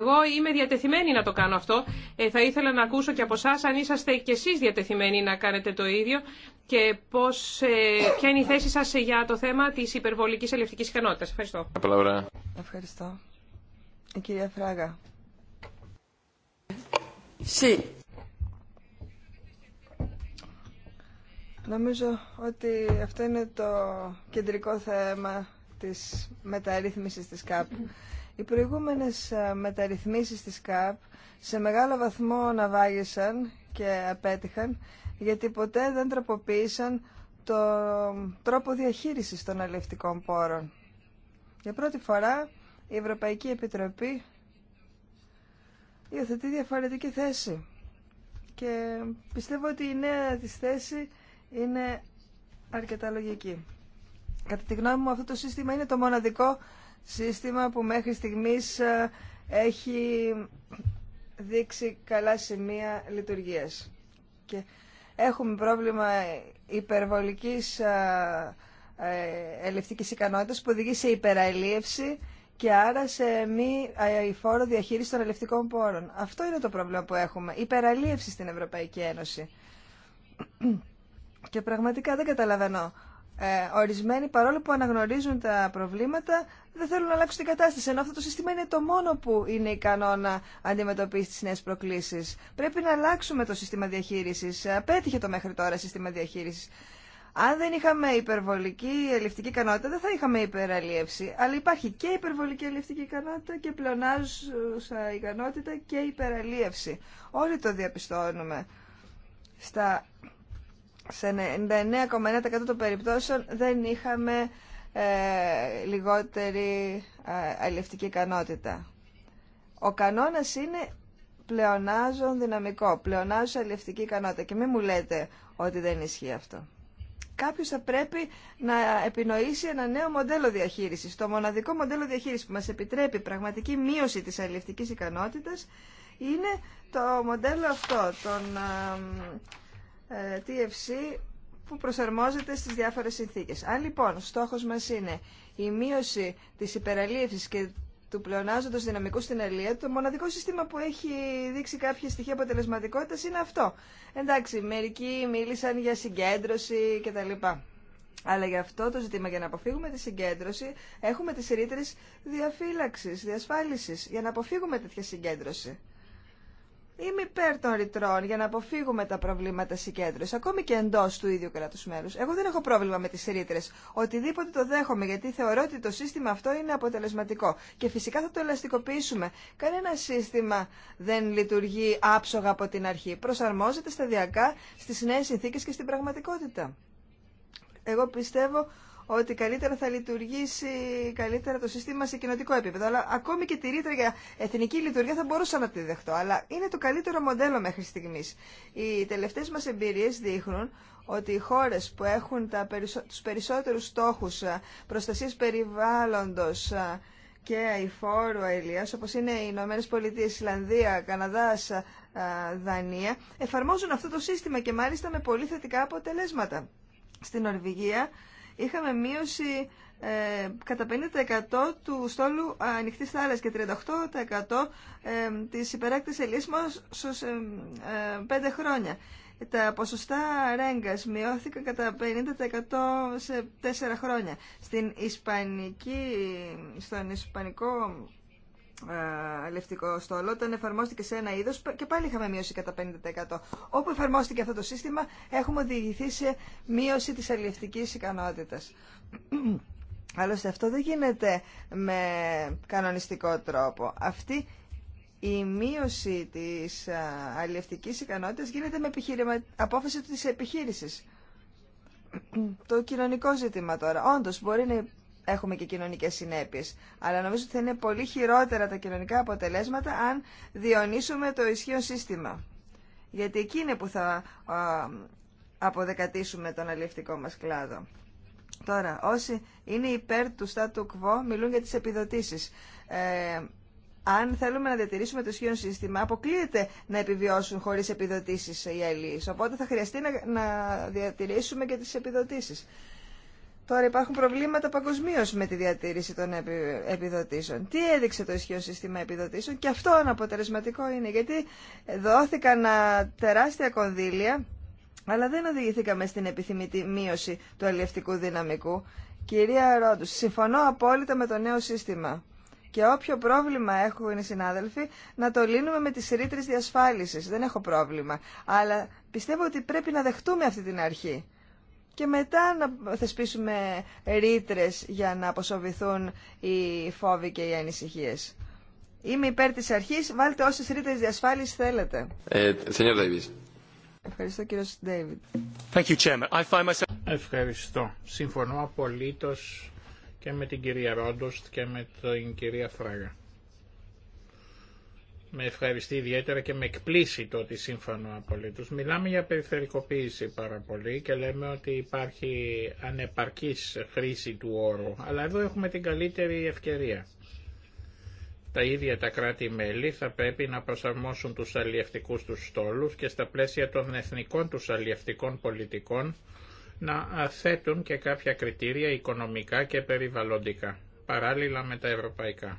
Εγώ είμαι διατεθειμένη να το κάνω αυτό. Ε, θα ήθελα να ακούσω και από εσά αν είσαστε κι εσεί διατεθειμένοι να κάνετε το ίδιο και πώς, ε, ποια είναι η θέση σα για το θέμα της υπερβολικής ελευτική ικανότητας. Ευχαριστώ. Ευχαριστώ. Η κυρία Φράγα. Sí. Νομίζω ότι αυτό είναι το κεντρικό θέμα της μεταρρύθμισης της ΚΑΠ. Οι προηγούμενες ε, μεταρρυθμίσεις της ΚΑΠ σε μεγάλο βαθμό ναυάγησαν και απέτυχαν γιατί ποτέ δεν τροποποίησαν το τρόπο διαχείρισης των αλληλευτικών πόρων. Για πρώτη φορά η Ευρωπαϊκή Επιτροπή υιοθετεί διαφορετική θέση και πιστεύω ότι η νέα της θέση είναι αρκετά λογική. Κατά τη γνώμη μου αυτό το σύστημα είναι το μοναδικό σύστημα που μέχρι στιγμής ε, έχει δείξει καλά σημεία λειτουργίας. Και έχουμε πρόβλημα υπερβολικής ε, ε, ελευτικής ικανότητας που οδηγεί σε υπεραλίευση και άρα σε μη αηφόρο διαχείριση των ελευτικών πόρων. Αυτό είναι το πρόβλημα που έχουμε. Υπεραλίευση στην Ευρωπαϊκή Ένωση. Και πραγματικά δεν καταλαβαίνω ε, ορισμένοι παρόλο που αναγνωρίζουν τα προβλήματα δεν θέλουν να αλλάξουν την κατάσταση. Ενώ αυτό το σύστημα είναι το μόνο που είναι ικανό να αντιμετωπίσει τι νέε προκλήσει. Πρέπει να αλλάξουμε το σύστημα διαχείριση. Ε, απέτυχε το μέχρι τώρα σύστημα διαχείριση. Αν δεν είχαμε υπερβολική ελευτική ικανότητα, δεν θα είχαμε υπεραλίευση. Αλλά υπάρχει και υπερβολική ελευτική ικανότητα και πλεονάζουσα ικανότητα και υπεραλίευση. Όλοι το διαπιστώνουμε στα σε 99,9% των περιπτώσεων δεν είχαμε ε, λιγότερη ε, αλληλευτική ικανότητα. Ο κανόνας είναι πλεονάζον δυναμικό, πλεονάζον αλληλευτική ικανότητα και μην μου λέτε ότι δεν ισχύει αυτό. Κάποιος θα πρέπει να επινοήσει ένα νέο μοντέλο διαχείρισης. Το μοναδικό μοντέλο διαχείρισης που μας επιτρέπει πραγματική μείωση της αλληλευτικής ικανότητας είναι το μοντέλο αυτό τον. Ε, ε, TFC που προσαρμόζεται στις διάφορες συνθήκες. Αν λοιπόν στόχος μας είναι η μείωση της υπεραλίευσης και του πλεονάζοντος δυναμικού στην αλία, το μοναδικό σύστημα που έχει δείξει κάποια στοιχεία αποτελεσματικότητας είναι αυτό. Εντάξει, μερικοί μίλησαν για συγκέντρωση κτλ. Αλλά για αυτό το ζήτημα, για να αποφύγουμε τη συγκέντρωση, έχουμε τις ρήτρες διαφύλαξης, διασφάλισης, για να αποφύγουμε τέτοια συγκέντρωση. Είμαι υπέρ των ρητρών για να αποφύγουμε τα προβλήματα συγκέντρωση, ακόμη και εντό του ίδιου κράτου μέρου. Εγώ δεν έχω πρόβλημα με τι ρήτρε. Οτιδήποτε το δέχομαι, γιατί θεωρώ ότι το σύστημα αυτό είναι αποτελεσματικό. Και φυσικά θα το ελαστικοποιήσουμε. Κανένα σύστημα δεν λειτουργεί άψογα από την αρχή. Προσαρμόζεται σταδιακά στι νέε συνθήκε και στην πραγματικότητα. Εγώ πιστεύω ότι καλύτερα θα λειτουργήσει καλύτερα το σύστημα σε κοινοτικό επίπεδο. Αλλά ακόμη και τη ρήτρα για εθνική λειτουργία θα μπορούσα να τη δεχτώ. Αλλά είναι το καλύτερο μοντέλο μέχρι στιγμή. Οι τελευταίε μα εμπειρίε δείχνουν ότι οι χώρε που έχουν περισσο... του περισσότερου στόχου ε, προστασία περιβάλλοντο ε, και φόρου αελία, όπω είναι οι Ηνωμένε Πολιτείε, Ισλανδία, Καναδά, ε, Δανία, εφαρμόζουν αυτό το σύστημα και μάλιστα με πολύ θετικά αποτελέσματα. Στην Νορβηγία είχαμε μείωση ε, κατά 50% του στόλου ε, ανοιχτή θάλασσα και 38% ε, της υπεράκτης ελίσμας στους 5 ε, ε, χρόνια. Τα ποσοστά ρέγγας μειώθηκαν κατά 50% σε 4 χρόνια. Στην Ισπανική, στον Ισπανικό ε, λευτικό στόλο, όταν εφαρμόστηκε σε ένα είδο και πάλι είχαμε μείωση κατά 50%. Όπου εφαρμόστηκε αυτό το σύστημα, έχουμε οδηγηθεί σε μείωση τη αλληλευτική ικανότητα. Άλλωστε, αυτό δεν γίνεται με κανονιστικό τρόπο. Αυτή η μείωση της ε, αλληλευτικής ικανότητας γίνεται με επιχείρημα... απόφαση της επιχείρησης. Το κοινωνικό ζήτημα τώρα. Όντως μπορεί να έχουμε και κοινωνικές συνέπειες. Αλλά νομίζω ότι θα είναι πολύ χειρότερα τα κοινωνικά αποτελέσματα αν διονύσουμε το ισχύον σύστημα. Γιατί εκεί είναι που θα αποδεκατήσουμε τον αλληλευτικό μας κλάδο. Τώρα, όσοι είναι υπέρ του στάτου κβο μιλούν για τις επιδοτήσεις. Ε, αν θέλουμε να διατηρήσουμε το ισχύον σύστημα, αποκλείεται να επιβιώσουν χωρί επιδοτήσει οι αλληλεί. Οπότε θα χρειαστεί να, να διατηρήσουμε και τι επιδοτήσει. Τώρα υπάρχουν προβλήματα παγκοσμίω με τη διατήρηση των επιδοτήσεων. Τι έδειξε το ισχυρό σύστημα επιδοτήσεων και αυτό αναποτελεσματικό είναι γιατί δόθηκαν τεράστια κονδύλια αλλά δεν οδηγηθήκαμε στην επιθυμητή μείωση του αλληλευτικού δυναμικού. Κυρία Ρόντου, συμφωνώ απόλυτα με το νέο σύστημα. Και όποιο πρόβλημα έχουν οι συνάδελφοι, να το λύνουμε με τι ρήτρε διασφάλιση. Δεν έχω πρόβλημα. Αλλά πιστεύω ότι πρέπει να δεχτούμε αυτή την αρχή και μετά να θεσπίσουμε ρήτρε για να αποσοβηθούν οι φόβοι και οι ανησυχίε. Είμαι υπέρ τη αρχή. Βάλτε όσε ρήτρε διασφάλιση θέλετε. Ε, Ευχαριστώ κύριο Ντέιβιτ. Ευχαριστώ. Συμφωνώ απολύτω και με την κυρία Ρόντοστ και με την κυρία Φράγα με ευχαριστεί ιδιαίτερα και με εκπλήσει το ότι σύμφωνο απολύτως. Μιλάμε για περιφερικοποίηση πάρα πολύ και λέμε ότι υπάρχει ανεπαρκής χρήση του όρου, αλλά εδώ έχουμε την καλύτερη ευκαιρία. Τα ίδια τα κράτη-μέλη θα πρέπει να προσαρμόσουν τους αλλιευτικούς τους στόλους και στα πλαίσια των εθνικών τους αλλιευτικών πολιτικών να θέτουν και κάποια κριτήρια οικονομικά και περιβαλλοντικά, παράλληλα με τα ευρωπαϊκά.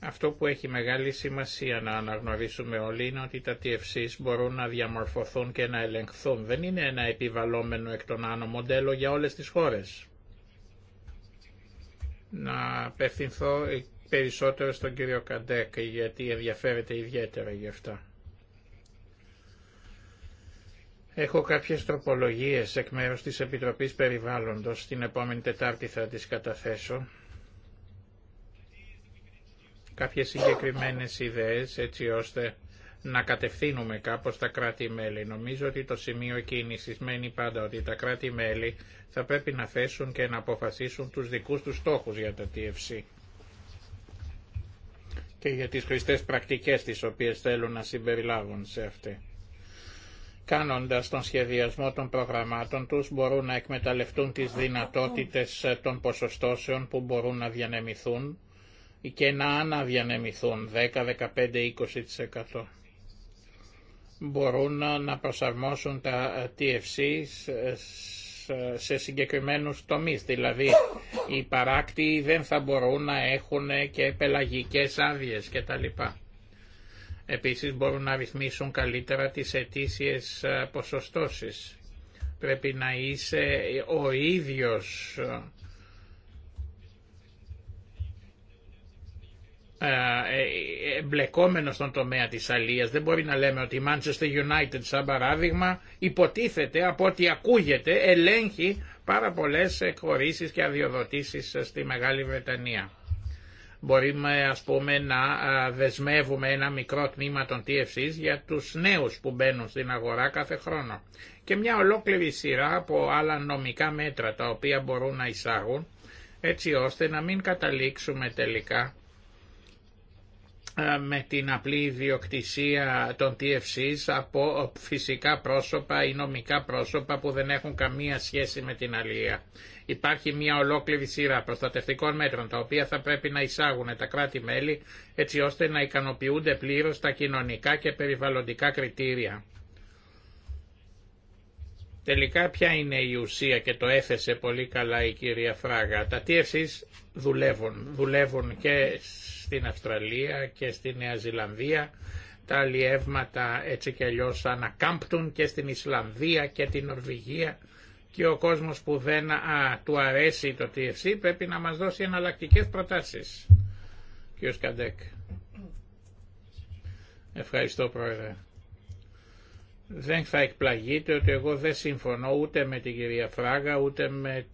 Αυτό που έχει μεγάλη σημασία να αναγνωρίσουμε όλοι είναι ότι τα TFCs μπορούν να διαμορφωθούν και να ελεγχθούν. Δεν είναι ένα επιβαλόμενο εκ των άνω μοντέλο για όλες τις χώρες. Να απευθυνθώ περισσότερο στον κύριο Καντέκ γιατί ενδιαφέρεται ιδιαίτερα γι' αυτά. Έχω κάποιες τροπολογίες εκ μέρους της Επιτροπής Περιβάλλοντος, την επόμενη Τετάρτη θα τις καταθέσω κάποιες συγκεκριμένες ιδέες έτσι ώστε να κατευθύνουμε κάπως τα κράτη-μέλη. Νομίζω ότι το σημείο κίνησης μένει πάντα ότι τα κράτη-μέλη θα πρέπει να θέσουν και να αποφασίσουν τους δικούς τους στόχους για τα TFC και για τις χρηστές πρακτικές τις οποίες θέλουν να συμπεριλάβουν σε αυτή. Κάνοντας τον σχεδιασμό των προγραμμάτων τους μπορούν να εκμεταλλευτούν τις δυνατότητες των ποσοστώσεων που μπορούν να διανεμηθούν και να αναδιανεμηθούν 10, 15, 20%. Μπορούν να προσαρμόσουν τα TFC σε συγκεκριμένους τομείς, δηλαδή οι παράκτιοι δεν θα μπορούν να έχουν και πελαγικές άδειες κτλ. Επίσης μπορούν να ρυθμίσουν καλύτερα τις αιτήσιε ε, ποσοστώσεις. Πρέπει να είσαι ο ίδιος ε, Ε, ε, εμπλεκόμενο στον τομέα της αλίας. Δεν μπορεί να λέμε ότι η Manchester United σαν παράδειγμα υποτίθεται από ό,τι ακούγεται ελέγχει πάρα πολλές εκχωρήσεις και αδειοδοτήσεις στη Μεγάλη Βρετανία. Μπορούμε ας πούμε να ε, δεσμεύουμε ένα μικρό τμήμα των TFCs για τους νέους που μπαίνουν στην αγορά κάθε χρόνο. Και μια ολόκληρη σειρά από άλλα νομικά μέτρα τα οποία μπορούν να εισάγουν έτσι ώστε να μην καταλήξουμε τελικά ε, με την απλή ιδιοκτησία των TFCs από φυσικά πρόσωπα ή νομικά πρόσωπα που δεν έχουν καμία σχέση με την αλληλεία. Υπάρχει μια ολόκληρη σειρά προστατευτικών μέτρων τα οποία θα πρέπει να εισάγουν τα κράτη-μέλη έτσι ώστε να ικανοποιούνται πλήρως τα κοινωνικά και περιβαλλοντικά κριτήρια. Τελικά ποια είναι η ουσία και το έθεσε πολύ καλά η κυρία Φράγα. Τα TFCs δουλεύουν, δουλεύουν και στην Αυστραλία και στη Νέα Ζηλανδία. Τα αλλιεύματα έτσι και αλλιώ ανακάμπτουν και στην Ισλανδία και την Νορβηγία και ο κόσμος που δεν του αρέσει το TFC πρέπει να μας δώσει εναλλακτικές προτάσεις. Κύριο Καντέκ. Ευχαριστώ Πρόεδρε. Δεν θα εκπλαγείτε ότι εγώ δεν συμφωνώ ούτε με την κυρία Φράγα, ούτε με,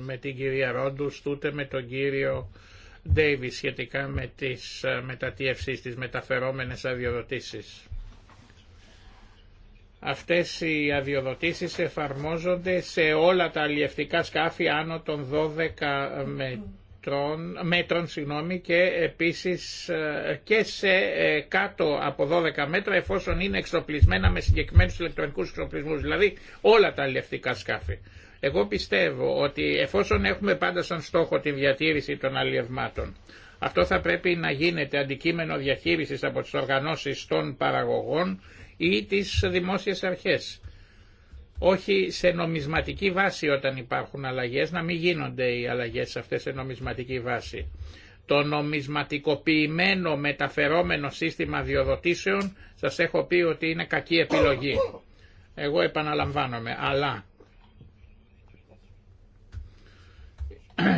με την κυρία Ρόντουστ, ούτε με τον κύριο σχετικά με τις ε, μετατίευσεις, τις μεταφερόμενες αδειοδοτήσεις. Αυτές οι αδειοδοτήσεις εφαρμόζονται σε όλα τα αλλιευτικά σκάφη άνω των 12 ε, μέτρων, μέτρων και επίσης ε, και σε κάτω από 12 μέτρα εφόσον είναι εξοπλισμένα με συγκεκριμένους ηλεκτρονικούς εξοπλισμούς, δηλαδή όλα τα αλλιευτικά σκάφη. Εγώ πιστεύω ότι εφόσον έχουμε πάντα σαν στόχο τη διατήρηση των αλλιευμάτων, αυτό θα πρέπει να γίνεται αντικείμενο διαχείρισης από τις οργανώσεις των παραγωγών ή τις δημόσιες αρχές. Όχι σε νομισματική βάση όταν υπάρχουν αλλαγές, να μην γίνονται οι αλλαγές αυτές σε νομισματική βάση. Το νομισματικοποιημένο μεταφερόμενο σύστημα διοδοτήσεων σας έχω πει ότι είναι κακή επιλογή. Εγώ επαναλαμβάνομαι, αλλά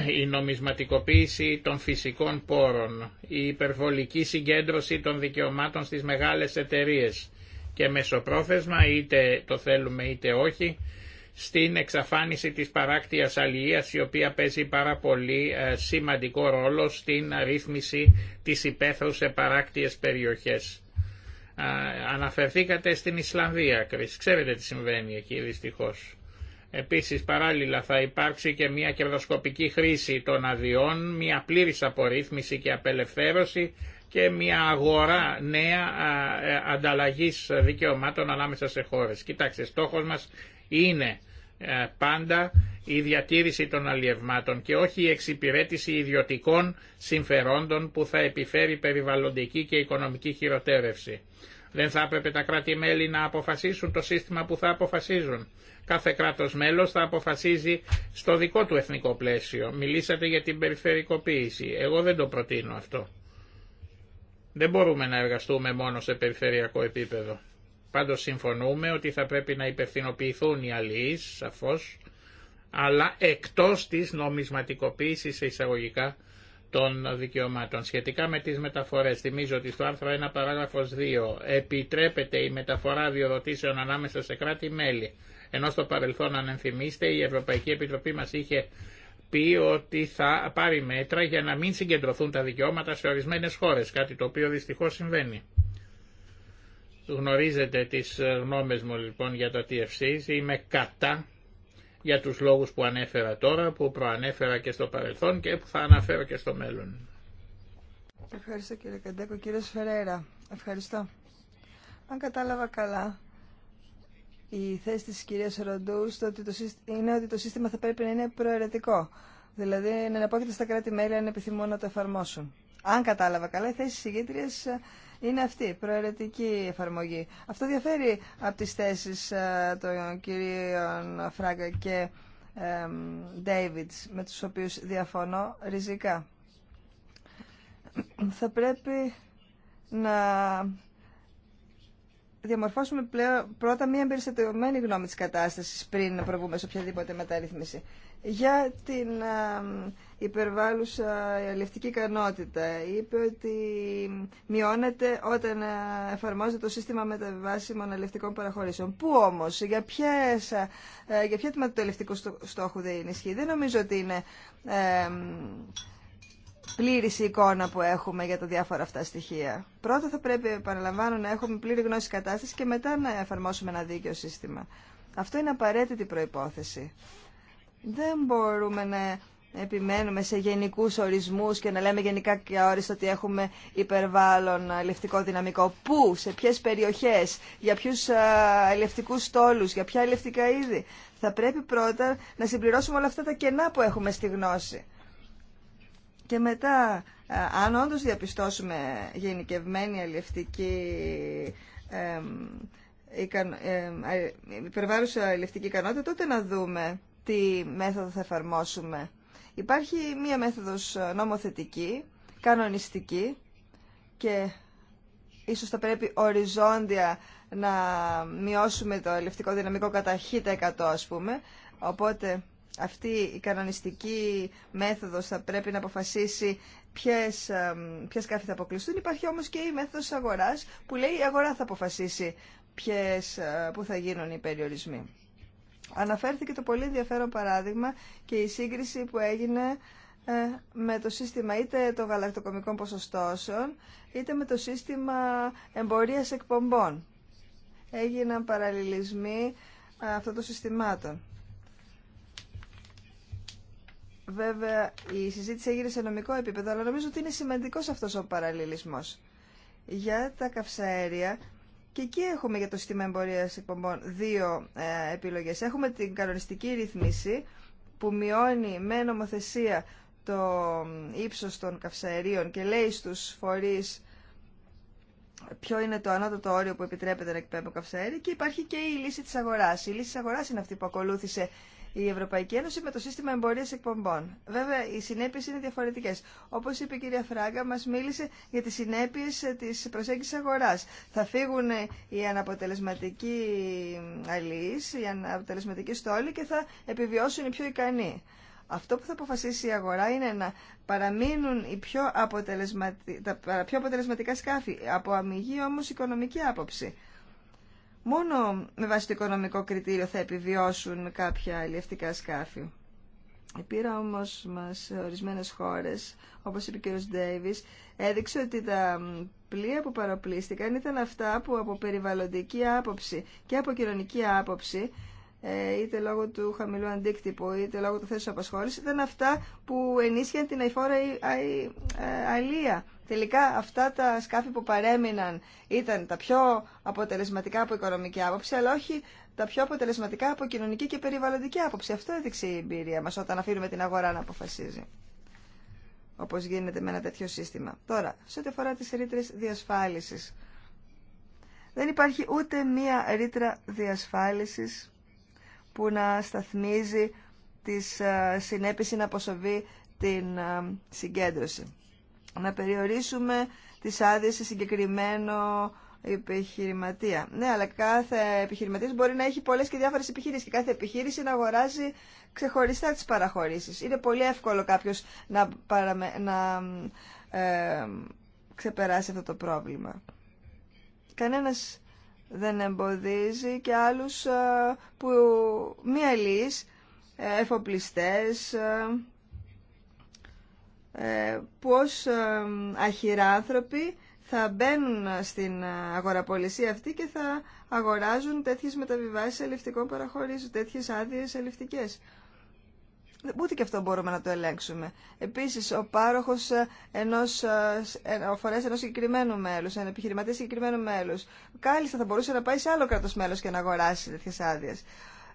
η νομισματικοποίηση των φυσικών πόρων, η υπερβολική συγκέντρωση των δικαιωμάτων στις μεγάλες εταιρείες και μεσοπρόθεσμα, είτε το θέλουμε είτε όχι, στην εξαφάνιση της παράκτιας αλληλείας η οποία παίζει πάρα πολύ ε, σημαντικό ρόλο στην ρύθμιση της υπαίθρου σε παράκτιες περιοχές. Αναφερθήκατε στην Ισλανδία, Ξέρετε τι συμβαίνει εκεί δυστυχώς. Επίσης παράλληλα θα υπάρξει και μια κερδοσκοπική χρήση των αδειών, μια πλήρης απορρίθμιση και απελευθέρωση και μια αγορά νέα ε, ανταλλαγής δικαιωμάτων ανάμεσα σε χώρες. Κοιτάξτε, στόχος μας είναι ε, πάντα η διατήρηση των αλλιευμάτων και όχι η εξυπηρέτηση ιδιωτικών συμφερόντων που θα επιφέρει περιβαλλοντική και οικονομική χειροτέρευση. Δεν θα έπρεπε τα κράτη-μέλη να αποφασίσουν το σύστημα που θα αποφασίζουν. Κάθε κράτος μέλος θα αποφασίζει στο δικό του εθνικό πλαίσιο. Μιλήσατε για την περιφερικοποίηση. Εγώ δεν το προτείνω αυτό. Δεν μπορούμε να εργαστούμε μόνο σε περιφερειακό επίπεδο. Πάντως συμφωνούμε ότι θα πρέπει να υπευθυνοποιηθούν οι αλληλείς, σαφώς, αλλά εκτός της νομισματικοποίησης εισαγωγικά των δικαιωμάτων. Σχετικά με τις μεταφορές, θυμίζω ότι στο άρθρο 1 παράγραφος 2 επιτρέπεται η μεταφορά διοδοτήσεων ανάμεσα σε κράτη-μέλη. Ενώ στο παρελθόν, αν ενθυμίστε, η Ευρωπαϊκή Επιτροπή μας είχε πει ότι θα πάρει μέτρα για να μην συγκεντρωθούν τα δικαιώματα σε ορισμένες χώρες, κάτι το οποίο δυστυχώς συμβαίνει. Γνωρίζετε τις γνώμες μου λοιπόν για τα TFCs, είμαι κατά για τους λόγους που ανέφερα τώρα, που προανέφερα και στο παρελθόν και που θα αναφέρω και στο μέλλον. Ευχαριστώ κύριε Καντέκο. Κύριε Σφερέρα, ευχαριστώ. Αν κατάλαβα καλά, η θέση της κυρίας Ροντού ότι το είναι ότι το σύστημα θα πρέπει να είναι προαιρετικό. Δηλαδή να εναπόκειται στα κράτη-μέλη αν επιθυμούν να το εφαρμόσουν. Αν κατάλαβα καλά, η θέση της ηγήτριας ε, είναι αυτή, προαιρετική εφαρμογή. Αυτό διαφέρει από τις θέσεις ε, των κυρίων Φράγκα και Ντέιβιτς, με τους οποίους διαφωνώ ριζικά. Θα πρέπει να διαμορφώσουμε πλέον πρώτα μια περιστατευμένη γνώμη της κατάστασης πριν να προβούμε σε οποιαδήποτε μεταρρύθμιση. Για την υπερβάλλουσα αλληλευτική ικανότητα είπε ότι μειώνεται όταν ε, εφαρμόζεται το σύστημα μεταβιβάσιμων αλληλευτικών παραχωρήσεων. Πού όμως, για, ε, για ποια τμήματα του αλληλευτικού στόχου δεν είναι ισχύει. Δεν νομίζω ότι είναι πλήρης εικόνα που έχουμε για τα διάφορα αυτά στοιχεία. Πρώτα θα πρέπει, επαναλαμβάνω, να έχουμε πλήρη γνώση κατάσταση και μετά να εφαρμόσουμε ένα δίκαιο σύστημα. Αυτό είναι απαραίτητη προϋπόθεση. Δεν μπορούμε να επιμένουμε σε γενικούς ορισμούς και να λέμε γενικά και αόριστο ότι έχουμε υπερβάλλον ελευτικό δυναμικό. Πού, σε ποιες περιοχές, για ποιους ελευτικούς στόλους, για ποια ελευτικά είδη. Θα πρέπει πρώτα να συμπληρώσουμε όλα αυτά τα κενά που έχουμε στη γνώση. Και μετά, ε, αν όντω διαπιστώσουμε γενικευμένη αλληλευτική υπερβάρουσα αλληλευτική ικανότητα, τότε να δούμε τι μέθοδο θα εφαρμόσουμε. Υπάρχει μία μέθοδος ε, νομοθετική, κανονιστική και ίσως θα πρέπει οριζόντια να μειώσουμε το ελευτικό δυναμικό κατά χ% ας πούμε. Οπότε αυτή η κανονιστική μέθοδος θα πρέπει να αποφασίσει ποιες, ποιες θα αποκλειστούν. Υπάρχει όμως και η μέθοδος αγοράς που λέει η αγορά θα αποφασίσει ποιες, ε, που θα γίνουν οι περιορισμοί. Αναφέρθηκε το πολύ ενδιαφέρον παράδειγμα και η σύγκριση που έγινε ε, με το σύστημα είτε των γαλακτοκομικών ποσοστώσεων είτε με το σύστημα εμπορίας εκπομπών. Έγιναν παραλληλισμοί ε, αυτών των συστημάτων. Βέβαια, η συζήτηση έγινε σε νομικό επίπεδο, αλλά νομίζω ότι είναι σημαντικός αυτός ο παραλληλισμός. Για τα καυσαέρια, και εκεί έχουμε για το σύστημα εμπορία εκπομπών δύο ε, επιλογές. Έχουμε την κανονιστική ρύθμιση που μειώνει με νομοθεσία το ύψος των καυσαερίων και λέει στους φορείς ποιο είναι το ανώτατο όριο που επιτρέπεται να εκπέμπουν καυσαέρι και υπάρχει και η λύση της αγοράς. Η λύση της αγοράς είναι αυτή που ακολούθησε η Ευρωπαϊκή Ένωση με το σύστημα εμπορία εκπομπών. Βέβαια, οι συνέπειε είναι διαφορετικέ. Όπω είπε η κυρία Φράγκα, μα μίλησε για τι συνέπειε ε, τη προσέγγιση αγορά. Θα φύγουν ε, οι αναποτελεσματικοί αλληλεί, οι αναποτελεσματικοί στόλοι και θα επιβιώσουν οι πιο ικανοί. Αυτό που θα αποφασίσει η αγορά είναι να παραμείνουν οι πιο τα πιο αποτελεσματικά σκάφη, από αμυγή όμως οικονομική άποψη μόνο με βάση το οικονομικό κριτήριο θα επιβιώσουν κάποια ηλιευτικά σκάφη. Η όμως μας ορισμένες χώρες, όπως είπε ο κ. έδειξε ότι τα πλοία που παροπλίστηκαν ήταν αυτά που από περιβαλλοντική άποψη και από κοινωνική άποψη ε, είτε λόγω του χαμηλού αντίκτυπου, είτε λόγω του θέσης απασχόληση, ήταν αυτά που ενίσχυαν την αηφόρα αλία. Ε, Τελικά αυτά τα σκάφη που παρέμειναν ήταν τα πιο αποτελεσματικά από οικονομική άποψη, αλλά όχι τα πιο αποτελεσματικά από κοινωνική και περιβαλλοντική άποψη. Αυτό έδειξε η εμπειρία μας όταν αφήνουμε την αγορά να αποφασίζει, όπως γίνεται με ένα τέτοιο σύστημα. Τώρα, σε ό,τι αφορά τις ρήτρες διασφάλισης, δεν υπάρχει ούτε μία ρήτρα διασφάλισης που να σταθμίζει τη ε, συνέπειση να αποσοβεί την ε, συγκέντρωση. Να περιορίσουμε τις άδειες σε συγκεκριμένο επιχειρηματία. Ναι, αλλά κάθε επιχειρηματής μπορεί να έχει πολλές και διάφορες επιχειρήσεις και κάθε επιχείρηση να αγοράζει ξεχωριστά τις παραχωρήσεις. Είναι πολύ εύκολο κάποιος να, παραμε... να ε, ξεπεράσει αυτό το πρόβλημα. Κανένας δεν εμποδίζει και άλλους ε, που μη λύση ε, εφοπλιστές, ε, που αχυρά άνθρωποι θα μπαίνουν στην αγοραπολισία αυτή και θα αγοράζουν τέτοιες μεταβιβάσεις ελευτικών παραχωρήσεων, τέτοιες άδειες ελευτικές. Ούτε και αυτό μπορούμε να το ελέγξουμε. Επίσης, ο πάροχος ε, ενός, ε, ε, φορές ενός συγκεκριμένου μέλους, ένα επιχειρηματή συγκεκριμένου μέλους, κάλλιστα θα μπορούσε να πάει σε άλλο κράτος μέλος και να αγοράσει τέτοιες άδειε.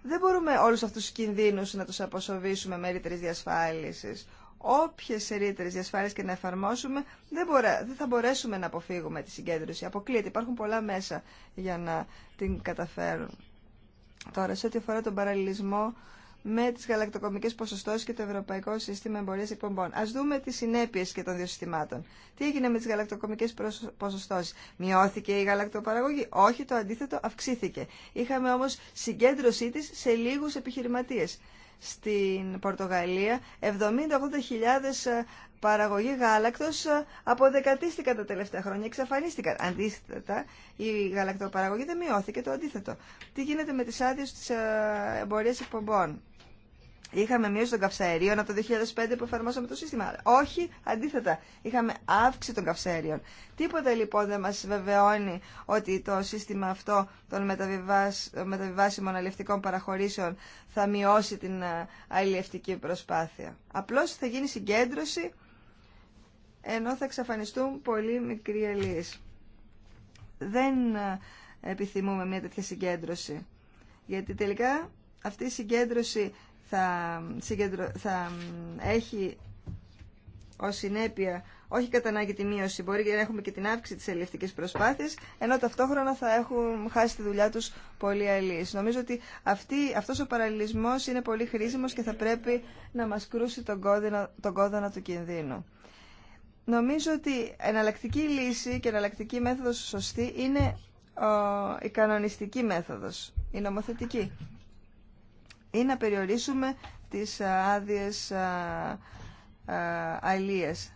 Δεν μπορούμε όλους αυτούς τους κινδύνους να τους αποσοβήσουμε με ρήτρες διασφάλισης. Όποιες ρήτερε διασφάλισης και να εφαρμόσουμε, δεν, δεν θα μπορέσουμε να αποφύγουμε τη συγκέντρωση. Αποκλείεται. Υπάρχουν πολλά μέσα για να την καταφέρουν. Τώρα, σε ό,τι αφορά τον παραλληλισμό με τι γαλακτοκομικέ ποσοστώσεις και το Ευρωπαϊκό Σύστημα Εμπορία Εκπομπών. Α δούμε τι συνέπειε και των δύο συστημάτων. Τι έγινε με τι γαλακτοκομικέ ποσοστώσεις. Μειώθηκε η γαλακτοπαραγωγή. Όχι, το αντίθετο αυξήθηκε. Είχαμε όμω συγκέντρωσή τη σε λίγου επιχειρηματίε. Στην Πορτογαλία 70-80.000 ε, παραγωγή γάλακτος ε, αποδεκατίστηκαν τα τελευταία χρόνια, εξαφανίστηκαν. Αντίθετα, η γαλακτοπαραγωγή δεν μειώθηκε, το αντίθετο. Τι γίνεται με τι άδειε τη ε, εμπορία εκπομπών. Είχαμε μείωση των καυσαερίων από το 2005 που εφαρμόσαμε το σύστημα. Όχι, αντίθετα, είχαμε αύξηση των καυσαερίων. Τίποτα λοιπόν δεν μας βεβαιώνει ότι το σύστημα αυτό των μεταβιβάσιμων αλληλευτικών παραχωρήσεων θα μειώσει την ε, αλληλευτική προσπάθεια. Απλώς θα γίνει συγκέντρωση ενώ θα εξαφανιστούν πολύ μικροί αλληλείς. Δεν ε, επιθυμούμε μια τέτοια συγκέντρωση. Γιατί τελικά αυτή η συγκέντρωση θα, συγκεντρω... θα έχει ω συνέπεια όχι κατά ανάγκη τη μείωση, μπορεί να έχουμε και την αύξηση τη ελληνική προσπάθεια, ενώ ταυτόχρονα θα έχουν χάσει τη δουλειά τους πολλοί αλλοί. Νομίζω ότι αυτός ο παραλληλισμός είναι πολύ χρήσιμος και θα πρέπει να μας κρούσει τον κόδωνα, τον κόδωνα του κινδύνου. Νομίζω ότι εναλλακτική λύση και εναλλακτική μέθοδος σωστή είναι η κανονιστική μέθοδος, η νομοθετική ή να περιορίσουμε τις ε, άδειες ε, ε, αλίες,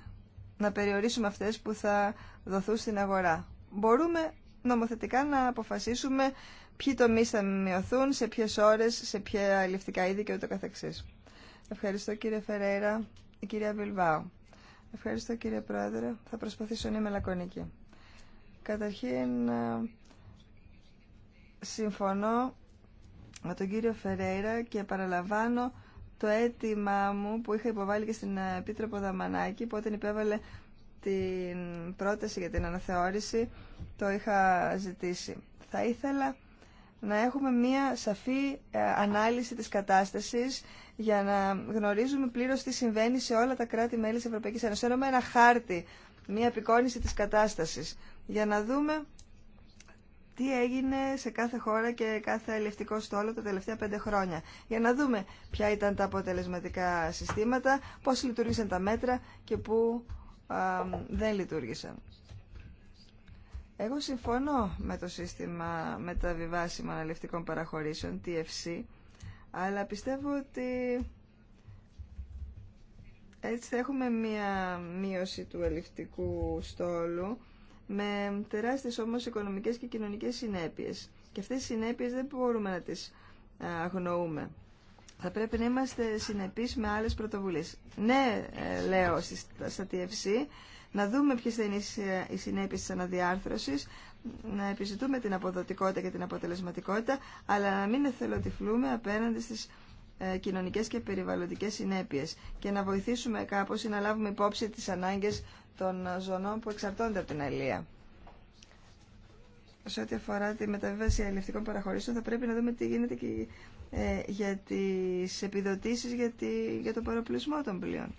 να περιορίσουμε αυτές που θα δοθούν στην αγορά. Μπορούμε νομοθετικά να αποφασίσουμε ποιοι τομεί θα μειωθούν, σε ποιες ώρες, σε ποια ληφτικά είδη και ούτω καθεξής. Ευχαριστώ κύριε Φερέρα, η κυρία Βιλβάου. Ευχαριστώ κύριε Πρόεδρε, θα προσπαθήσω να είμαι λακωνική. Καταρχήν, συμφωνώ με τον κύριο Φερέιρα και παραλαμβάνω το αίτημά μου που είχα υποβάλει και στην ε, Επίτροπο Δαμανάκη που όταν υπέβαλε την πρόταση για την αναθεώρηση το είχα ζητήσει. Θα ήθελα να έχουμε μία σαφή ε, ανάλυση της κατάστασης για να γνωρίζουμε πλήρως τι συμβαίνει σε όλα τα κράτη-μέλη της Ευρωπαϊκής Ένωσης. ένα χάρτη, μία απεικόνηση της κατάστασης για να δούμε τι έγινε σε κάθε χώρα και κάθε ελευτικό στόλο τα τελευταία πέντε χρόνια. Για να δούμε ποια ήταν τα αποτελεσματικά συστήματα, πώς λειτουργήσαν τα μέτρα και πού δεν λειτουργήσαν. Εγώ συμφωνώ με το σύστημα μεταβιβάσιμων αλευτικών παραχωρήσεων, TFC, αλλά πιστεύω ότι έτσι θα έχουμε μία μείωση του αλευτικού στόλου με τεράστιες όμως οικονομικές και κοινωνικές συνέπειες. Και αυτές οι συνέπειες δεν μπορούμε να τις ε, αγνοούμε. Θα πρέπει να είμαστε συνεπείς με άλλες πρωτοβουλίες. Ναι, ε, λέω στα TFC, να δούμε ποιες θα είναι οι συνέπειες της αναδιάρθρωσης, να επιζητούμε την αποδοτικότητα και την αποτελεσματικότητα, αλλά να μην εθελοτυφλούμε απέναντι στις ε, κοινωνικές και περιβαλλοντικές συνέπειες και να βοηθήσουμε κάπως ή να λάβουμε υπόψη τις ανάγκες των ζωνών που εξαρτώνται από την αλληλεία. Σε ό,τι αφορά τη μεταβίβαση αλληλευτικών παραχωρήσεων θα πρέπει να δούμε τι γίνεται και ε, για τι επιδοτήσει για, για τον παροπλισμό των πλοίων.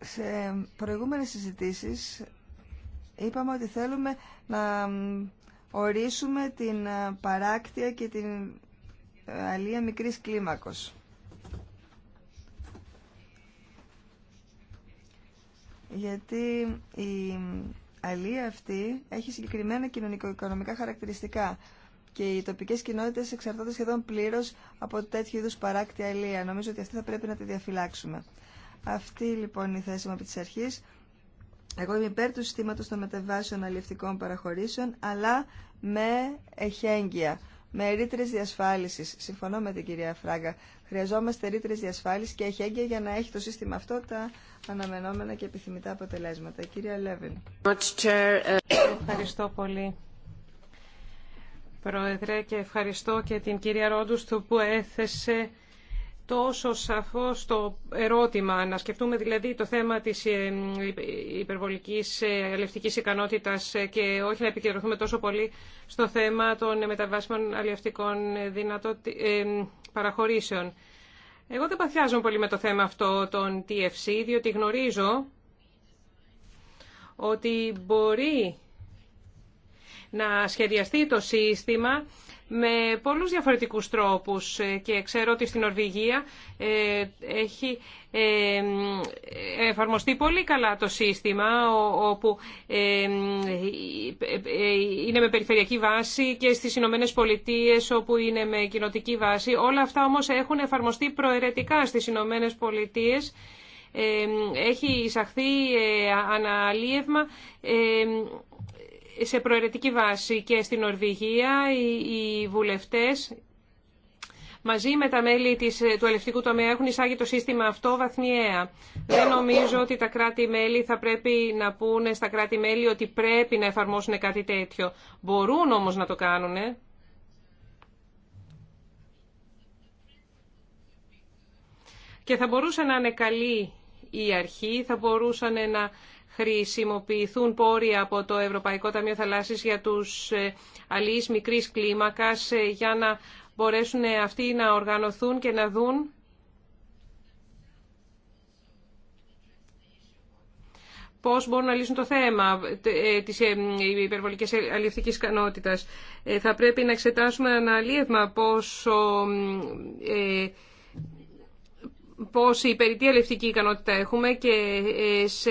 Σε προηγούμενες συζητήσεις είπαμε ότι θέλουμε να ορίσουμε την ε, παράκτεια και την ε, αλία μικρής κλίμακος. γιατί η αλία αυτή έχει συγκεκριμένα κοινωνικο-οικονομικά χαρακτηριστικά και οι τοπικές κοινότητες εξαρτώνται σχεδόν πλήρως από τέτοιου είδους παράκτη αλία. Νομίζω ότι αυτή θα πρέπει να τη διαφυλάξουμε. Αυτή λοιπόν η θέση μου από τις αρχές. Εγώ είμαι υπέρ του συστήματος των μετεβάσεων αλληλευτικών παραχωρήσεων, αλλά με εχέγγυα, με ρήτρες διασφάλισης. Συμφωνώ με την κυρία Φράγκα. Χρειαζόμαστε ρήτρε διασφάλισης και εχέγγυα για να έχει το σύστημα αυτό τα αναμενόμενα και επιθυμητά αποτελέσματα. Κυρία Λέβιν. Ευχαριστώ πολύ. Πρόεδρε, και ευχαριστώ και την κυρία Ρόντουστου που έθεσε τόσο σαφώς το ερώτημα, να σκεφτούμε δηλαδή το θέμα της ε, υπερβολικής ε, αλληλευτικής ικανότητας ε, και όχι να επικεντρωθούμε τόσο πολύ στο θέμα των μεταβάσιμων αλληλευτικών παραχωρήσεων. Εγώ δεν παθιάζω πολύ με το θέμα αυτό των TFC, διότι γνωρίζω ότι μπορεί να σχεδιαστεί το σύστημα με πολλούς διαφορετικούς τρόπους ε, και ξέρω ότι στην Νορβηγία ε, έχει ε, εφαρμοστεί πολύ καλά το σύστημα όπου είναι με περιφερειακή βάση και στις Ηνωμένε Πολιτείε όπου είναι με κοινοτική βάση. Όλα αυτά όμως έχουν εφαρμοστεί προαιρετικά στις Ηνωμένε Πολιτείε έχει εισαχθεί αναλύευμα σε προαιρετική βάση και στην Νορβηγία οι βουλευτές μαζί με τα μέλη του ελευτικού τομέα έχουν εισάγει το σύστημα αυτό βαθμιαία. Δεν νομίζω ότι τα κράτη-μέλη θα πρέπει να πούνε στα κράτη-μέλη ότι πρέπει να εφαρμόσουν κάτι τέτοιο. Μπορούν όμως να το κάνουν. Και θα μπορούσε να είναι καλή η αρχή, θα μπορούσαν να χρησιμοποιηθούν πόροι από το Ευρωπαϊκό Ταμείο Θαλάσσης για τους ε, αλληλείς μικρής κλίμακας ε, για να μπορέσουν ε, αυτοί να οργανωθούν και να δουν πώς μπορούν να λύσουν το θέμα της υπερβολικής αλληλευτικής κανότητας. Θα πρέπει να εξετάσουμε ένα αλίευμα πόσο η περιττή αλληλευτική ικανότητα έχουμε και ε, σε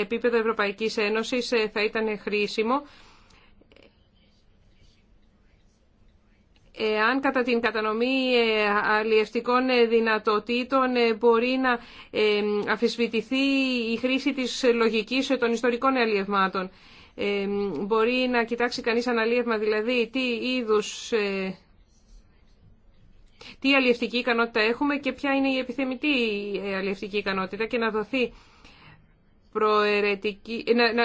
επίπεδο Ευρωπαϊκής Ένωσης ε, θα ήταν χρήσιμο εάν κατά την κατανομή ε, αλλιευτικών δυνατοτήτων μπορεί να αφισβητηθεί η χρήση της λογικής των ιστορικών αλλιευμάτων. Μπορεί να κοιτάξει κανείς αναλύευμα, δηλαδή τι είδους τι αλλιευτική ικανότητα έχουμε και ποια είναι η επιθεμητή αλλιευτική ικανότητα και να δοθεί ε,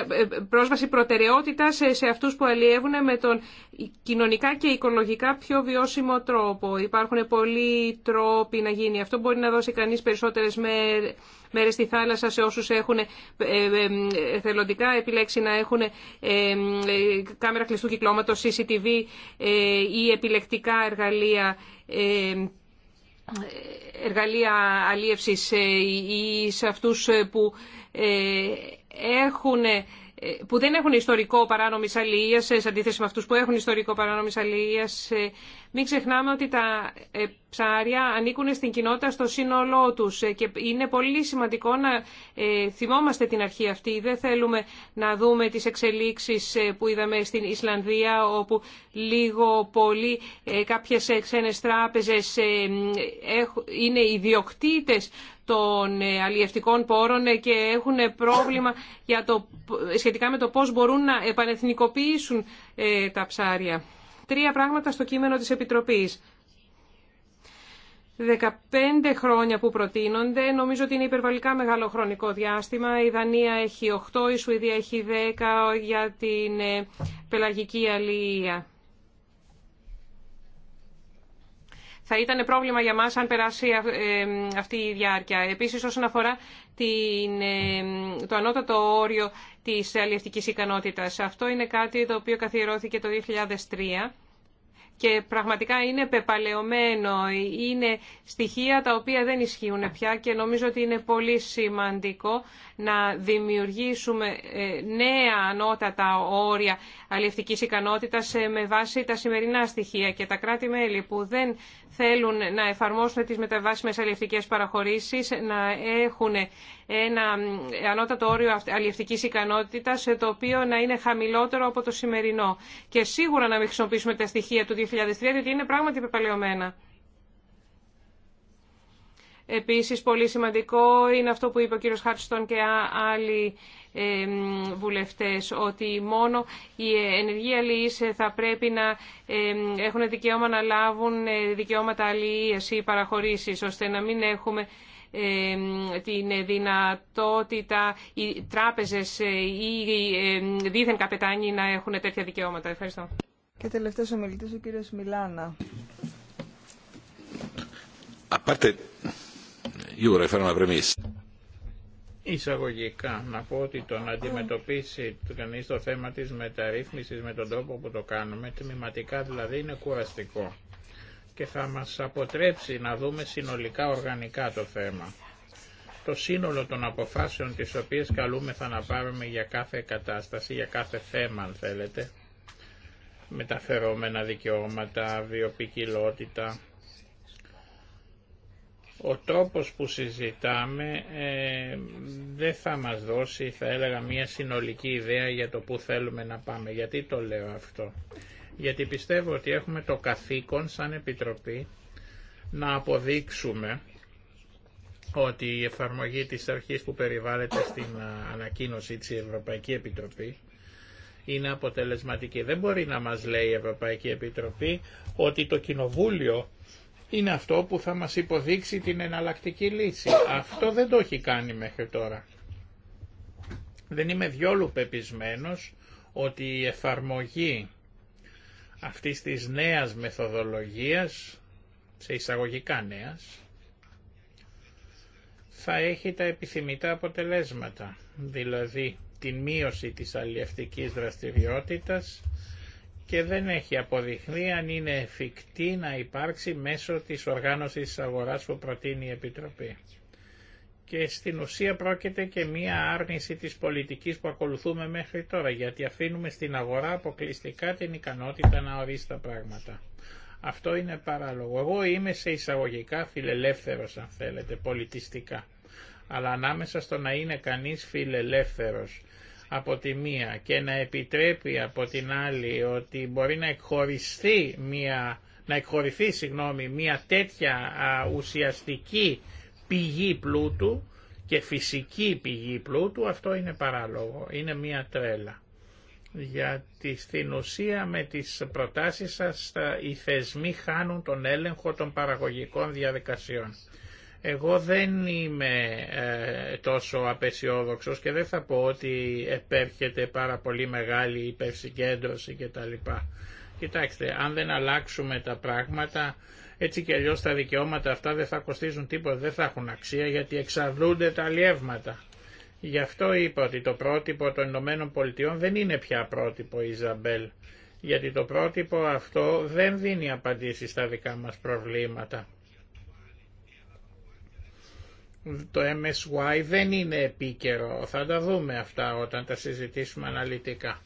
πρόσβαση προτεραιότητα σε, σε αυτούς που αλλιεύουν με τον κοινωνικά και οικολογικά πιο βιώσιμο τρόπο. Υπάρχουν πολλοί τρόποι να γίνει. Αυτό μπορεί να δώσει κανείς περισσότερες μέρες στη θάλασσα σε όσους έχουν ε, ε, θελοντικά επιλέξει να έχουν κάμερα κλειστού κυκλώματος, CCTV ή επιλεκτικά εργαλεία ε, εργαλεία αλίευσης ε, ή σε αυτούς ε, που, έχουν, που δεν έχουν ιστορικό παράνομης αλληλείας σε αντίθεση με αυτούς που έχουν ιστορικό παράνομης αλληλείας μην ξεχνάμε ότι τα ε, ψάρια ανήκουν στην κοινότητα στο σύνολό τους ε, και είναι πολύ σημαντικό να ε, θυμόμαστε την αρχή αυτή. Δεν θέλουμε να δούμε τις εξελίξεις που είδαμε στην Ισλανδία όπου λίγο πολύ κάποιες ξένες τράπεζες είναι ιδιοκτήτες των αλλιευτικών πόρων και έχουν πρόβλημα για το, σχετικά με το πώς μπορούν να επανεθνικοποιήσουν τα ψάρια τρία πράγματα στο κείμενο της Επιτροπής. 15 χρόνια που προτείνονται, νομίζω ότι είναι υπερβολικά μεγάλο χρονικό διάστημα. Η Δανία έχει 8, η Σουηδία έχει 10 για την ε, πελαγική αλληλεία. θα ήταν πρόβλημα για μας αν περάσει ε, αυτή η διάρκεια. Επίσης, όσον αφορά την, ε, το ανώτατο όριο της αλληλευτικής ικανότητας, αυτό είναι κάτι το οποίο καθιερώθηκε το 2003 και πραγματικά είναι πεπαλαιωμένο. Είναι στοιχεία τα οποία δεν ισχύουν πια και νομίζω ότι είναι πολύ σημαντικό να δημιουργήσουμε ε, νέα ανώτατα όρια αλληλευτικής ικανότητας ε, με βάση τα σημερινά στοιχεία και τα κράτη-μέλη που δεν θέλουν να εφαρμόσουν τις μεταβάσιμες αλληλευτικές παραχωρήσεις να έχουν ένα ανώτατο όριο αλληλευτικής ικανότητας ε, το οποίο να είναι χαμηλότερο από το σημερινό. Και σίγουρα να μην χρησιμοποιήσουμε τα στοιχεία του διότι είναι πράγματι πεπαλαιωμένα. Επίση, πολύ σημαντικό είναι αυτό που είπε ο κύριο Χάρτστον και άλλοι βουλευτέ, ότι μόνο οι ενεργοί αλληλεί θα πρέπει να έχουν δικαίωμα να λάβουν ε, δικαιώματα αλληλεία ή παραχωρήσει, ώστε να μην έχουμε την δυνατότητα οι τράπεζε ε, ή ε, δίθεν καπετάνοι να έχουν τέτοια δικαιώματα. Ευχαριστώ. Και τελευταίος μιλητή ο κύριο Μιλάνα. Απάτε, Εισαγωγικά να πω ότι το να αντιμετωπίσει κανεί το θέμα της μεταρρύθμισης με τον τρόπο που το κάνουμε, τμηματικά δηλαδή είναι κουραστικό και θα μας αποτρέψει να δούμε συνολικά οργανικά το θέμα. Το σύνολο των αποφάσεων τις οποίες καλούμεθα να πάρουμε για κάθε κατάσταση, για κάθε θέμα αν θέλετε, μεταφερόμενα δικαιώματα, βιοπικιλότητα. Ο τρόπος που συζητάμε ε, δεν θα μας δώσει, θα έλεγα, μια συνολική ιδέα για το που θέλουμε να πάμε. Γιατί το λέω αυτό. Γιατί πιστεύω ότι έχουμε το καθήκον σαν Επιτροπή να αποδείξουμε ότι η εφαρμογή της αρχής που περιβάλλεται στην ε, ανακοίνωση της Ευρωπαϊκή Επιτροπή είναι αποτελεσματική. Δεν μπορεί να μας λέει η Ευρωπαϊκή Επιτροπή ότι το Κοινοβούλιο είναι αυτό που θα μας υποδείξει την εναλλακτική λύση. Αυτό δεν το έχει κάνει μέχρι τώρα. Δεν είμαι διόλου πεπισμένος ότι η εφαρμογή αυτής της νέας μεθοδολογίας, σε εισαγωγικά νέας, θα έχει τα επιθυμητά αποτελέσματα. Δηλαδή την μείωση της αλλιευτικής δραστηριότητας και δεν έχει αποδειχθεί αν είναι εφικτή να υπάρξει μέσω της οργάνωσης της αγοράς που προτείνει η Επιτροπή. Και στην ουσία πρόκειται και μία άρνηση της πολιτικής που ακολουθούμε μέχρι τώρα, γιατί αφήνουμε στην αγορά αποκλειστικά την ικανότητα να ορίσει τα πράγματα. Αυτό είναι παράλογο. Εγώ είμαι σε εισαγωγικά φιλελεύθερος, αν θέλετε, πολιτιστικά. Αλλά ανάμεσα στο να είναι κανείς φιλελεύθερος από τη μία και να επιτρέπει από την άλλη ότι μπορεί να εκχωριστεί μια, να εκχωρηθεί συγγνώμη, μια τέτοια ουσιαστική πηγή πλούτου και φυσική πηγή πλούτου, αυτό είναι παράλογο, είναι μια τρέλα. Γιατί στην ουσία με τις προτάσεις σας οι θεσμοί χάνουν τον έλεγχο των παραγωγικών διαδικασιών. Εγώ δεν είμαι ε, τόσο απεσιόδοξος και δεν θα πω ότι επέρχεται πάρα πολύ μεγάλη υπερσυγκέντρωση κτλ. Κοιτάξτε, αν δεν αλλάξουμε τα πράγματα, έτσι και αλλιώς τα δικαιώματα αυτά δεν θα κοστίζουν τίποτα, δεν θα έχουν αξία γιατί εξαρδούνται τα αλλιεύματα. Γι' αυτό είπα ότι το πρότυπο των Ηνωμένων Πολιτειών δεν είναι πια πρότυπο Ιζαμπέλ, γιατί το πρότυπο αυτό δεν δίνει απαντήσεις στα δικά μας προβλήματα το MSY δεν είναι επίκαιρο. Θα τα δούμε αυτά όταν τα συζητήσουμε αναλυτικά.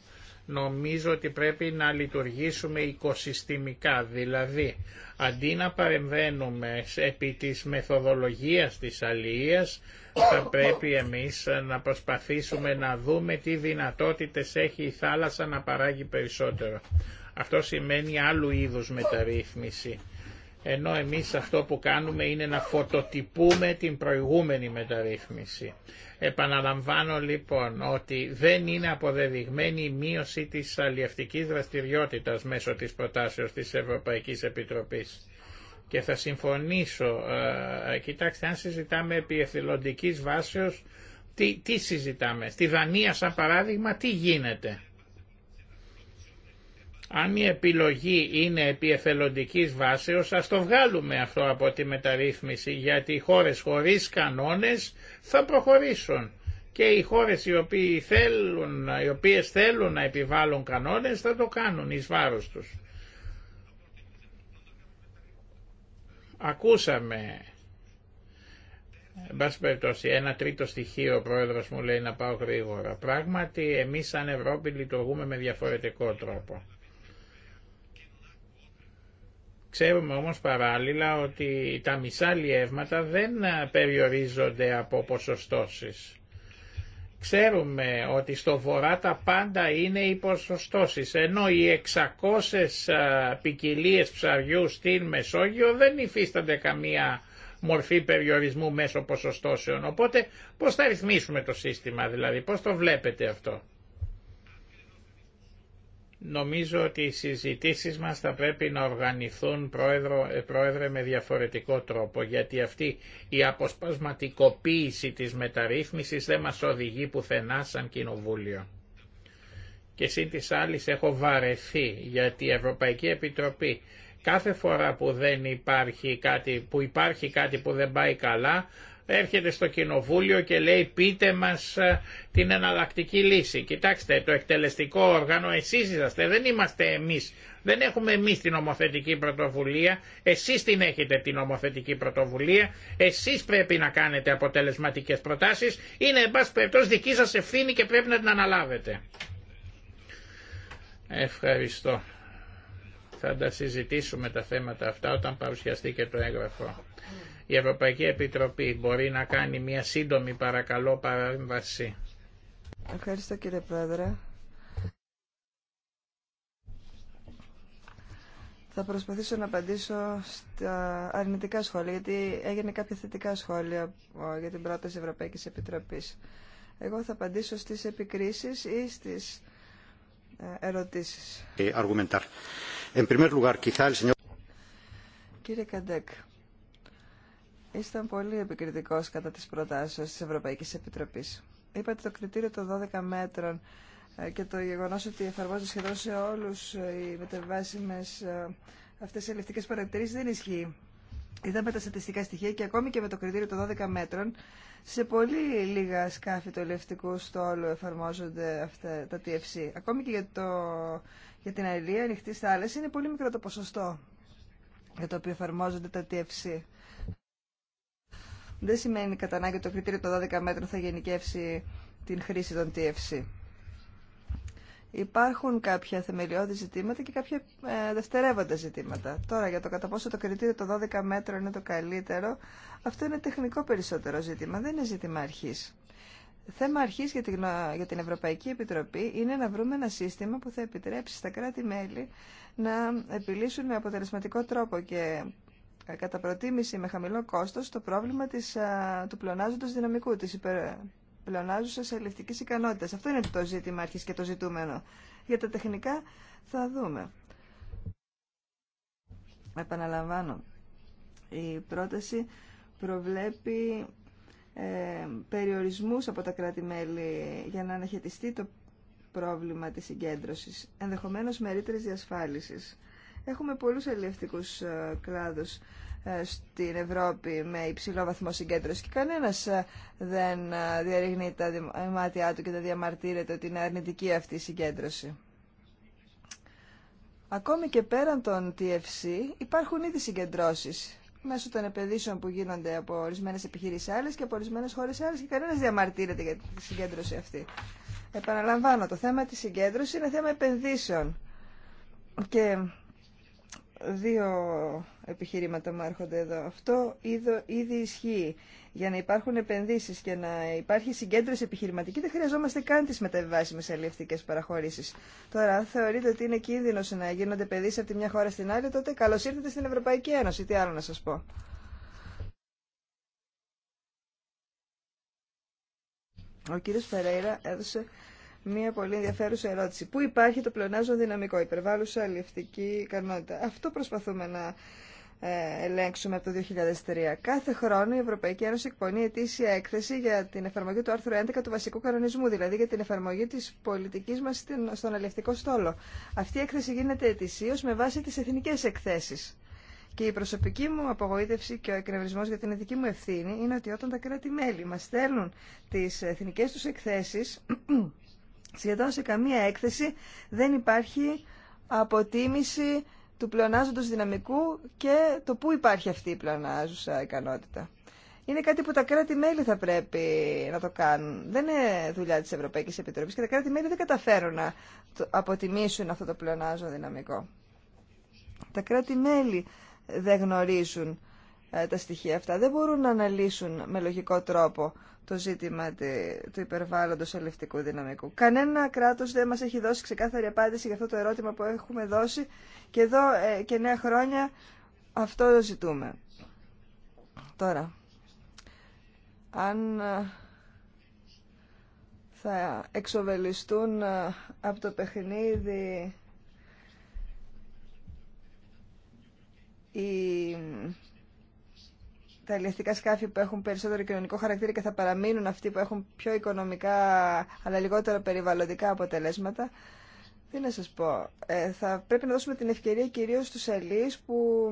Νομίζω ότι πρέπει να λειτουργήσουμε οικοσυστημικά, δηλαδή αντί να παρεμβαίνουμε επί της μεθοδολογίας της αλληλείας, θα πρέπει εμείς να προσπαθήσουμε να δούμε τι δυνατότητες έχει η θάλασσα να παράγει περισσότερο. Αυτό σημαίνει άλλου είδους μεταρρύθμιση ενώ εμείς αυτό που κάνουμε είναι να φωτοτυπούμε την προηγούμενη μεταρρύθμιση. Επαναλαμβάνω λοιπόν ότι δεν είναι αποδεδειγμένη η μείωση της αλλιευτικής δραστηριότητας μέσω της προτάσεως της Ευρωπαϊκής Επιτροπής. Και θα συμφωνήσω, ε, κοιτάξτε αν συζητάμε επί εθελοντικής βάσεως, τι, τι συζητάμε. Στη Δανία σαν παράδειγμα τι γίνεται. Αν η επιλογή είναι επί εθελοντικής βάσεως, ας το βγάλουμε αυτό από τη μεταρρύθμιση, γιατί οι χώρες χωρίς κανόνες θα προχωρήσουν και οι χώρες οι, οποίοι θέλουν, οι οποίες θέλουν να επιβάλλουν κανόνες θα το κάνουν εις βάρος τους. Ακούσαμε, εν πάση περιπτώσει, ένα τρίτο στοιχείο ο πρόεδρος μου λέει να πάω γρήγορα. Πράγματι εμείς σαν Ευρώπη λειτουργούμε με διαφορετικό τρόπο. Ξέρουμε όμως παράλληλα ότι τα μισά λιεύματα δεν ε, περιορίζονται από ποσοστώσεις. Ξέρουμε ότι στο βορρά τα πάντα είναι οι ποσοστώσεις, ενώ οι 600 ε, ποικιλίε ψαριού στην Μεσόγειο δεν υφίστανται καμία μορφή περιορισμού μέσω ποσοστώσεων. Οπότε πώς θα ρυθμίσουμε το σύστημα δηλαδή, πώς το βλέπετε αυτό. Νομίζω ότι οι συζητήσεις μας θα πρέπει να οργανηθούν πρόεδρο, ε, πρόεδρε με διαφορετικό τρόπο γιατί αυτή η αποσπασματικοποίηση της μεταρρύθμισης δεν μας οδηγεί πουθενά σαν κοινοβούλιο. Και σύν της άλλης έχω βαρεθεί γιατί η Ευρωπαϊκή Επιτροπή κάθε φορά που δεν υπάρχει κάτι, που υπάρχει κάτι που δεν πάει καλά έρχεται στο κοινοβούλιο και λέει πείτε μας ε, την εναλλακτική λύση. Κοιτάξτε το εκτελεστικό όργανο εσείς είσαστε, δεν είμαστε εμείς. Δεν έχουμε εμείς την ομοθετική πρωτοβουλία, εσείς την έχετε την νομοθετική πρωτοβουλία, εσείς πρέπει να κάνετε αποτελεσματικές προτάσεις, είναι εν πάση περιπτώσει δική σας ευθύνη και πρέπει να την αναλάβετε. Ευχαριστώ. Θα τα συζητήσουμε τα θέματα αυτά όταν παρουσιαστεί και το έγγραφο. Η Ευρωπαϊκή Επιτροπή μπορεί να κάνει μια σύντομη παρακαλώ παρέμβαση. Ευχαριστώ κύριε Πρόεδρε. Θα προσπαθήσω να απαντήσω στα αρνητικά σχόλια, γιατί έγινε κάποια θετικά σχόλια για την πρόταση Ευρωπαϊκής Επιτροπής. Εγώ θα απαντήσω στις επικρίσεις ή στις ε, ερωτήσεις. Ε, κύριε Καντέκ, Ήσταν πολύ επικριτικό κατά τι προτάσει τη Ευρωπαϊκή Επιτροπή. Είπατε το κριτήριο των 12 μέτρων ε, και το γεγονό ότι εφαρμόζεται σχεδόν σε όλου ε, οι μετεβάσιμε ε, αυτέ οι ελευτικές παρατηρήσει δεν ισχύει. Είδαμε τα στατιστικά στοιχεία και ακόμη και με το κριτήριο των 12 μέτρων, σε πολύ λίγα σκάφη του ελευτικού στόλου εφαρμόζονται αυτά τα TFC. Ακόμη και για, για την αερία ανοιχτή θάλασσα είναι πολύ μικρό το ποσοστό για το οποίο εφαρμόζονται τα TFC δεν σημαίνει κατά ανάγκη το κριτήριο των 12 μέτρων θα γενικεύσει την χρήση των TFC. Υπάρχουν κάποια θεμελιώδη ζητήματα και κάποια ε, δευτερεύοντα ζητήματα. Τώρα, για το κατά πόσο το κριτήριο των 12 μέτρων είναι το καλύτερο, αυτό είναι τεχνικό περισσότερο ζήτημα, δεν είναι ζήτημα αρχή. Θέμα αρχή για, την, για την Ευρωπαϊκή Επιτροπή είναι να βρούμε ένα σύστημα που θα επιτρέψει στα κράτη-μέλη να επιλύσουν με αποτελεσματικό τρόπο και ε, κατά προτίμηση με χαμηλό κόστος το πρόβλημα της, ε, του πλονάζοντος δυναμικού, της υπερπλεονάζουσας ελευτικής ικανότητας. Αυτό είναι το ζήτημα αρχής και το ζητούμενο. Για τα τεχνικά θα δούμε. Επαναλαμβάνω, η πρόταση προβλέπει ε, περιορισμούς από τα κράτη-μέλη για να αναχαιτιστεί το πρόβλημα της συγκέντρωσης, ενδεχομένως με ρήτρες διασφάλισης. Έχουμε πολλούς ελεύθερικους ε, κλάδους ε, στην Ευρώπη με υψηλό βαθμό συγκέντρωση και κανένας ε, δεν ε, διαρριγνεί τα μάτια του και δεν διαμαρτύρεται ότι είναι αρνητική αυτή η συγκέντρωση. Ακόμη και πέραν των TFC υπάρχουν ήδη συγκεντρώσεις μέσω των επενδύσεων που γίνονται από ορισμένε επιχειρήσει άλλε και από ορισμένε χώρε άλλε και κανένα διαμαρτύρεται για τη συγκέντρωση αυτή. Επαναλαμβάνω, το θέμα τη συγκέντρωση είναι θέμα επενδύσεων. Και δύο επιχειρήματα μου έρχονται εδώ. Αυτό ήδη ισχύει. Για να υπάρχουν επενδύσεις και να υπάρχει συγκέντρωση επιχειρηματική δεν χρειαζόμαστε καν τι μεταβιβάσιμε αλληλευτικέ παραχωρήσεις. Τώρα, αν θεωρείτε ότι είναι κίνδυνο να γίνονται επενδύσεις από τη μια χώρα στην άλλη, τότε καλώ ήρθατε στην Ευρωπαϊκή Ένωση. Τι άλλο να σα πω. Ο κύριος Φεραίρα έδωσε μία πολύ ενδιαφέρουσα ερώτηση. Πού υπάρχει το πλεονάζον δυναμικό, υπερβάλλουσα αλληλευτική ικανότητα. Αυτό προσπαθούμε να ε, ελέγξουμε από το 2003. Κάθε χρόνο η Ευρωπαϊκή Ένωση εκπονεί ετήσια έκθεση για την εφαρμογή του άρθρου 11 του βασικού κανονισμού, δηλαδή για την εφαρμογή τη πολιτική μα στον αλληλευτικό στόλο. Αυτή η έκθεση γίνεται ετησίω με βάση τι εθνικέ εκθέσει. Και η προσωπική μου απογοήτευση και ο εκνευρισμό για την ειδική μου ευθύνη είναι ότι όταν τα κράτη-μέλη μα στέλνουν τι εθνικέ του εκθέσει, Σχεδόν σε καμία έκθεση δεν υπάρχει αποτίμηση του πλεονάζοντος δυναμικού και το πού υπάρχει αυτή η πλεονάζουσα ικανότητα. Είναι κάτι που τα κράτη-μέλη θα πρέπει να το κάνουν. Δεν είναι δουλειά της Ευρωπαϊκής Επιτροπής και τα κράτη-μέλη δεν καταφέρουν να αποτιμήσουν αυτό το πλεονάζον δυναμικό. Τα κράτη-μέλη δεν γνωρίζουν ε, τα στοιχεία αυτά, δεν μπορούν να αναλύσουν με λογικό τρόπο το ζήτημα του υπερβάλλοντος ελευτικού δυναμικού. Κανένα κράτος δεν μας έχει δώσει ξεκάθαρη απάντηση για αυτό το ερώτημα που έχουμε δώσει και εδώ ε, και νέα χρόνια αυτό το ζητούμε. Τώρα, αν ε, θα εξοβελιστούν ε, από το παιχνίδι τα ελευθερικά σκάφη που έχουν περισσότερο κοινωνικό χαρακτήρα και θα παραμείνουν αυτοί που έχουν πιο οικονομικά αλλά λιγότερα περιβαλλοντικά αποτελέσματα. Τι να σας πω, ε, θα πρέπει να δώσουμε την ευκαιρία κυρίως στους αλληλείς που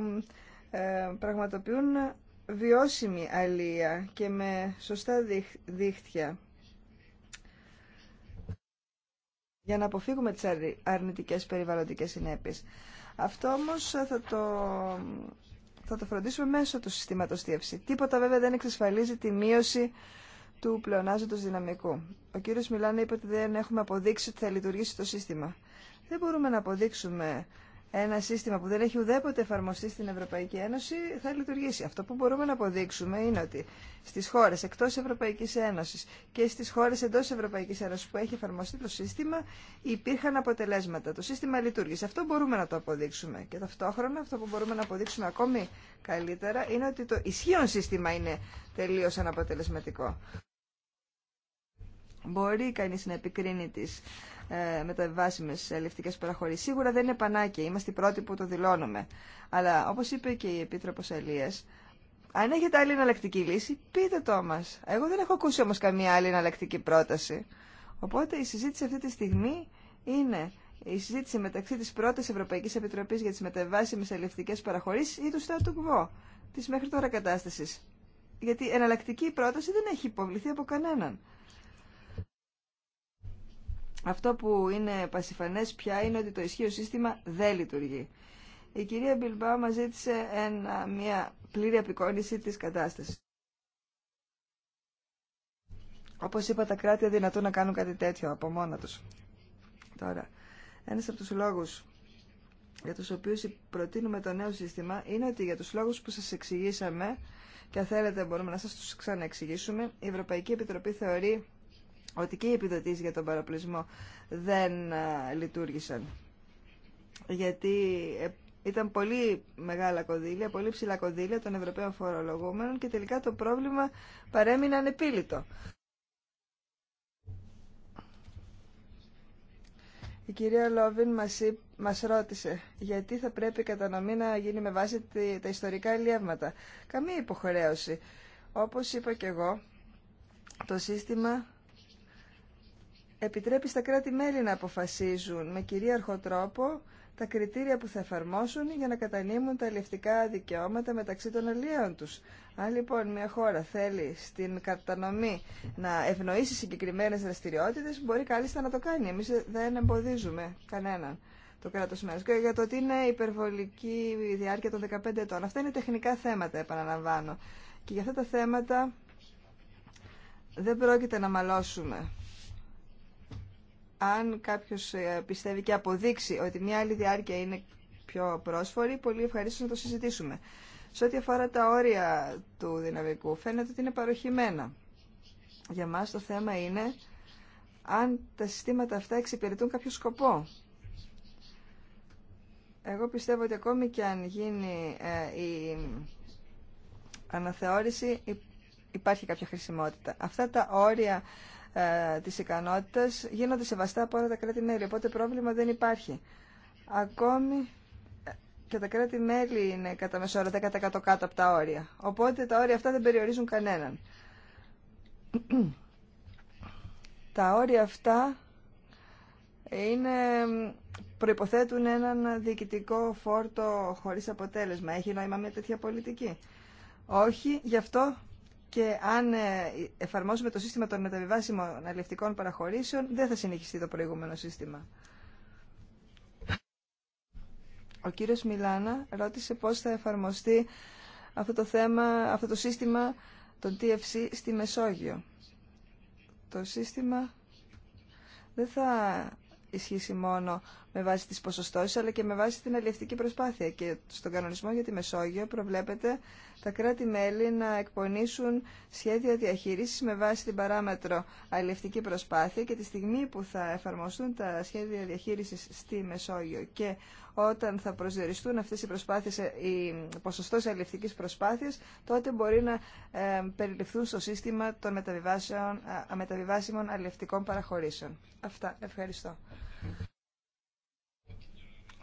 ε, πραγματοποιούν βιώσιμη αλία και με σωστά δίχτυα. για να αποφύγουμε τις αρνητικές περιβαλλοντικές συνέπειες. Αυτό όμως θα το θα το φροντίσουμε μέσω του συστήματος Τίποτα βέβαια δεν εξασφαλίζει τη μείωση του πλεονάζοντος δυναμικού. Ο κύριος Μιλάνε είπε ότι δεν έχουμε αποδείξει ότι θα λειτουργήσει το σύστημα. Δεν μπορούμε να αποδείξουμε ένα σύστημα που δεν έχει ουδέποτε εφαρμοστεί στην Ευρωπαϊκή Ένωση θα λειτουργήσει. Αυτό που μπορούμε να αποδείξουμε είναι ότι στι χώρε εκτό Ευρωπαϊκή Ένωση και στι χώρε εντό Ευρωπαϊκή Ένωση που έχει εφαρμοστεί το σύστημα υπήρχαν αποτελέσματα. Το σύστημα λειτουργήσε. Αυτό μπορούμε να το αποδείξουμε. Και ταυτόχρονα αυτό που μπορούμε να αποδείξουμε ακόμη καλύτερα είναι ότι το ισχύον σύστημα είναι τελείω αναποτελεσματικό. Μπορεί κανεί να επικρίνει τις ε, μεταβάσιμες ελευτικές παραχωρήσεις. Σίγουρα δεν είναι πανάκια, είμαστε οι πρώτοι που το δηλώνουμε. Αλλά όπως είπε και η Επίτροπος Ελίας, αν έχετε άλλη εναλλακτική λύση, πείτε το μας. Εγώ δεν έχω ακούσει όμως καμία άλλη εναλλακτική πρόταση. Οπότε η συζήτηση αυτή τη στιγμή είναι η συζήτηση μεταξύ τη πρώτη Ευρωπαϊκή Επιτροπή για τι μεταβάσιμε ελευλευτικέ παραχωρήσει αλληλευτικές μέχρι τώρα κατάσταση. Γιατί ή του Στάτου Κβό, μέχρι τώρα κατασταση Γιατί εναλλακτική πρόταση δεν έχει υποβληθεί από κανέναν. Αυτό που είναι πασιφανές πια είναι ότι το ισχύο σύστημα δεν λειτουργεί. Η κυρία Μπιλμπά μας ζήτησε ένα, μια πλήρη απεικόνηση της κατάστασης. Όπως είπα, τα κράτη αδυνατούν να κάνουν κάτι τέτοιο από μόνα τους. Τώρα, ένας από τους λόγους για τους οποίους προτείνουμε το νέο σύστημα είναι ότι για τους λόγους που σας εξηγήσαμε και αν θέλετε μπορούμε να σας τους ξαναεξηγήσουμε, η Ευρωπαϊκή Επιτροπή θεωρεί ότι και οι επιδοτήσει για τον παραπλησμό δεν λειτουργήσαν. Γιατί ε, ήταν πολύ μεγάλα κονδύλια, πολύ ψηλά κονδύλια των Ευρωπαίων φορολογούμενων και τελικά το πρόβλημα παρέμεινε ανεπίλητο. Η κυρία Λόβιν μας, μας ρώτησε γιατί θα πρέπει η κατανομή να γίνει με βάση τα ιστορικά ελιεύματα. Καμία υποχρέωση. Όπως είπα και εγώ, το σύστημα επιτρέπει στα κράτη-μέλη να αποφασίζουν με κυρίαρχο τρόπο τα κριτήρια που θα εφαρμόσουν για να κατανείμουν τα ελευτικά δικαιώματα μεταξύ των αλλιέων τους. Αν λοιπόν μια χώρα θέλει στην κατανομή να ευνοήσει συγκεκριμένες δραστηριότητε, μπορεί κάλλιστα να το κάνει. Εμείς δεν εμποδίζουμε κανέναν το κράτος μέρος. Και για το ότι είναι υπερβολική η διάρκεια των 15 ετών. Αυτά είναι τεχνικά θέματα, επαναλαμβάνω. Και για αυτά τα θέματα δεν πρόκειται να μαλώσουμε αν κάποιο ε, πιστεύει και αποδείξει ότι μια άλλη διάρκεια είναι πιο πρόσφορη, πολύ ευχαρίστω να το συζητήσουμε. Σε ό,τι αφορά τα όρια του δυναμικού, φαίνεται ότι είναι παροχημένα. Για μας το θέμα είναι αν τα συστήματα αυτά εξυπηρετούν κάποιο σκοπό. Εγώ πιστεύω ότι ακόμη και αν γίνει ε, η αναθεώρηση υπάρχει κάποια χρησιμότητα. Αυτά τα όρια ε, της γίνονται σεβαστά από όλα τα κράτη-μέλη, οπότε πρόβλημα δεν υπάρχει. Ακόμη ε, και τα κράτη-μέλη είναι κατά μέσο 10% κάτω από τα όρια, οπότε τα όρια αυτά δεν περιορίζουν κανέναν. τα όρια αυτά είναι, προϋποθέτουν έναν διοικητικό φόρτο χωρίς αποτέλεσμα. Έχει νόημα μια τέτοια πολιτική. Όχι, γι' αυτό και αν ε, εφαρμόσουμε το σύστημα των μεταβιβάσιμων αλληλευτικών παραχωρήσεων, δεν θα συνεχιστεί το προηγούμενο σύστημα. Ο κύριος Μιλάνα ρώτησε πώς θα εφαρμοστεί αυτό το, θέμα, αυτό το σύστημα των TFC στη Μεσόγειο. Το σύστημα δεν θα ισχύσει μόνο με βάση τις ποσοστώσεις αλλά και με βάση την αλληλευτική προσπάθεια. Και στον κανονισμό για τη Μεσόγειο προβλέπεται τα κράτη-μέλη να εκπονήσουν σχέδια διαχείρισης με βάση την παράμετρο αλληλευτική προσπάθεια και τη στιγμή που θα εφαρμοστούν τα σχέδια διαχείρισης στη Μεσόγειο και όταν θα προσδιοριστούν αυτές οι προσπάθειες, οι ποσοστός αλληλευτικής προσπάθειας, τότε μπορεί να ε, περιληφθούν στο σύστημα των ε, μεταβιβάσιμων αλληλευτικών παραχωρήσεων. Αυτά. Ευχαριστώ.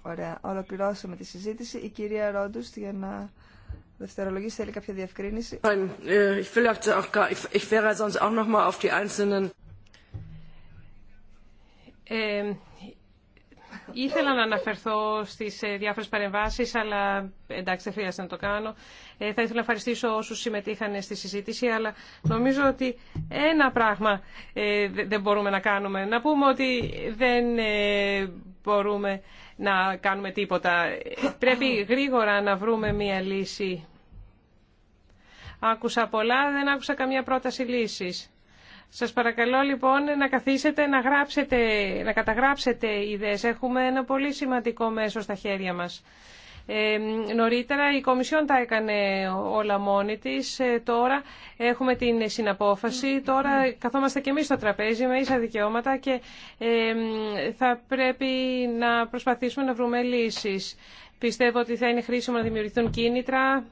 Ωραία. Ολοκληρώσαμε τη συζήτηση. Η κυρία Ρόντουστ για να δευτερολογήσει θέλει κάποια διευκρίνηση. Äh, ήθελα να αναφερθώ στις ε, διάφορες παρεμβάσεις, αλλά εντάξει δεν χρειάζεται να το κάνω. Ε, θα ήθελα να ευχαριστήσω όσους συμμετείχαν στη συζήτηση, αλλά νομίζω ότι ένα πράγμα ε, δεν μπορούμε να κάνουμε. Να πούμε ότι δεν ε, μπορούμε να κάνουμε τίποτα. Πρέπει γρήγορα να βρούμε μία λύση. Άκουσα πολλά, δεν άκουσα καμία πρόταση λύσης. Σας παρακαλώ λοιπόν να καθίσετε, να, γράψετε, να καταγράψετε ιδέες. Έχουμε ένα πολύ σημαντικό μέσο στα χέρια μας. Νωρίτερα η Κομισιόν τα έκανε όλα μόνη της. Ε, τώρα έχουμε την συναπόφαση. Τώρα καθόμαστε και εμεί στο τραπέζι με ίσα δικαιώματα και θα πρέπει να προσπαθήσουμε να βρούμε λύσεις. Πιστεύω ότι θα είναι χρήσιμο να δημιουργηθούν κίνητρα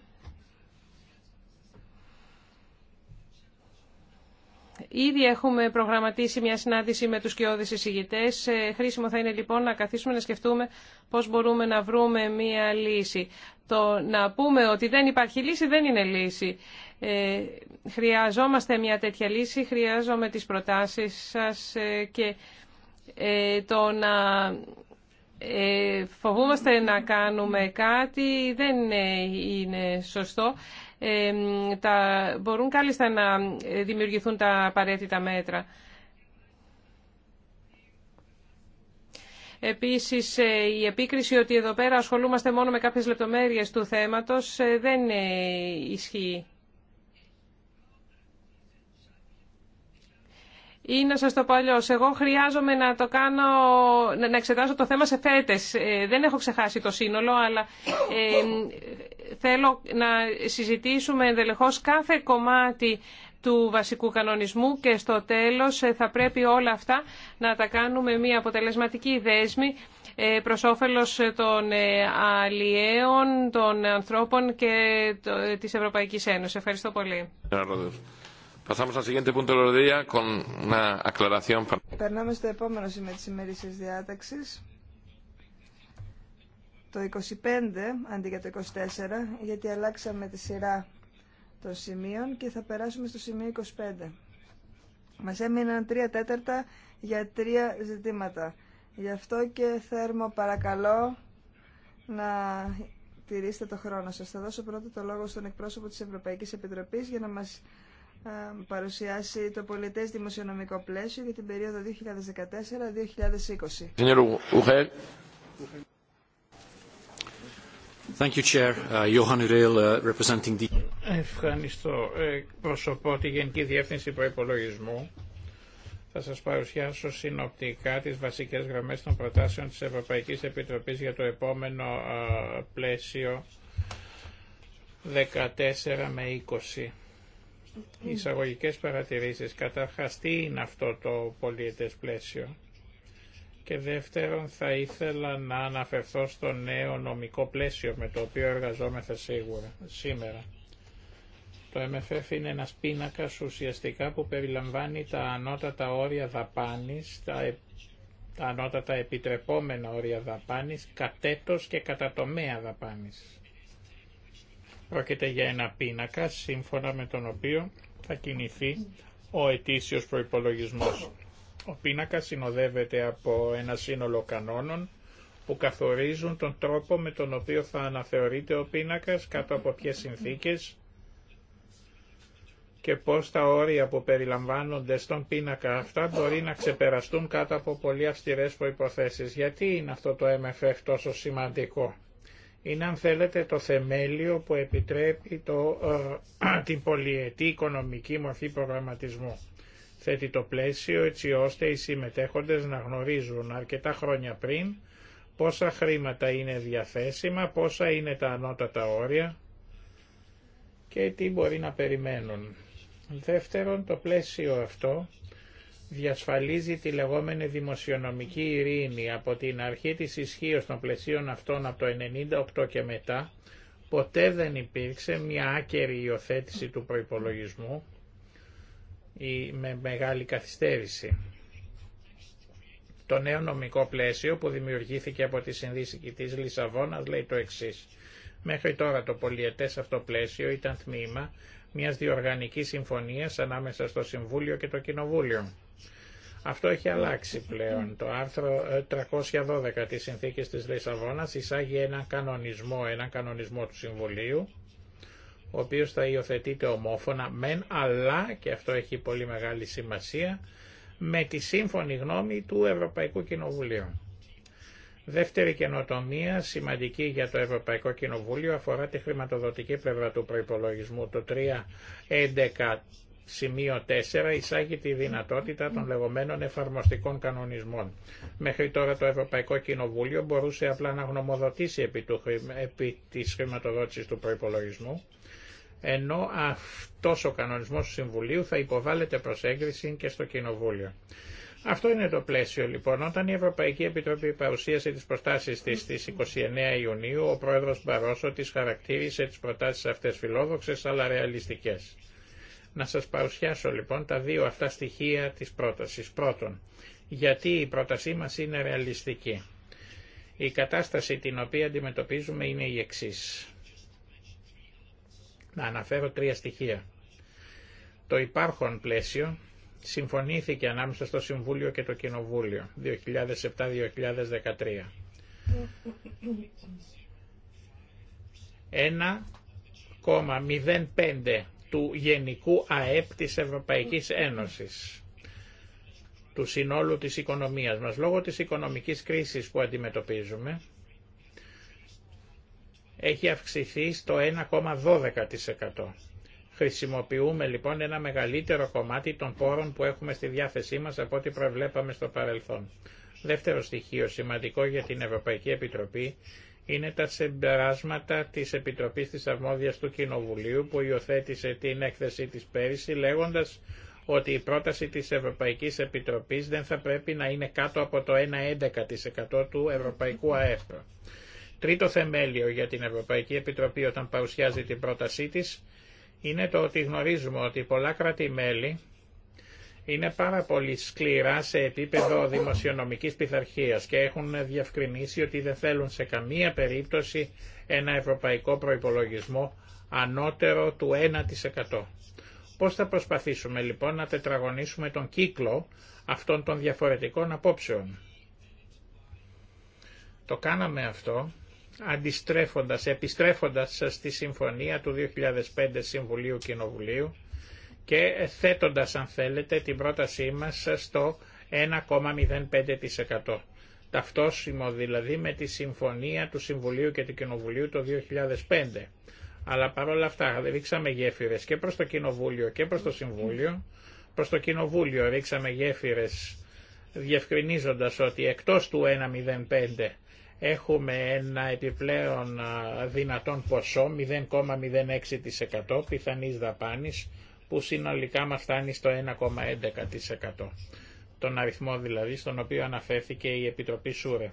Ήδη έχουμε προγραμματίσει μια συνάντηση με τους κοιόδης εισηγητές. Ε, χρήσιμο θα είναι λοιπόν να καθίσουμε να σκεφτούμε πώς μπορούμε να βρούμε μια λύση. Το να πούμε ότι δεν υπάρχει λύση δεν είναι λύση. Ε, χρειαζόμαστε μια τέτοια λύση, χρειάζομαι τις προτάσεις σας ε, και ε, το να ε, φοβούμαστε να κάνουμε κάτι δεν ε, είναι σωστό τα, μπορούν κάλλιστα να ε, δημιουργηθούν τα απαραίτητα μέτρα. Επίσης, ε, η επίκριση ότι εδώ πέρα ασχολούμαστε μόνο με κάποιες λεπτομέρειες του θέματος ε, δεν ισχύει. Ή να σας το πω αλλιώς, εγώ χρειάζομαι να το κάνω, να εξετάσω το θέμα σε φέτες. Ε, δεν έχω ξεχάσει το σύνολο, αλλά ε, θέλω να συζητήσουμε ενδελεχώς κάθε κομμάτι του βασικού κανονισμού και στο τέλος ε, θα πρέπει όλα αυτά να τα κάνουμε μια αποτελεσματική δέσμη προς όφελος των αλλιέων, των ανθρώπων και της Ευρωπαϊκής Ένωσης. Ευχαριστώ πολύ. Pasamos Περνάμε στο επόμενο σημείο της ημερήσιας διάταξης. Το 25 αντί για το 24, γιατί αλλάξαμε τη σειρά των σημείων και θα περάσουμε στο σημείο 25. Μας έμειναν τρία τέταρτα για τρία ζητήματα. Γι' αυτό και θέρμο παρακαλώ να τηρήσετε το χρόνο σας. Θα δώσω πρώτα το λόγο στον εκπρόσωπο της Ευρωπαϊκής Επιτροπής για να μας παρουσιάσει το πολιτές δημοσιονομικό πλαίσιο για την περίοδο 2014-2020. Thank you, Chair. Uh, Johan uh, representing the... Ευχαριστώ. Ε, Προσωπώ τη Γενική Διεύθυνση Προϋπολογισμού. Θα σας παρουσιάσω συνοπτικά τις βασικές γραμμές των προτάσεων της Ευρωπαϊκής Επιτροπής για το επόμενο πλαίσιο 14 με 20 εισαγωγικές παρατηρήσεις. Καταρχάς, τι είναι αυτό το πολιετές πλαίσιο. Και δεύτερον, θα ήθελα να αναφερθώ στο νέο νομικό πλαίσιο με το οποίο εργαζόμεθα σίγουρα σήμερα. Το MFF είναι ένας πίνακας ουσιαστικά που περιλαμβάνει τα ανώτατα όρια δαπάνης, τα, τα επιτρεπόμενα όρια δαπάνης, κατέτος και τομέα δαπάνης. Πρόκειται για ένα πίνακα σύμφωνα με τον οποίο θα κινηθεί ο ετήσιος προϋπολογισμός. Ο πίνακα συνοδεύεται από ένα σύνολο κανόνων που καθορίζουν τον τρόπο με τον οποίο θα αναθεωρείται ο πίνακας, κάτω από ποιες συνθήκες και πώς τα όρια που περιλαμβάνονται στον πίνακα αυτά μπορεί να ξεπεραστούν κάτω από πολύ αυστηρές προϋποθέσεις. Γιατί είναι αυτό το MFF τόσο σημαντικό είναι αν θέλετε το θεμέλιο που επιτρέπει το, ε, την πολυετή οικονομική μορφή προγραμματισμού. Θέτει το πλαίσιο έτσι ώστε οι συμμετέχοντες να γνωρίζουν αρκετά χρόνια πριν πόσα χρήματα είναι διαθέσιμα, πόσα είναι τα ανώτατα όρια και τι μπορεί να περιμένουν. Δεύτερον, το πλαίσιο αυτό διασφαλίζει τη λεγόμενη δημοσιονομική ειρήνη από την αρχή της ισχύω των πλαισίων αυτών από το 1998 και μετά, ποτέ δεν υπήρξε μια άκερη υιοθέτηση του προϋπολογισμού ή με μεγάλη καθυστέρηση. Το νέο νομικό πλαίσιο που δημιουργήθηκε από τη συνδύσικη της Λισαβόνας λέει το εξής. Μέχρι τώρα το πολιετές αυτό πλαίσιο ήταν τμήμα μιας διοργανικής συμφωνίας ανάμεσα στο Συμβούλιο και το Κοινοβούλιο αυτό έχει αλλάξει πλέον. Το άρθρο 312 ε, της Συνθήκης της Λισαβόνας εισάγει έναν κανονισμό, έναν κανονισμό του Συμβουλίου, ο οποίος θα υιοθετείται ομόφωνα μεν, αλλά, και αυτό έχει πολύ μεγάλη σημασία, με τη σύμφωνη γνώμη του Ευρωπαϊκού Κοινοβουλίου. Δεύτερη καινοτομία, σημαντική για το Ευρωπαϊκό Κοινοβούλιο, αφορά τη χρηματοδοτική πλευρά του προϋπολογισμού. Το Σημείο 4 εισάγει τη δυνατότητα των λεγόμενων εφαρμοστικών κανονισμών. Μέχρι τώρα το Ευρωπαϊκό Κοινοβούλιο μπορούσε απλά να γνωμοδοτήσει επί, του, επί της χρηματοδότησης του προϋπολογισμού, ενώ αυτός ο κανονισμός του Συμβουλίου θα υποβάλλεται προς έγκριση και στο Κοινοβούλιο. Αυτό είναι το πλαίσιο λοιπόν. Όταν η Ευρωπαϊκή Επιτροπή παρουσίασε τις προτάσεις της στις 29 Ιουνίου, ο πρόεδρος Μπαρόσο τις χαρακτήρισε τις προτάσει αυτές φιλόδοξες αλλά ρεαλιστικές. Να σας παρουσιάσω λοιπόν τα δύο αυτά στοιχεία της πρότασης. Πρώτον, γιατί η πρότασή μας είναι ρεαλιστική. Η κατάσταση την οποία αντιμετωπίζουμε είναι η εξής. Να αναφέρω τρία στοιχεία. Το υπάρχον πλαίσιο συμφωνήθηκε ανάμεσα στο Συμβούλιο και το Κοινοβούλιο 2007-2013. Ένα του γενικού ΑΕΠ της Ευρωπαϊκής Ένωσης, του συνόλου της οικονομίας μας. Λόγω της οικονομικής κρίσης που αντιμετωπίζουμε, έχει αυξηθεί στο 1,12%. Χρησιμοποιούμε λοιπόν ένα μεγαλύτερο κομμάτι των πόρων που έχουμε στη διάθεσή μας από ό,τι προβλέπαμε στο παρελθόν. Δεύτερο στοιχείο σημαντικό για την Ευρωπαϊκή Επιτροπή είναι τα συμπεράσματα της Επιτροπής της Αρμόδιας του Κοινοβουλίου που υιοθέτησε την έκθεση της πέρυσι λέγοντας ότι η πρόταση της Ευρωπαϊκής Επιτροπής δεν θα πρέπει να είναι κάτω από το 1,11% του Ευρωπαϊκού ΑΕΠ. Τρίτο θεμέλιο για την Ευρωπαϊκή Επιτροπή όταν παρουσιάζει την πρότασή της είναι το ότι γνωρίζουμε ότι πολλά κράτη-μέλη είναι πάρα πολύ σκληρά σε επίπεδο δημοσιονομικής πειθαρχία και έχουν διευκρινίσει ότι δεν θέλουν σε καμία περίπτωση ένα ευρωπαϊκό προϋπολογισμό ανώτερο του 1%. Πώς θα προσπαθήσουμε λοιπόν να τετραγωνίσουμε τον κύκλο αυτών των διαφορετικών απόψεων. Το κάναμε αυτό αντιστρέφοντας, επιστρέφοντας στη συμφωνία του 2005 Συμβουλίου Κοινοβουλίου και θέτοντας αν θέλετε την πρότασή μας στο 1,05%. Ταυτόσιμο δηλαδή με τη συμφωνία του Συμβουλίου και του Κοινοβουλίου το 2005. Αλλά παρόλα αυτά ρίξαμε γέφυρες και προς το Κοινοβούλιο και προς το Συμβούλιο. Προς το Κοινοβούλιο ρίξαμε γέφυρες διευκρινίζοντας ότι εκτός του 1,05 έχουμε ένα επιπλέον δυνατόν ποσό 0,06% πιθανής δαπάνης που συνολικά μας φτάνει στο 1,11%. Τον αριθμό δηλαδή στον οποίο αναφέρθηκε η Επιτροπή Σούρε.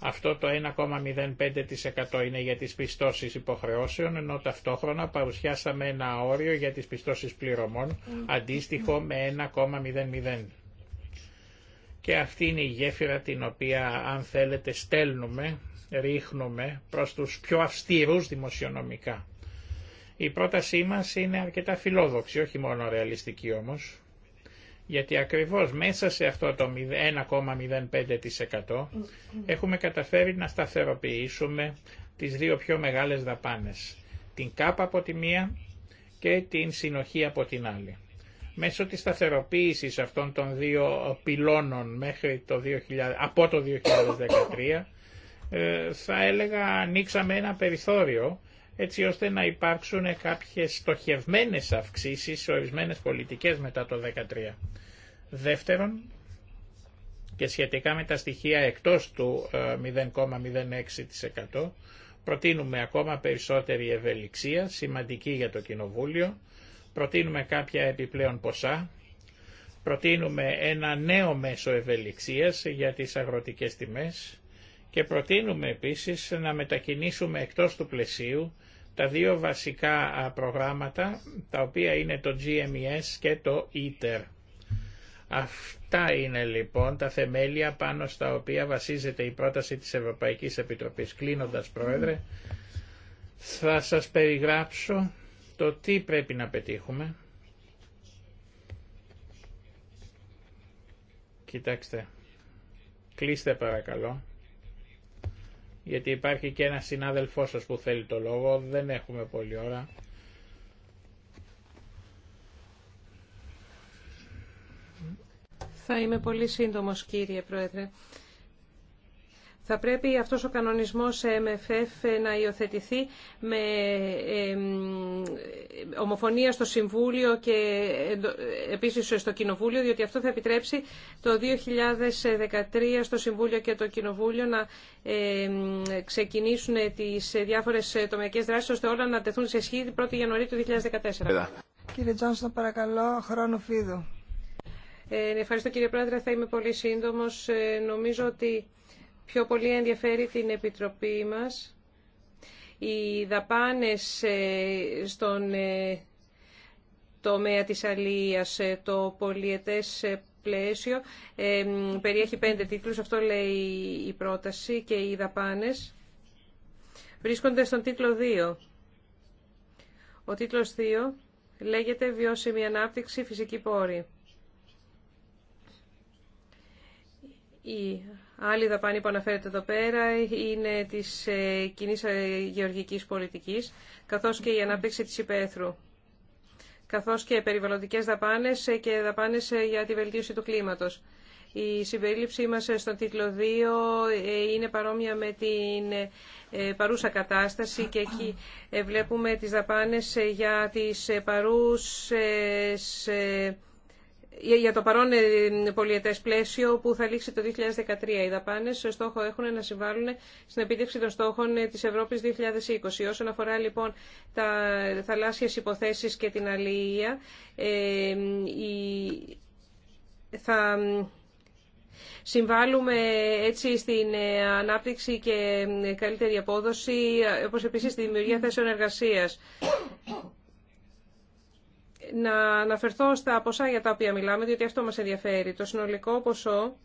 Αυτό το 1,05% είναι για τις πιστώσεις υποχρεώσεων, ενώ ταυτόχρονα παρουσιάσαμε ένα όριο για τις πιστώσεις πληρωμών, αντίστοιχο με 1,00. Και αυτή είναι η γέφυρα την οποία, αν θέλετε, στέλνουμε, ρίχνουμε προς τους πιο αυστηρούς δημοσιονομικά η πρότασή μας είναι αρκετά φιλόδοξη, όχι μόνο ρεαλιστική όμως, γιατί ακριβώς μέσα σε αυτό το 1,05% έχουμε καταφέρει να σταθεροποιήσουμε τις δύο πιο μεγάλες δαπάνες, την ΚΑΠ από τη μία και την συνοχή από την άλλη. Μέσω της σταθεροποίησης αυτών των δύο πυλώνων μέχρι το 2000, από το 2013, ε, θα έλεγα ανοίξαμε ένα περιθώριο έτσι ώστε να υπάρξουν κάποιες στοχευμένες αυξήσεις σε ορισμένες πολιτικές μετά το 2013. Δεύτερον, και σχετικά με τα στοιχεία εκτός του 0,06%, ε, προτείνουμε ακόμα περισσότερη ευελιξία, σημαντική για το Κοινοβούλιο, προτείνουμε κάποια επιπλέον ποσά, προτείνουμε ένα νέο μέσο ευελιξίας για τις αγροτικές τιμές, και προτείνουμε επίσης να μετακινήσουμε εκτός του πλαισίου τα δύο βασικά προγράμματα, τα οποία είναι το GMES και το ITER. E Αυτά είναι λοιπόν τα θεμέλια πάνω στα οποία βασίζεται η πρόταση της Ευρωπαϊκής Επιτροπής. Κλείνοντας, Πρόεδρε, θα σας περιγράψω το τι πρέπει να πετύχουμε. Κοιτάξτε, κλείστε παρακαλώ γιατί υπάρχει και ένα συνάδελφό σα που θέλει το λόγο, δεν έχουμε πολλή ώρα. Θα είμαι πολύ σύντομος κύριε Πρόεδρε. Θα πρέπει αυτός ο κανονισμός MFF να υιοθετηθεί με ομοφωνία στο Συμβούλιο και επίσης στο Κοινοβούλιο, διότι αυτό θα επιτρέψει το 2013 στο Συμβούλιο και το Κοινοβούλιο να ξεκινήσουν τις διάφορες τομεακές δράσεις, ώστε όλα να τεθούν σε σχητη 1 1η Ιανουαρίου του 2014. Κύριε Τζόνσον, παρακαλώ, χρόνο φίδου. Ε, ευχαριστώ κύριε Πρόεδρε, θα είμαι πολύ σύντομος. Ε, νομίζω ότι πιο πολύ ενδιαφέρει την Επιτροπή μας οι δαπάνες ε, στον ε, τομέα της αλίας, ε, το πολιετές πλαίσιο περιέχει πέντε τίτλους, αυτό λέει η πρόταση και οι δαπάνες βρίσκονται στον τίτλο 2. Ο τίτλος 2 λέγεται «Βιώσιμη ανάπτυξη φυσική πόρη». Η Άλλη δαπάνη που αναφέρεται εδώ πέρα είναι της ε, κοινή ε, γεωργικής πολιτικής, καθώς και η ανάπτυξη της υπαίθρου, καθώς και περιβαλλοντικές δαπάνες ε, και δαπάνες για τη βελτίωση του κλίματος. Η συμπερίληψή μας στον τίτλο 2 είναι παρόμοια με την παρούσα κατάσταση και εκεί βλέπουμε τις δαπάνες για τις παρούσες για το παρόν ε, πολιετές πλαίσιο που θα λήξει το 2013. Οι στο στόχο έχουν να συμβάλλουν στην επίτευξη των στόχων τη Ευρώπη 2020. Όσον αφορά λοιπόν τα θαλάσσιε υποθέσεις και την αλληλεία, ε, θα συμβάλλουμε ε, έτσι στην ανάπτυξη και καλύτερη απόδοση, όπως επίσης στη δημιουργία θέσεων εργασίας να αναφερθώ στα ποσά για τα οποία μιλάμε, διότι αυτό μας ενδιαφέρει. Το συνολικό ποσό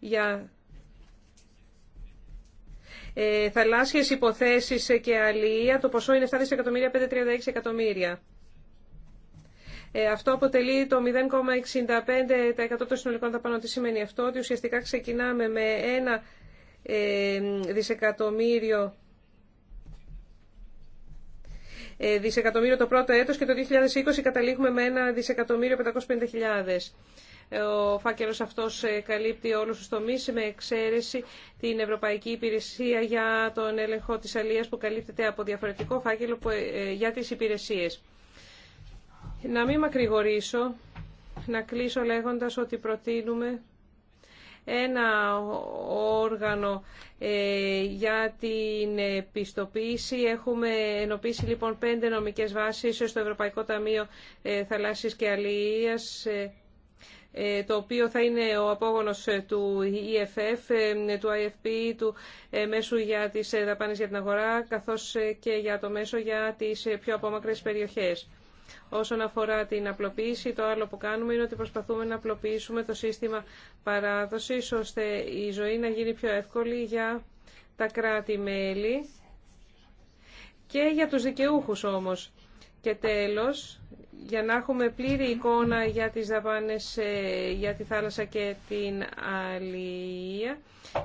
για ε, θαλάσσιες υποθέσεις και αλληλεία, το ποσό είναι 7 δισεκατομμύρια, 536 εκατομμύρια. Ε, αυτό αποτελεί το 0,65% των συνολικών δαπανών. Τι σημαίνει αυτό, ότι ουσιαστικά ξεκινάμε με ένα ε, δισεκατομμύριο ε, δισεκατομμύριο το πρώτο έτος και το 2020 καταλήγουμε με ένα δισεκατομμύριο 550.000. Ε, ο φάκελος αυτός ε, καλύπτει όλους τους τομείς με εξαίρεση την Ευρωπαϊκή Υπηρεσία για τον έλεγχο της αλίας που καλύπτεται από διαφορετικό φάκελο για τις υπηρεσίες. Να μην μακρηγορήσω, να κλείσω λέγοντας ότι προτείνουμε ένα όργανο ε, για την πιστοποίηση. Έχουμε ενοποιήσει λοιπόν πέντε νομικές βάσεις στο Ευρωπαϊκό Ταμείο ε, Θαλάσσης και Αλληλείας ε, το οποίο θα είναι ο απόγονος του EFF, του IFP, του μέσου για τις δαπάνες για την αγορά, καθώς και για το μέσο για τις πιο απόμακρες περιοχές. Όσον αφορά την απλοποίηση, το άλλο που κάνουμε είναι ότι προσπαθούμε να απλοποιήσουμε το σύστημα παράδοσης, ώστε η ζωή να γίνει πιο εύκολη για τα κράτη-μέλη και για τους δικαιούχους όμως. Και τέλος, για να έχουμε πλήρη εικόνα για τις δαπάνες ε, για τη θάλασσα και την αλληλεία,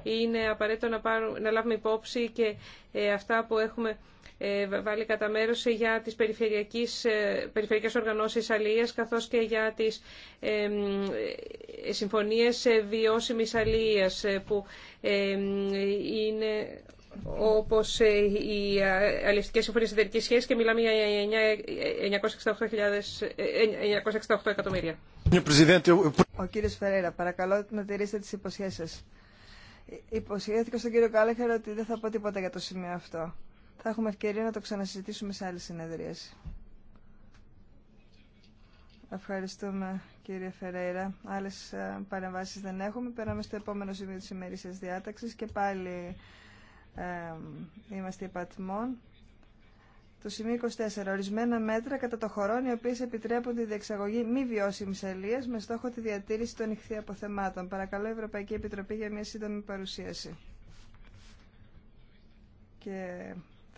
είναι απαραίτητο να, πάρουμε, να λάβουμε υπόψη και ε, αυτά που έχουμε ε, βάλει κατά μέρο για τις περιφερειακές, ε, περιφερειακές οργανώσεις καθώ καθώς και για τις ε, συμφωνίες βιώσιμη ε, που είναι όπως οι αλληλευτικές συμφωνίες εταιρικής σχέσης και μιλάμε για 968, εκατομμύρια. Ο κύριος Φερέρα, παρακαλώ να τηρήσετε τις υποσχέσεις σα. Υποσχέθηκα στον κύριο Κάλεχερ ότι δεν θα πω τίποτα για το σημείο αυτό θα έχουμε ευκαιρία να το ξανασυζητήσουμε σε άλλη συνεδρίες. Ευχαριστούμε κύριε Φερέιρα. Άλλε παρεμβάσει δεν έχουμε. Περάμε στο επόμενο σημείο τη ημερήσια διάταξη και πάλι είμαστε υπατμών. Το σημείο 24. Ορισμένα μέτρα κατά το χωρών οι οποίε επιτρέπουν τη διεξαγωγή μη βιώσιμη αλία με στόχο τη διατήρηση των ηχθείων αποθεμάτων. Παρακαλώ, Ευρωπαϊκή Επιτροπή για μια σύντομη παρουσίαση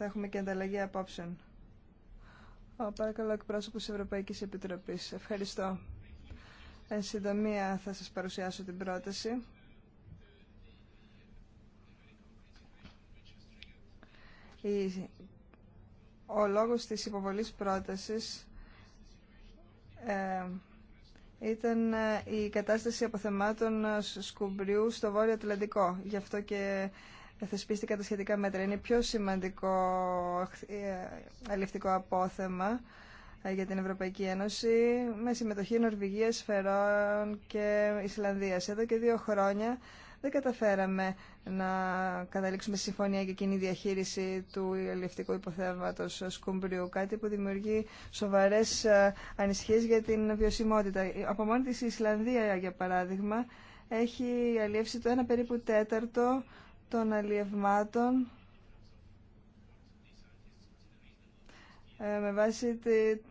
θα έχουμε και ανταλλαγή απόψεων. Ο, παρακαλώ εκπρόσωπο της Ευρωπαϊκής Επιτροπής. Ευχαριστώ. Εν συντομία θα σας παρουσιάσω την πρόταση. Ο λόγος της υποβολής πρότασης ε, ήταν ε, η κατάσταση αποθεμάτων ε, σκουμπριού στο Βόρειο Ατλαντικό. Γι' αυτό και θεσπίστηκαν τα σχετικά μέτρα. Είναι πιο σημαντικό ε, αλληλευτικό απόθεμα ε, για την Ευρωπαϊκή Ένωση με συμμετοχή Νορβηγίας, Φερών και Ισλανδίας. Εδώ και δύο χρόνια δεν καταφέραμε να καταλήξουμε συμφωνία για κοινή διαχείριση του ελευτικού υποθέματος σκουμπριού, κάτι που δημιουργεί σοβαρές ε, ανησυχίες για την βιωσιμότητα. Από μόνη της Ισλανδία, για παράδειγμα, έχει αλλιεύσει το ένα περίπου τέταρτο των αλλιευμάτων ε, με βάση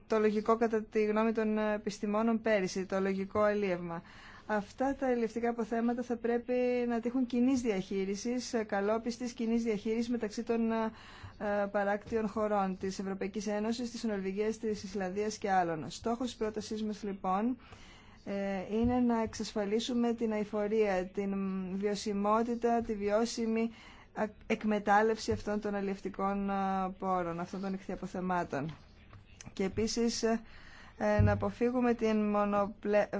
το λογικό κατά τη γνώμη των επιστημόνων πέρυσι, το λογικό αλλιεύμα. Αυτά τα ελληνικά αποθέματα θα πρέπει να τύχουν κοινή διαχείριση, καλόπιστη κοινή διαχείριση μεταξύ των ε, παράκτιων χωρών τη Ευρωπαϊκή Ένωση, τη Νορβηγία, τη Ισλανδία και άλλων. Στόχο τη πρότασή μα λοιπόν ε, είναι να εξασφαλίσουμε την αηφορία, την βιωσιμότητα, τη βιώσιμη εκμετάλλευση αυτών των αλληλευτικών πόρων, αυτών των ηχθιαποθεμάτων. Και επίσης ε, ε, να αποφύγουμε την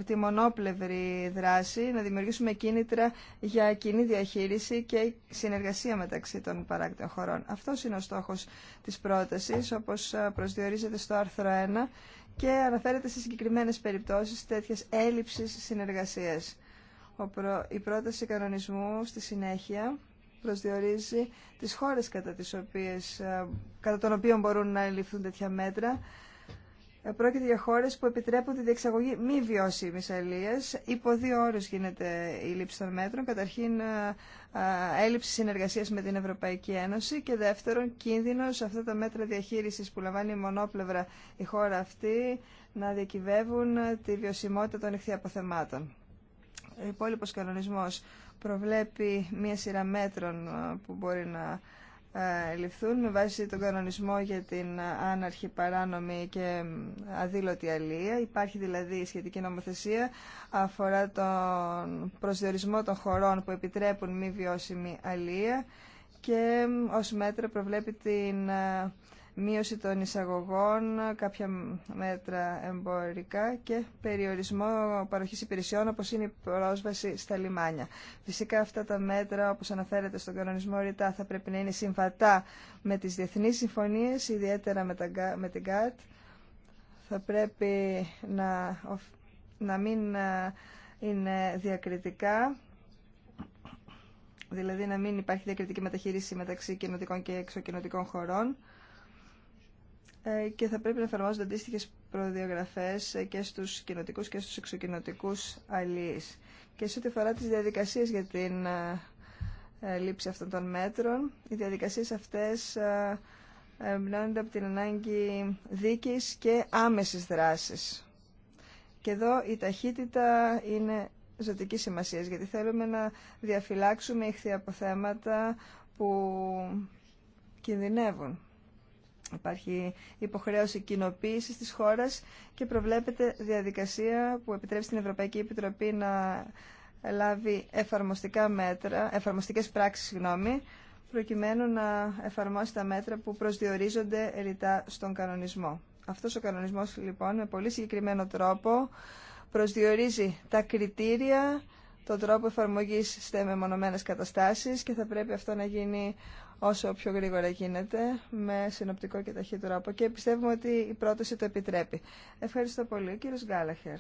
τη μονόπλευρη δράση, να δημιουργήσουμε κίνητρα για κοινή διαχείριση και συνεργασία μεταξύ των παράκτων χωρών. Αυτό είναι ο στόχος της πρότασης, όπως προσδιορίζεται στο άρθρο 1 και αναφέρεται σε συγκεκριμένες περιπτώσεις τέτοιας έλλειψης συνεργασίας. Η πρόταση κανονισμού στη συνέχεια προσδιορίζει τις χώρες κατά, τις οποίες, ε, κατά των οποίων μπορούν να ληφθούν τέτοια μέτρα Πρόκειται για χώρε που επιτρέπουν τη διεξαγωγή μη βιώσιμη αλίας. Υπό δύο όρου γίνεται η λήψη των μέτρων. Καταρχήν ε, ε, έλλειψη συνεργασία με την Ευρωπαϊκή Ένωση και δεύτερον κίνδυνος αυτά τα μέτρα διαχείρισης που λαμβάνει η μονόπλευρα η χώρα αυτή να διακυβεύουν τη βιωσιμότητα των ηχθειαποθεμάτων. Ο υπόλοιπο κανονισμό προβλέπει μία σειρά μέτρων ε, που μπορεί να ε, ληφθούν με βάση τον κανονισμό για την άναρχη παράνομη και αδήλωτη αλία. Υπάρχει δηλαδή σχετική νομοθεσία αφορά τον προσδιορισμό των χωρών που επιτρέπουν μη βιώσιμη αλία και ε, ως μέτρα προβλέπει την ε, μείωση των εισαγωγών, κάποια μέτρα εμπορικά και περιορισμό παροχής υπηρεσιών όπως είναι η πρόσβαση στα λιμάνια. Φυσικά αυτά τα μέτρα όπως αναφέρεται στον κανονισμό ρητά θα πρέπει να είναι συμβατά με τις διεθνείς συμφωνίες, ιδιαίτερα με την ΚΑΤ. Θα πρέπει να, να μην ε, είναι διακριτικά δηλαδή να μην υπάρχει διακριτική μεταχείριση μεταξύ κοινοτικών και εξωκοινοτικών χωρών ε, και θα πρέπει να εφαρμόζονται αντίστοιχε προδιαγραφές ε, και στους κοινοτικού και στους εξοκοινοτικού αλληλείς. Και σε ό,τι αφορά τι διαδικασίε για την ε, λήψη αυτών των μέτρων, οι διαδικασίε αυτέ μιλάνονται από την ανάγκη δίκη αυτές εμπνέονται από την ανάγκη δικη και άμεσης δράσης. Και εδώ η ταχύτητα είναι ζωτική σημασία, γιατί θέλουμε να διαφυλάξουμε από θέματα που κινδυνεύουν. Υπάρχει υποχρέωση κοινοποίηση της χώρας και προβλέπεται διαδικασία που επιτρέπει στην Ευρωπαϊκή Επιτροπή να λάβει εφαρμοστικά μέτρα, εφαρμοστικές πράξεις, συγγνώμη, προκειμένου να εφαρμόσει τα μέτρα που προσδιορίζονται ρητά στον κανονισμό. Αυτός ο κανονισμός λοιπόν με πολύ συγκεκριμένο τρόπο προσδιορίζει τα κριτήρια, τον τρόπο εφαρμογής σε μεμονωμένες καταστάσεις και θα πρέπει αυτό να γίνει όσο πιο γρήγορα γίνεται με συνοπτικό και ταχύ τρόπο και πιστεύουμε ότι η πρόταση το επιτρέπει. Ευχαριστώ πολύ. Κύριος Γκάλαχερ.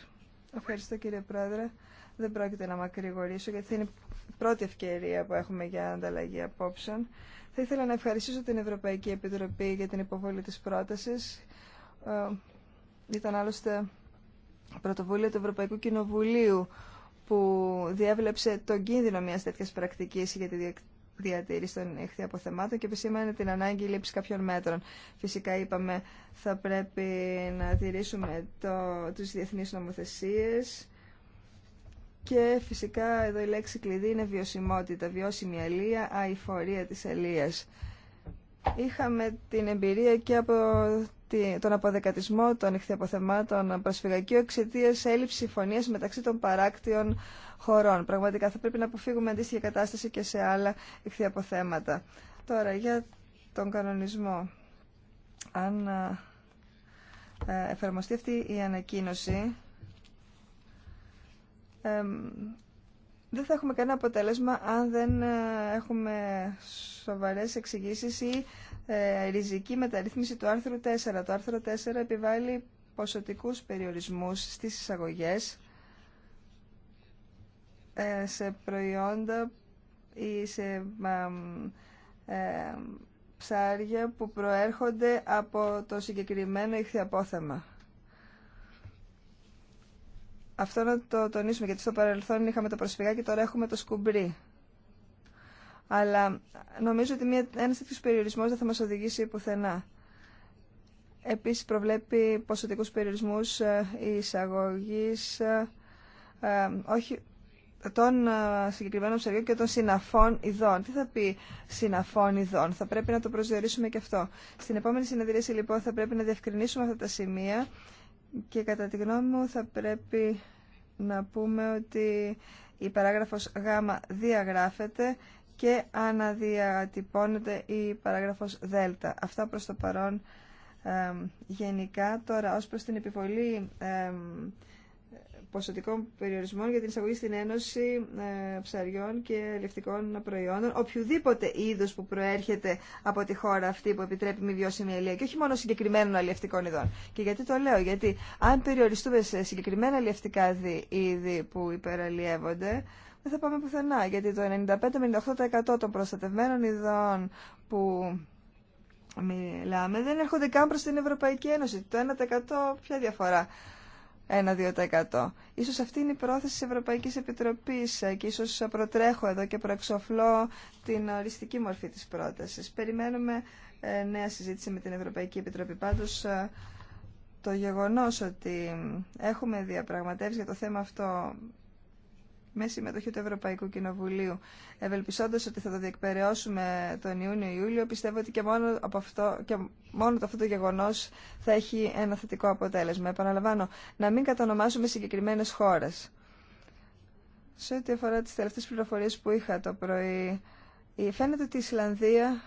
Ευχαριστώ κύριε Πρόεδρε. Δεν πρόκειται να μακρηγορήσω γιατί είναι η πρώτη ευκαιρία που έχουμε για ανταλλαγή απόψεων. Θα ήθελα να ευχαριστήσω την Ευρωπαϊκή Επιτροπή για την υποβολή της πρότασης. Ε, ήταν άλλωστε πρωτοβούλια του Ευρωπαϊκού Κοινοβουλίου που διέβλεψε τον κίνδυνο μιας τέτοιας πρακτικής για τη διατήρηση των ηχθείων αποθεμάτων και επισήμανε την ανάγκη λήψη κάποιων μέτρων. Φυσικά είπαμε θα πρέπει να τηρήσουμε το, τις διεθνείς νομοθεσίες και φυσικά εδώ η λέξη κλειδί είναι βιωσιμότητα, βιώσιμη αλεία, αηφορία της αλείας. Είχαμε την εμπειρία και από τον αποδεκατισμό των ηχθιαποθεμάτων προσφυγακίου εξαιτία έλλειψη συμφωνία μεταξύ των παράκτιων χωρών. Πραγματικά θα πρέπει να αποφύγουμε αντίστοιχη κατάσταση και σε άλλα ηχθιαποθέματα. Τώρα για τον κανονισμό. Αν ε, εφαρμοστεί αυτή η ανακοίνωση, δεν θα έχουμε κανένα αποτέλεσμα αν δεν ε, έχουμε σοβαρές εξηγήσεις ή ε, ριζική μεταρρύθμιση του άρθρου 4. Το άρθρο 4 επιβάλλει ποσοτικούς περιορισμούς στις εισαγωγές ε, σε προϊόντα ή σε ε, ψάρια που προέρχονται από το συγκεκριμένο ηχθιαπόθεμα. Αυτό να το τονίσουμε, γιατί στο παρελθόν είχαμε το προσφυγά και τώρα έχουμε το σκουμπρί. Αλλά νομίζω ότι μια, ένας τέτοιος περιορισμός δεν θα μας οδηγήσει πουθενά. Επίσης προβλέπει ποσοτικούς περιορισμούς ε, εισαγωγής ε, ε, όχι, των ε, συγκεκριμένων ψαριών και των συναφών ειδών. Τι θα πει συναφών ειδών, θα πρέπει να το προσδιορίσουμε και αυτό. Στην επόμενη συνεδρίαση λοιπόν θα πρέπει να διευκρινίσουμε αυτά τα σημεία και κατά τη γνώμη μου θα πρέπει να πούμε ότι η παράγραφος Γ διαγράφεται και αναδιατυπώνεται η παράγραφος Δέλτα. Αυτά προς το παρόν γενικά. Τώρα, ως προς την επιβολή ε, ποσοτικών περιορισμών για την εισαγωγή στην Ένωση ε, ψαριών και Λιευτικών προϊόντων, οποιοδήποτε είδος που προέρχεται από τη χώρα αυτή που επιτρέπει μη βιώσιμη αλληλεία και όχι μόνο συγκεκριμένων αλληλευτικών ειδών. Και γιατί το λέω, γιατί αν περιοριστούμε σε συγκεκριμένα αλληλευτικά είδη που υπεραλλιεύονται, δεν θα πάμε πουθενά, γιατί το 95-98% των προστατευμένων ειδών που μιλάμε δεν έρχονται καν προς την Ευρωπαϊκή Ένωση. Το 1% ποια διαφορά. 1-2%. Ίσως αυτή είναι η πρόθεση της Ευρωπαϊκής Επιτροπής ε, και ίσως προτρέχω εδώ και προεξοφλώ την οριστική μορφή της πρότασης. Περιμένουμε ε, νέα συζήτηση με την Ευρωπαϊκή Επιτροπή. Πάντως, ε, το γεγονός ότι έχουμε διαπραγματεύσει για το θέμα αυτό με συμμετοχή του Ευρωπαϊκού Κοινοβουλίου. Ευελπισώντα ότι θα το διεκπαιρεώσουμε τον Ιούνιο-Ιούλιο, πιστεύω ότι και μόνο, από αυτό, και μόνο το αυτό το γεγονός θα έχει ένα θετικό αποτέλεσμα. Επαναλαμβάνω, να μην κατανομάσουμε συγκεκριμένε χώρε. Σε ό,τι αφορά τι τελευταίε πληροφορίε που είχα το πρωί, φαίνεται ότι η Ισλανδία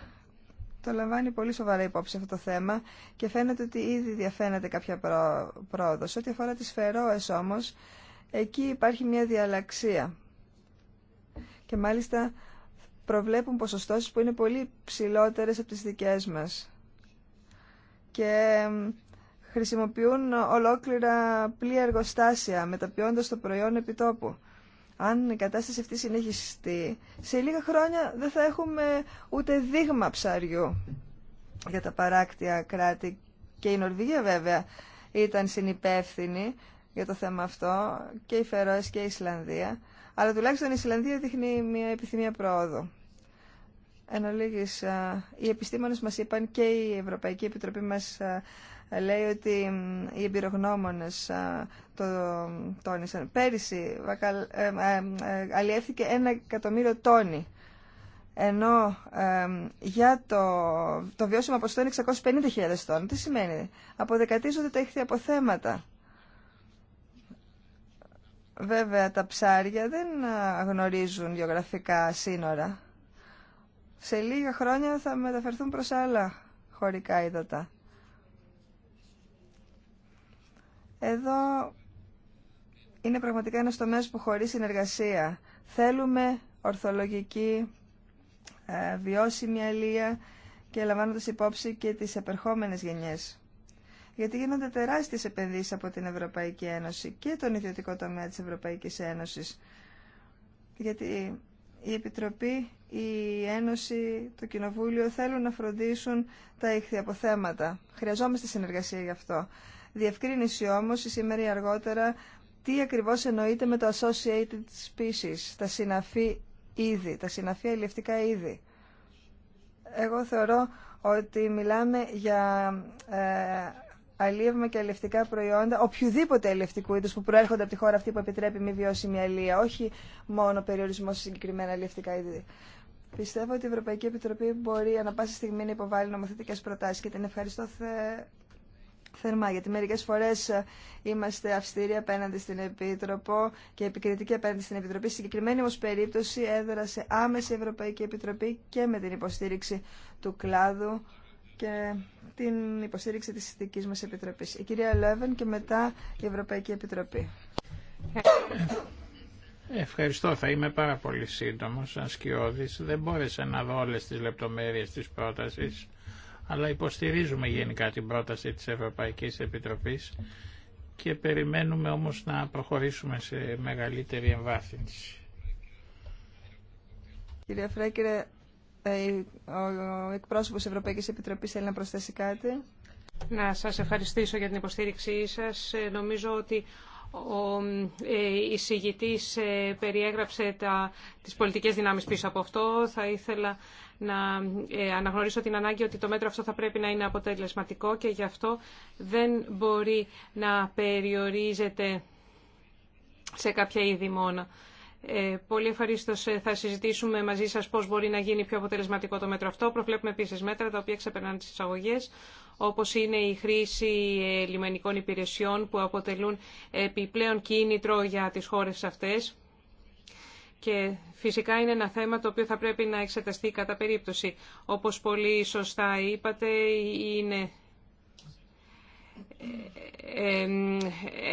το λαμβάνει πολύ σοβαρά υπόψη αυτό το θέμα και φαίνεται ότι ήδη διαφαίνεται κάποια πρόοδο. Ό,τι αφορά τι Φερόε όμω, εκεί υπάρχει μια διαλαξία Και μάλιστα προβλέπουν ποσοστώσεις που είναι πολύ ψηλότερες από τις δικές μας. Και χρησιμοποιούν ολόκληρα πλοία εργοστάσια, μεταποιώντας το προϊόν επιτόπου. Αν η κατάσταση αυτή συνεχιστεί, σε λίγα χρόνια δεν θα έχουμε ούτε δείγμα ψαριού για τα παράκτια κράτη. Και η Νορβηγία βέβαια ήταν συνυπεύθυνη για το θέμα αυτό και η Φερόες και η Ισλανδία, αλλά τουλάχιστον η Ισλανδία δείχνει μια επιθυμία πρόοδου. Εν ολίγης, ε, οι επιστήμονες μας είπαν και η Ευρωπαϊκή Επιτροπή μας ε, λέει ότι οι εμπειρογνώμονες ε, το τόνισαν. Πέρυσι αλλιεύθηκε ένα εκατομμύριο τόνι, ενώ για το, το βιώσιμο ποσοστό είναι 650.000 τόνι. Τι σημαίνει, αποδεκατίζονται τα ήχθη αποθέματα. Βέβαια τα ψάρια δεν γνωρίζουν γεωγραφικά σύνορα. Σε λίγα χρόνια θα μεταφερθούν προς άλλα χωρικά είδωτα. Εδώ είναι πραγματικά ένας τομέας που χωρίς συνεργασία. Θέλουμε ορθολογική, ε, βιώσιμη αλία και λαμβάνοντας υπόψη και τις επερχόμενες γενιές γιατί γίνονται τεράστιες επενδύσεις από την Ευρωπαϊκή Ένωση και τον ιδιωτικό τομέα της Ευρωπαϊκής Ένωσης. Γιατί η Επιτροπή, η Ένωση, το Κοινοβούλιο θέλουν να φροντίσουν τα ηχθιαποθέματα. Χρειαζόμαστε συνεργασία γι' αυτό. Διευκρίνηση όμως, η σήμερα ή αργότερα, τι ακριβώς εννοείται με το associated species, τα συναφή είδη, τα συναφή αλληλευτικά είδη. Εγώ θεωρώ ότι μιλάμε για ε, αλίευμα και αλευτικά προϊόντα οποιοδήποτε αλληλευτικού είδου που προέρχονται από τη χώρα αυτή που επιτρέπει μη βιώσιμη αλία, όχι μόνο περιορισμό σε συγκεκριμένα ελευτικά είδη. Πιστεύω ότι η Ευρωπαϊκή Επιτροπή μπορεί ανα πάσα στιγμή να υποβάλει νομοθετικέ προτάσει και την ευχαριστώ θερμά γιατί μερικέ φορέ ε, είμαστε αυστηροί απέναντι στην Επίτροπο και επικριτικοί απέναντι στην Επιτροπή. Στη συγκεκριμένη όμω περίπτωση έδρασε άμεση η Ευρωπαϊκή Επιτροπή και με την υποστήριξη του κλάδου και την υποστήριξη της δικής μας Επιτροπής. Η κυρία Λέβεν και μετά η Ευρωπαϊκή Επιτροπή. Ευχαριστώ. Θα είμαι πάρα πολύ σύντομος, σαν σκιώδης. Δεν μπόρεσα να δω όλες τις λεπτομέρειες της πρότασης, αλλά υποστηρίζουμε γενικά την πρόταση της Ευρωπαϊκής Επιτροπής και περιμένουμε όμως να προχωρήσουμε σε μεγαλύτερη εμβάθυνση. Κυρία Φρέκυρε, ε, ο εκπρόσωπος Ευρωπαϊκή Επιτροπή θέλει να προσθέσει κάτι. Να σας ευχαριστήσω για την υποστήριξή σας. Ε, νομίζω ότι ο εισηγητής ε, περιέγραψε τα, τις πολιτικές δυνάμεις πίσω από αυτό. Θα ήθελα να αναγνωρίσω την ανάγκη ότι το μέτρο αυτό θα πρέπει να είναι αποτελεσματικό και γι' αυτό δεν μπορεί να περιορίζεται σε κάποια είδη μόνο. Ε, πολύ ευχαρίστω ε, θα συζητήσουμε μαζί σα πώ μπορεί να γίνει πιο αποτελεσματικό το μέτρο αυτό. Προβλέπουμε επίση μέτρα τα οποία ξεπερνάνε τι εισαγωγέ, όπω είναι η χρήση ε, λιμενικών υπηρεσιών που αποτελούν επιπλέον κίνητρο για τι χώρε αυτέ. Και φυσικά είναι ένα θέμα το οποίο θα πρέπει να εξεταστεί κατά περίπτωση. Όπως πολύ σωστά είπατε, είναι ε, ε,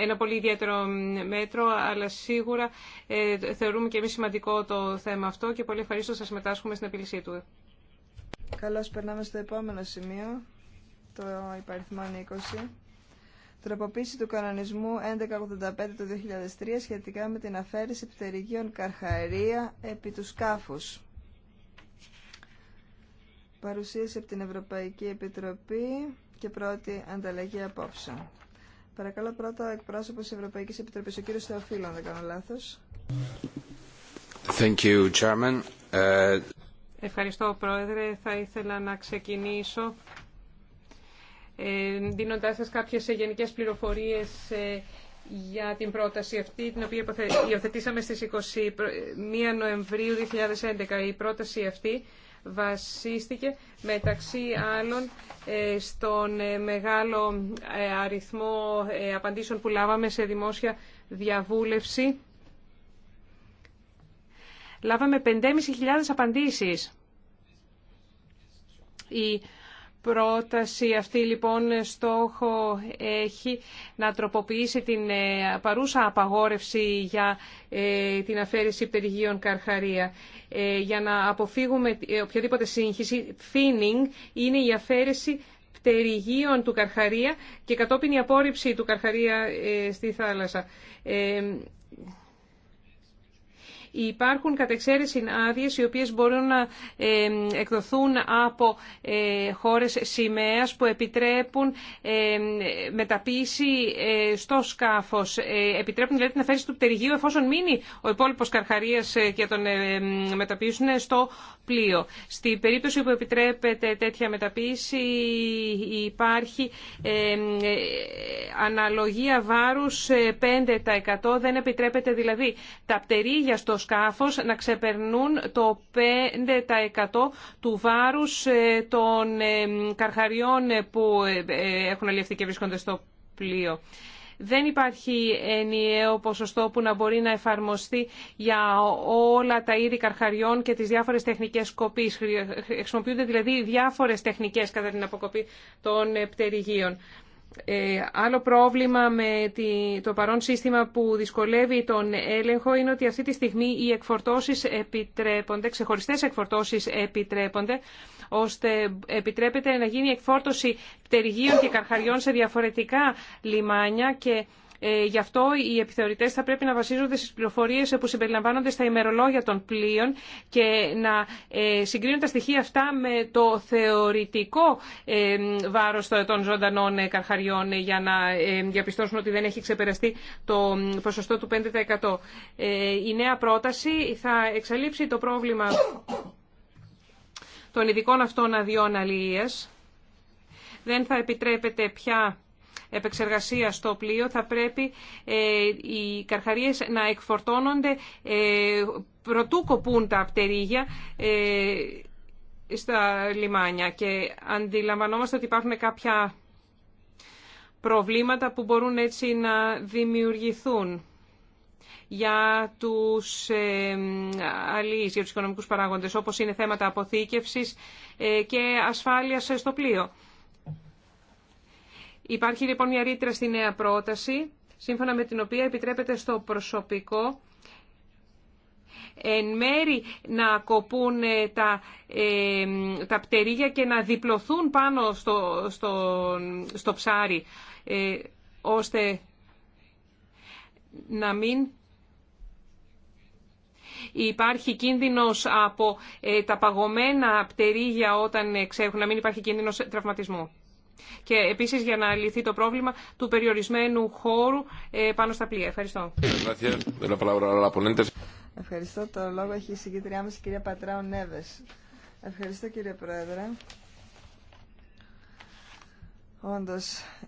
ένα πολύ ιδιαίτερο μέτρο, αλλά σίγουρα ε, θεωρούμε και εμείς σημαντικό το θέμα αυτό και πολύ ευχαριστώ σας συμμετάσχουμε στην επίλυσή του. Καλώς περνάμε στο επόμενο σημείο, το υπαριθμό 20. Τροποποίηση του κανονισμού 1185 του 2003 σχετικά με την αφαίρεση πτερυγίων καρχαρία επί του σκάφου. Παρουσίαση από την Ευρωπαϊκή Επιτροπή και πρώτη ανταλλαγή απόψεων. Παρακαλώ πρώτα ο εκπρόσωπος της Ευρωπαϊκής Επιτροπής, ο κύριος Θεοφύλλων, δεν κάνω λάθος. Thank you, Chairman. Ε, Ευχαριστώ, Πρόεδρε. Θα ήθελα να ξεκινήσω ε, δίνοντάς σας κάποιες γενικές πληροφορίες ε, για την πρόταση αυτή, την οποία υιοθετήσαμε στις 21 Νοεμβρίου 2011. Η πρόταση αυτή βασίστηκε μεταξύ άλλων ε, στον ε, μεγάλο ε, αριθμό απαντήσεων που λάβαμε σε δημόσια διαβούλευση. Λάβαμε 5.500 απαντήσεις πρόταση αυτή λοιπόν στόχο έχει να τροποποιήσει την ε, παρούσα απαγόρευση για ε, την αφαίρεση πτεριγίων καρχαρία. Ε, για να αποφύγουμε οποιαδήποτε σύγχυση, thinning είναι η αφαίρεση πτερυγίων του καρχαρία και κατόπιν η απόρριψη του καρχαρία στη θάλασσα. Υπάρχουν κατ' εξαίρεση οι οποίες μπορούν να εκδοθούν από ε, χώρες σημαία που επιτρέπουν μεταποίηση ε, στο σκάφος. Ε, επιτρέπουν δηλαδή την αφαίρεση του πτεριγίου εφόσον μείνει ο υπόλοιπο καρχαρίας και τον μεταποιήσουν στο πλοίο. Στην περίπτωση που επιτρέπεται τέτοια μεταποίηση υπάρχει αναλογία βάρους 5% δεν επιτρέπεται δηλαδή τα πτερίγια στο σκάφος να ξεπερνούν το 5% του βάρους ε, των ε, καρχαριών ε, που έχουν αλλιευτεί και βρίσκονται στο πλοίο. Δεν υπάρχει ενιαίο ποσοστό που να μπορεί να εφαρμοστεί για όλα τα είδη καρχαριών και τις διάφορες τεχνικές κοπής. Χρησιμοποιούνται δηλαδή διάφορες τεχνικές κατά την αποκοπή των πτερυγίων. Ε, άλλο πρόβλημα με το παρόν σύστημα που δυσκολεύει τον έλεγχο είναι ότι αυτή τη στιγμή οι εκφορτώσεις επιτρέπονται, ξεχωριστές εκφορτώσεις επιτρέπονται, ώστε επιτρέπεται να γίνει εκφόρτωση πτεργίων και καρχαριών σε διαφορετικά λιμάνια και ε, γι' αυτό οι επιθεωρητές θα πρέπει να βασίζονται στις πληροφορίες που συμπεριλαμβάνονται στα ημερολόγια των πλοίων και να ε, συγκρίνουν τα στοιχεία αυτά με το θεωρητικό ε, βάρος των ζωντανών καρχαριών για να διαπιστώσουν ότι δεν έχει ξεπεραστεί το ποσοστό του 5%. Η νέα πρόταση θα εξαλείψει το πρόβλημα των ειδικών αυτών αδειών αλληλείας. Δεν θα επιτρέπεται πια επεξεργασία στο πλοίο θα πρέπει ε, οι καρχαρίες να εκφορτώνονται ε, προτού κοπούν τα πτερίγια ε, στα λιμάνια και αντιλαμβανόμαστε ότι υπάρχουν κάποια προβλήματα που μπορούν έτσι να δημιουργηθούν για τους ε, αλληλείς, για τους οικονομικούς παράγοντες, όπως είναι θέματα αποθήκευσης και ασφάλειας στο πλοίο. Υπάρχει λοιπόν μια ρήτρα στη νέα πρόταση, σύμφωνα με την οποία επιτρέπεται στο προσωπικό εν μέρη να κοπούν ε, τα, ε, πτερίγια και να διπλωθούν πάνω στο, στο ψάρι, ε, ώστε να μην υπάρχει κίνδυνος από ε, τα παγωμένα πτερίγια όταν ξέχουν, να μην υπάρχει κίνδυνος τραυματισμού. Και επίση για να λυθεί το πρόβλημα του περιορισμένου χώρου ε, πάνω στα πλοία. Ευχαριστώ. Ευχαριστώ. Το λόγο έχει η συγκεκριά μα, η κυρία Πατράου Νέβες. Ευχαριστώ κύριε Πρόεδρε. Όντω,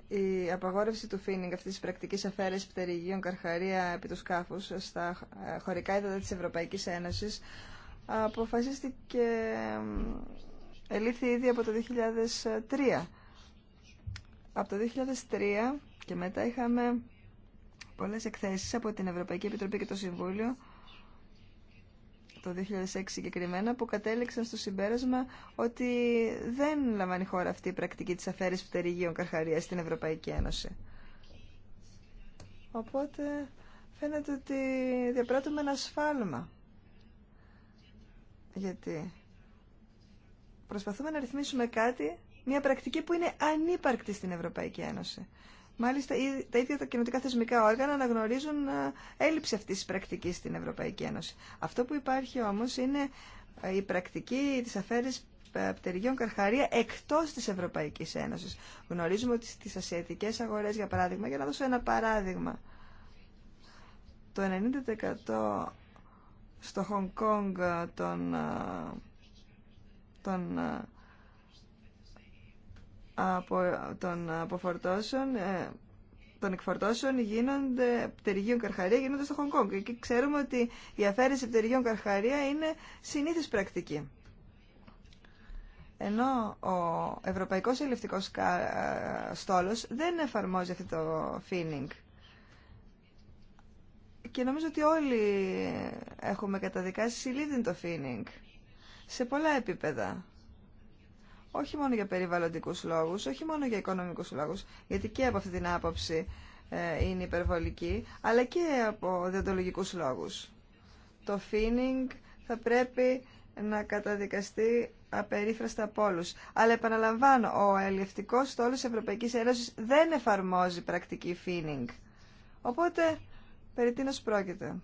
η απαγόρευση του φίνινγκ αυτή τη πρακτική αφαίρεση πτερυγίων καρχαρία επί του σκάφου στα χωρικά είδατα τη Ευρωπαϊκή Ένωση αποφασίστηκε ελήφθη ήδη από το 2003 από το 2003 και μετά είχαμε πολλές εκθέσεις από την Ευρωπαϊκή Επιτροπή και το Συμβούλιο το 2006 συγκεκριμένα, που κατέληξαν στο συμπέρασμα ότι δεν λαμβάνει χώρα αυτή η πρακτική της αφαίρεσης πτερυγίων καρχαρίας στην Ευρωπαϊκή Ένωση. Οπότε φαίνεται ότι διαπράττουμε ένα σφάλμα. Γιατί προσπαθούμε να ρυθμίσουμε κάτι μια πρακτική που είναι ανύπαρκτη στην Ευρωπαϊκή Ένωση. Μάλιστα, τα ίδια τα κοινωτικά θεσμικά όργανα αναγνωρίζουν ε, έλλειψη αυτής της πρακτικής στην Ευρωπαϊκή Ένωση. Αυτό που υπάρχει όμως είναι ε, η πρακτική της αφαίρεσης ε, πτεριγιών καρχαρία εκτός της Ευρωπαϊκής Ένωσης. Γνωρίζουμε ότι στις ασιατικές αγορές, για παράδειγμα, για να δώσω ένα παράδειγμα, το 90% στο Χονγκ Κόνγκ των, των από των αποφορτώσεων, ε, των εκφορτώσεων γίνονται πτερυγίων καρχαρία γίνονται στο Χονγκ Κόνγκ. Και ξέρουμε ότι η αφαίρεση πτερυγίων καρχαρία είναι συνήθις πρακτική. Ενώ ο Ευρωπαϊκός Ελευτικός ε, Στόλος δεν εφαρμόζει αυτό το φίνινγκ. Και νομίζω ότι όλοι έχουμε καταδικάσει συλλήδιν το φίνινγκ. Σε πολλά επίπεδα όχι μόνο για περιβαλλοντικούς λόγους, όχι μόνο για οικονομικούς λόγους, γιατί και από αυτή την άποψη ε, είναι υπερβολική, αλλά και από διοντολογικούς λόγους. Το φίνινγκ θα πρέπει να καταδικαστεί απερίφραστα από όλου. Αλλά επαναλαμβάνω, ο ελληνικό στόλο τη Ευρωπαϊκή Ένωση δεν εφαρμόζει πρακτική φίνινγκ. Οπότε, περί τίνο πρόκειται.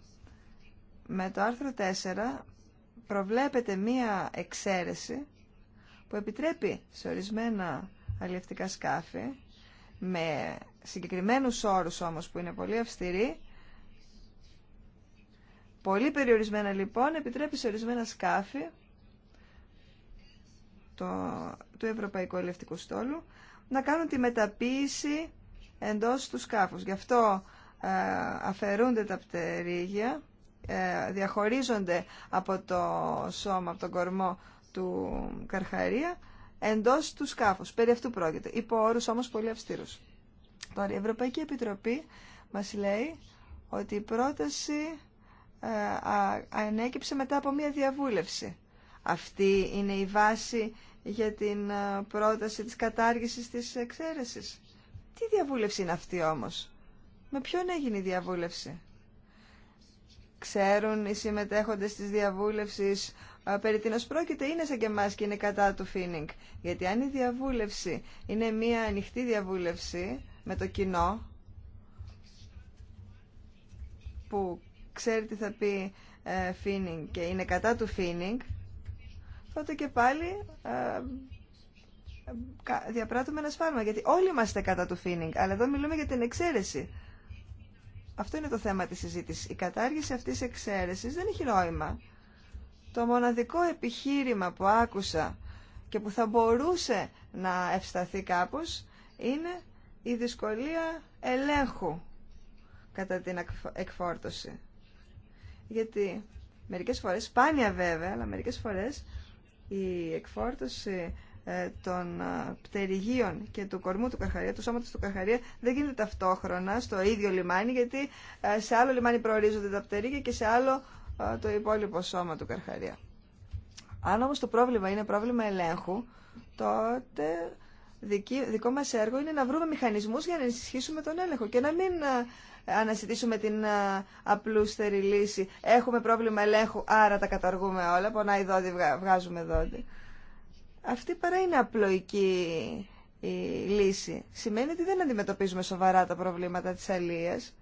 Με το άρθρο 4 προβλέπεται μία εξαίρεση που επιτρέπει σε ορισμένα αλληλευτικά σκάφη με συγκεκριμένους όρους όμως που είναι πολύ αυστηροί πολύ περιορισμένα λοιπόν επιτρέπει σε ορισμένα σκάφη του Ευρωπαϊκού Ελευτικού Στόλου να κάνουν τη μεταποίηση εντός του σκάφους. Γι' αυτό ε, αφαιρούνται τα πτερίγια, ε, διαχωρίζονται από το σώμα, από τον κορμό του Καρχαρία εντός του σκάφους. Περί αυτού πρόκειται. Υπό ορου όμως πολύ λέει Τώρα η Ευρωπαϊκή Επιτροπή μας λέει ότι η πρόταση ε, ανέκυψε μετά από μια διαβούλευση. Αυτή είναι η βάση για την ε, πρόταση της κατάργησης της εξαίρεσης. Τι διαβούλευση είναι αυτή όμως. Με ποιον έγινε η διαβούλευση ξέρουν οι συμμετέχοντες της διαβούλευσης περί τίνος πρόκειται είναι σαν και εμάς και είναι κατά του φίνινγκ. Γιατί αν η διαβούλευση είναι μια ανοιχτή διαβούλευση με το κοινό που ξέρει τι θα πει ε, φίνινγκ και είναι κατά του φίνινγκ τότε και πάλι διαπράττουμε ένα σφάλμα γιατί όλοι είμαστε κατά του φίνινγκ αλλά εδώ μιλούμε για την εξαίρεση αυτό είναι το θέμα της συζήτηση. Η κατάργηση αυτής της εξαίρεσης δεν έχει νόημα. Το μοναδικό επιχείρημα που άκουσα και που θα μπορούσε να ευσταθεί κάπως είναι η δυσκολία ελέγχου κατά την εκφόρτωση. Γιατί μερικές φορές, σπάνια βέβαια, αλλά μερικές φορές η εκφόρτωση ε, των ε, πτερυγίων και του κορμού του Καρχαρία, του σώματος του Καρχαρία, δεν γίνεται ταυτόχρονα στο ίδιο λιμάνι, γιατί ε, σε άλλο λιμάνι προορίζονται τα πτερύγια και σε άλλο το υπόλοιπο σώμα του Καρχαρία. Αν όμως το πρόβλημα είναι πρόβλημα ελέγχου, τότε δικό μας έργο είναι να βρούμε μηχανισμούς για να ενισχύσουμε τον έλεγχο και να μην αναζητήσουμε την απλούστερη λύση. Έχουμε πρόβλημα ελέγχου, άρα τα καταργούμε όλα, πονάει δόντι, βγάζουμε δόντι. Αυτή παρά είναι απλοϊκή η λύση. Σημαίνει ότι δεν αντιμετωπίζουμε σοβαρά τα προβλήματα της αλίας.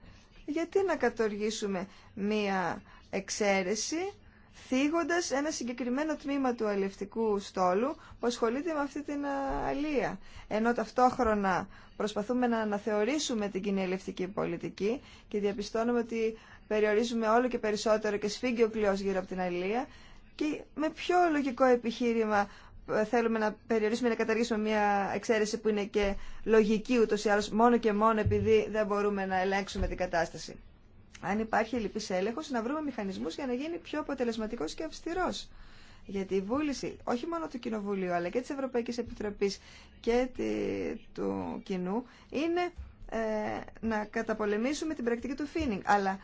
Γιατί να κατοργήσουμε μία εξαίρεση θίγοντας ένα συγκεκριμένο τμήμα του αλληλευτικού στόλου που ασχολείται με αυτή την αλία. Ενώ ταυτόχρονα προσπαθούμε να αναθεωρήσουμε την κοινή αλληλευτική πολιτική και διαπιστώνουμε ότι περιορίζουμε όλο και περισσότερο και σφίγγει ο κλειός γύρω από την αλία και με πιο λογικό επιχείρημα θέλουμε να περιορίσουμε ή να καταργήσουμε μια εξαίρεση που είναι και λογική ούτως ή άλλως μόνο και μόνο επειδή δεν μπορούμε να ελέγξουμε την κατάσταση. Αν υπάρχει λυπής έλεγχος, να βρούμε μηχανισμούς για να γίνει πιο αποτελεσματικός και αυστηρός. Γιατί η βούληση όχι μόνο του Κοινοβουλίου αλλά και της Ευρωπαϊκής Επιτροπής και του κοινού είναι ε, να καταπολεμήσουμε την πρακτική του φίνινγκ. Αλλά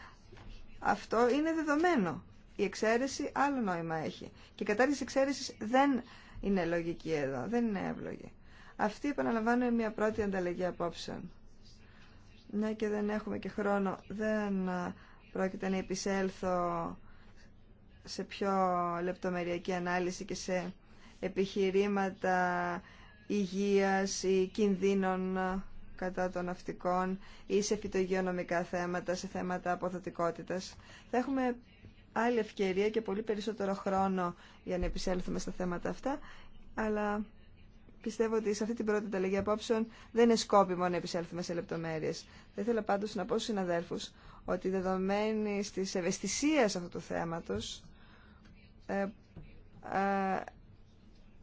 αυτό είναι δεδομένο. Η εξαίρεση άλλο νόημα έχει. Και η κατάργηση εξαίρεσης δεν είναι λογική εδώ. Δεν είναι εύλογη. Αυτή, επαναλαμβάνω, είναι μια πρώτη ανταλλαγή απόψεων. Ναι και δεν έχουμε και χρόνο, δεν ε, πρόκειται να επισέλθω σε πιο λεπτομεριακή ανάλυση και σε επιχειρήματα υγείας ή κινδύνων ε, κατά των ναυτικών ή σε φυτογειονομικά θέματα, σε θέματα αποδοτικότητας. Θα έχουμε άλλη ευκαιρία και πολύ περισσότερο χρόνο για να επισέλθουμε στα θέματα αυτά, αλλά πιστεύω ότι σε αυτή την πρώτη ανταλλαγή απόψεων δεν είναι σκόπιμο να επισέλθουμε σε λεπτομέρειε. Θα ήθελα πάντω να πω στου συναδέλφου ότι δεδομένη τη ευαισθησία αυτού του θέματο ε,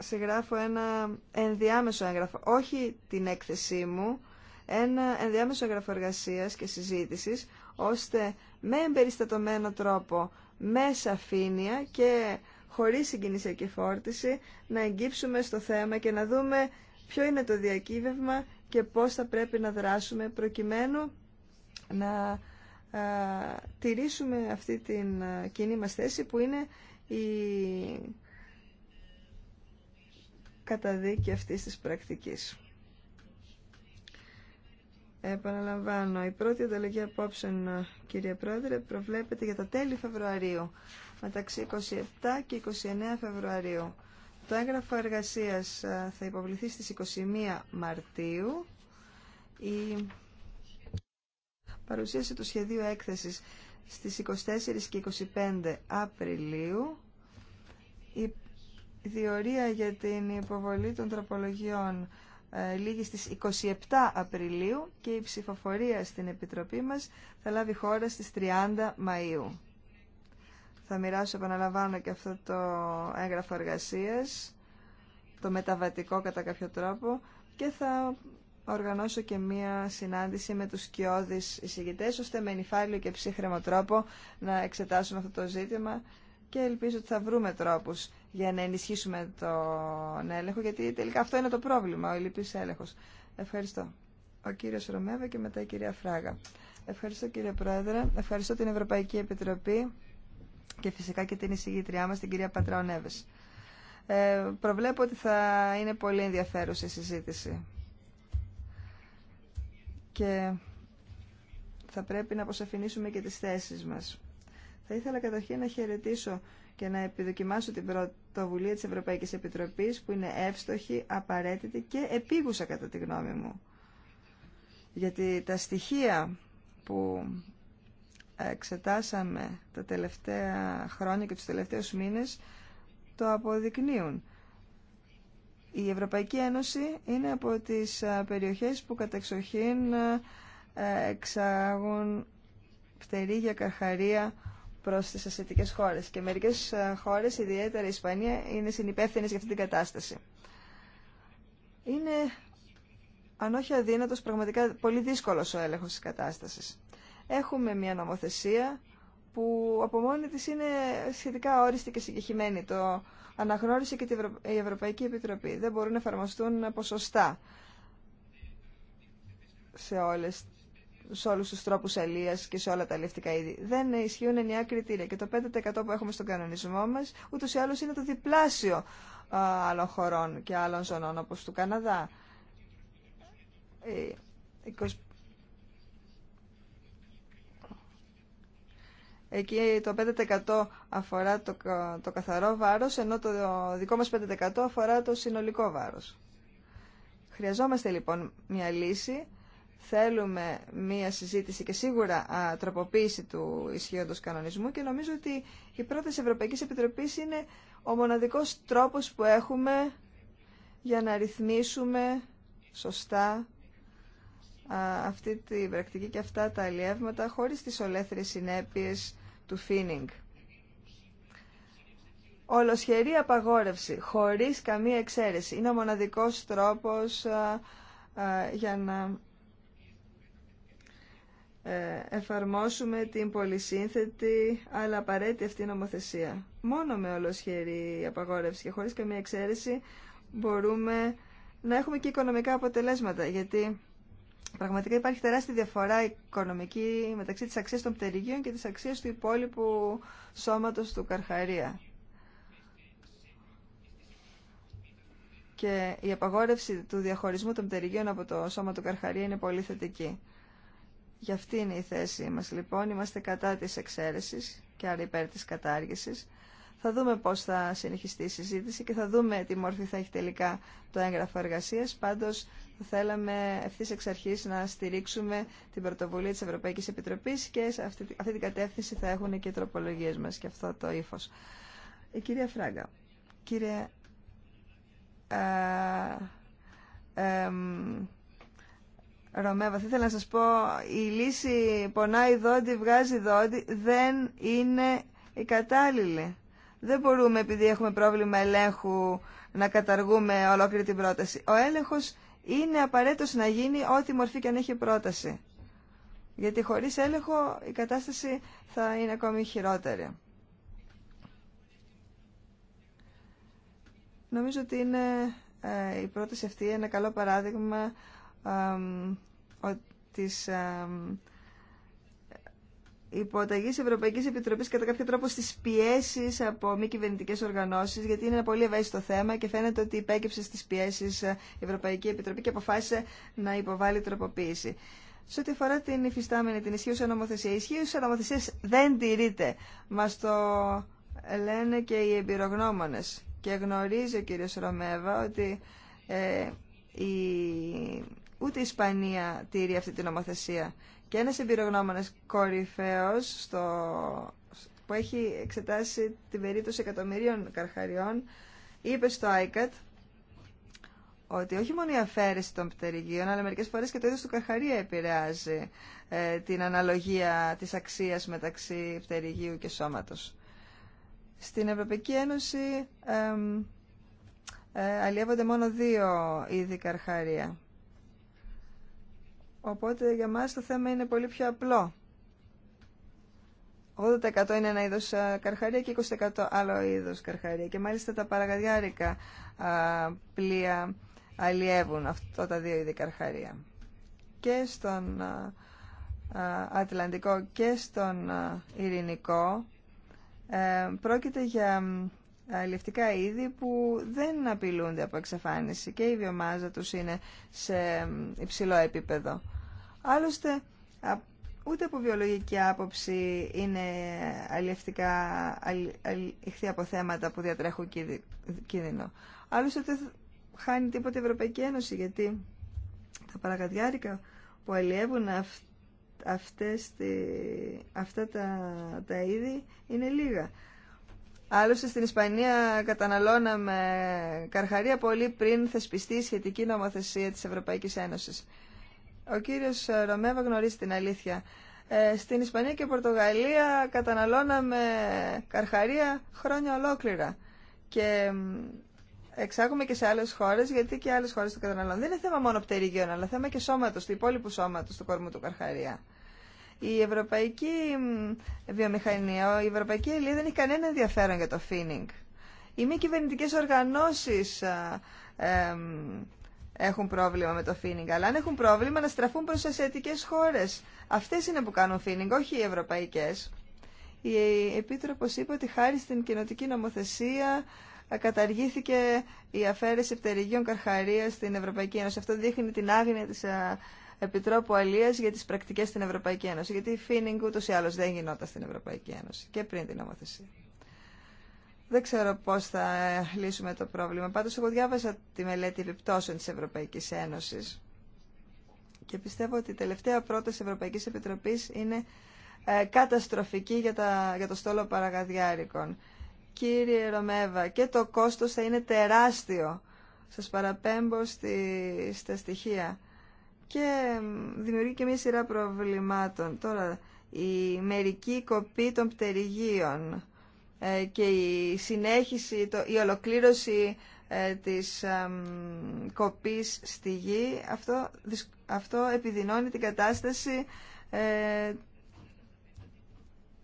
ε, γράφω ένα ενδιάμεσο έγγραφο, όχι την έκθεσή μου, ένα ενδιάμεσο έγγραφο εργασία και συζήτησης, ώστε με εμπεριστατωμένο τρόπο με σαφήνεια και χωρίς συγκινησιακή φόρτιση να εγκύψουμε στο θέμα και να δούμε ποιο είναι το διακύβευμα και πώς θα πρέπει να δράσουμε προκειμένου να α, τηρήσουμε αυτή την α, κοινή μας θέση που είναι η καταδίκη αυτής της πρακτικής. Επαναλαμβάνω, η πρώτη ανταλλαγή απόψε, κύριε Πρόεδρε, προβλέπεται για τα τέλη Φεβρουαρίου, μεταξύ 27 και 29 Φεβρουαρίου. Το έγγραφο εργασίας ε, θα υποβληθεί στις 21 Μαρτίου. Η παρουσίαση του σχεδίου έκθεσης στις 24 και 25 Απριλίου. Η διορία για την υποβολή των τροπολογιών ε, λίγη στις 27 Απριλίου και η ψηφοφορία στην Επιτροπή μας θα λάβει χώρα στις 30 Μαΐου. Θα μοιράσω, επαναλαμβάνω, και αυτό το έγγραφο εργασίας, το μεταβατικό κατά κάποιο τρόπο και θα οργανώσω και μία συνάντηση με τους σκιώδεις εισηγητές, ώστε με νυφάλιο και ψύχρεμο τρόπο να εξετάσουν αυτό το ζήτημα και ελπίζω ότι θα βρούμε τρόπους για να ενισχύσουμε τον έλεγχο, γιατί τελικά αυτό είναι το πρόβλημα, ο ελληπής έλεγχος. Ευχαριστώ. Ο κύριος Ρωμέβα και μετά η κυρία Φράγα. Ευχαριστώ κύριε Πρόεδρε, ευχαριστώ την Ευρωπαϊκή Επιτροπή και φυσικά και την εισηγήτριά μας, την κυρία Πατραονέβες. Ε, προβλέπω ότι θα είναι πολύ ενδιαφέρουσα η συζήτηση. Και θα πρέπει να αποσαφηνίσουμε και τις θέσεις μας. Θα ήθελα καταρχήν να χαιρετήσω και να επιδοκιμάσω την πρωτοβουλία της Ευρωπαϊκής Επιτροπής που είναι εύστοχη, απαραίτητη και επίγουσα κατά τη γνώμη μου. Γιατί τα στοιχεία που εξετάσαμε τα τελευταία χρόνια και τους τελευταίους μήνες το αποδεικνύουν. Η Ευρωπαϊκή Ένωση είναι από τις ε, περιοχές που κατεξοχήν ε, εξάγουν φτερή για καρχαρία Προ τι ασιατικέ χώρες και μερικές ε, χώρες, ιδιαίτερα η Ισπανία, είναι συνυπεύθυνε για αυτή την κατάσταση. Είναι, αν όχι αδύνατο, πραγματικά πολύ δύσκολο ο έλεγχος της κατάστασης. Έχουμε μια νομοθεσία που από μόνη της είναι σχετικά όριστη και συγκεχημένη. Το αναγνώρισε και η Ευρωπαϊκή Επιτροπή. Δεν μπορούν να εφαρμοστούν ποσοστά σε όλες σε όλου του τρόπου αλίας και σε όλα τα αλληλευτικά είδη. Δεν ισχύουν ενιαία κριτήρια και το 5% που έχουμε στον κανονισμό μας ούτω ή άλλω είναι το διπλάσιο άλλων χωρών και άλλων ζωνών όπω του Καναδά. Ε, Εκεί το 5% αφορά το, το καθαρό βάρος, ενώ το δικό μας 5% αφορά το συνολικό βάρος. Χρειαζόμαστε λοιπόν μια λύση θέλουμε μία συζήτηση και σίγουρα α, τροποποίηση του ισχύοντος κανονισμού και νομίζω ότι η πρώτη Ευρωπαϊκής Επιτροπής είναι ο μοναδικός τρόπος που έχουμε για να ρυθμίσουμε σωστά αυτή τη πρακτική και αυτά τα αλλιεύματα χωρίς τις ολέθριες συνέπειες του φίνινγκ. Ολοσχερή απαγόρευση, χωρίς καμία εξαίρεση, είναι ο μοναδικός τρόπος για να ε, εφαρμόσουμε την πολυσύνθετη αλλά απαραίτητη αυτή νομοθεσία. Μόνο με ολοσχερή απαγόρευση και χωρίς καμία εξαίρεση μπορούμε να έχουμε και οικονομικά αποτελέσματα, γιατί πραγματικά υπάρχει τεράστια διαφορά οικονομική μεταξύ της αξίας των πτερυγίων και της αξίας του υπόλοιπου σώματος του Καρχαρία. Και η απαγόρευση του διαχωρισμού των πτερυγίων από το σώμα του Καρχαρία είναι πολύ θετική. Γι' αυτή είναι η θέση μας λοιπόν. Είμαστε κατά της εξαίρεσης και άρα υπέρ της κατάργησης. Θα δούμε πώς θα συνεχιστεί η συζήτηση και θα δούμε τι μόρφη θα έχει τελικά το έγγραφο εργασίας. Πάντως θα θέλαμε ευθύ εξ αρχής να στηρίξουμε την πρωτοβουλία της Ευρωπαϊκής Επιτροπής και σε αυτή, αυτή την κατεύθυνση θα έχουν και οι τροπολογίες μας και αυτό το ύφο. Η ε, κυρία Φράγκα, κύριε... ε, ε Ρωμέβα, θα ήθελα να σας πω, η λύση πονάει δόντι, βγάζει δόντι, δεν είναι η κατάλληλη. Δεν μπορούμε, επειδή έχουμε πρόβλημα ελέγχου, να καταργούμε ολόκληρη την πρόταση. Ο έλεγχος είναι απαραίτητος να γίνει ό,τι μορφή και αν έχει πρόταση. Γιατί χωρίς έλεγχο η κατάσταση θα είναι ακόμη χειρότερη. Νομίζω ότι είναι ε, η πρόταση αυτή ένα καλό παράδειγμα της υποταγή Ευρωπαϊκή Επιτροπή κατά κάποιο τρόπο στι πιέσει από μη κυβερνητικέ οργανώσει, γιατί είναι ένα πολύ ευαίσθητο θέμα και φαίνεται ότι υπέκυψε στι πιέσει ε, η Ευρωπαϊκή Επιτροπή και αποφάσισε να υποβάλει τροποποίηση. Σε ό,τι αφορά την υφιστάμενη, την ισχύουσα νομοθεσία, η ισχύουσα νομοθεσία δεν τηρείται. Μα το λένε και οι εμπειρογνώμονε. Και γνωρίζει ο κ. Ρωμέβα ότι ε, η Ούτε η Ισπανία τήρει αυτή την νομοθεσία. Και ένας εμπειρογνώμονας κορυφαίος στο... που έχει εξετάσει την περίπτωση εκατομμυρίων καρχαριών είπε στο ICAT ότι όχι μόνο η αφαίρεση των πτερυγίων, αλλά μερικές φορές και το είδος του καρχαρία επηρεάζει ε, την αναλογία της αξίας μεταξύ πτερυγίου και σώματος. Στην Ευρωπαϊκή Ένωση ε, αλλιεύονται μόνο δύο είδη καρχαρία. Οπότε για μας το θέμα είναι πολύ πιο απλό. 80% είναι ένα είδο καρχαρία και 20% άλλο είδο καρχαρία. Και μάλιστα τα παραγαδιάρικα πλοία αλλιεύουν αυτά τα δύο είδη καρχαρία. Και στον Ατλαντικό και στον Ειρηνικό ε, πρόκειται για αλληλευτικά είδη που δεν απειλούνται από εξαφάνιση και η βιομάζα τους είναι σε υψηλό επίπεδο. Άλλωστε, ούτε από βιολογική άποψη είναι αλληλευτικά ηχθή από θέματα που διατρέχουν κίνδυνο. Άλλωστε, δεν χάνει τίποτα η Ευρωπαϊκή Ένωση, γιατί τα παραγαδιάρικα που αλλιεύουν αυτές, αυτά τα, τα είδη είναι λίγα. Άλλωστε στην Ισπανία καταναλώναμε καρχαρία πολύ πριν θεσπιστεί η σχετική νομοθεσία της Ευρωπαϊκής Ένωσης. Ο κύριος Ρωμέβα γνωρίζει την αλήθεια. Ε, στην Ισπανία και Πορτογαλία καταναλώναμε καρχαρία χρόνια ολόκληρα. Και εξάγουμε και σε άλλες χώρες, γιατί και άλλες χώρες το καταναλώνουν. Δεν είναι θέμα μόνο πτερυγίων, αλλά θέμα και σώματος, του υπόλοιπου σώματος του κορμού του καρχαρία η ευρωπαϊκή βιομηχανία, η ευρωπαϊκή ελίδα e δεν έχει κανένα ενδιαφέρον για το φίνινγκ. Οι μη κυβερνητικέ οργανώσει έχουν πρόβλημα με το φίνινγκ. Αλλά αν έχουν πρόβλημα να στραφούν προς ασιατικέ χώρες. Αυτές είναι που κάνουν φίνινγκ, όχι οι ευρωπαϊκές. Η Επίτροπος είπε ότι χάρη στην κοινοτική νομοθεσία ε, καταργήθηκε η αφαίρεση πτερυγίων καρχαρία στην Ευρωπαϊκή Ένωση. Αυτό δείχνει την άγνοια τη. Ε, Επιτρόπου Αλία για τι πρακτικέ στην Ευρωπαϊκή Ένωση. Γιατί η φίνιγκ ούτω ή άλλω δεν γινόταν στην Ευρωπαϊκή Ένωση και πριν την νομοθεσία. Δεν ξέρω πώ θα λύσουμε το πρόβλημα. Πάντω, εγώ διάβασα τη μελέτη επιπτώσεων τη Ευρωπαϊκή Ένωση και πιστεύω ότι η τελευταία πρόταση Ευρωπαϊκή Επιτροπή είναι ε, καταστροφική για, τα, για το στόλο παραγαδιάρικων. Κύριε Ρωμέβα, και το κόστος θα είναι τεράστιο. Σας παραπέμπω στη, στα στοιχεία και δημιουργεί και μια σειρά προβλημάτων. Τώρα, η μερική κοπή των πτερυγίων ε, και η συνέχιση, η ολοκλήρωση ε, της κοπής στη γη, αυτό, αυτό επιδεινώνει την κατάσταση ε,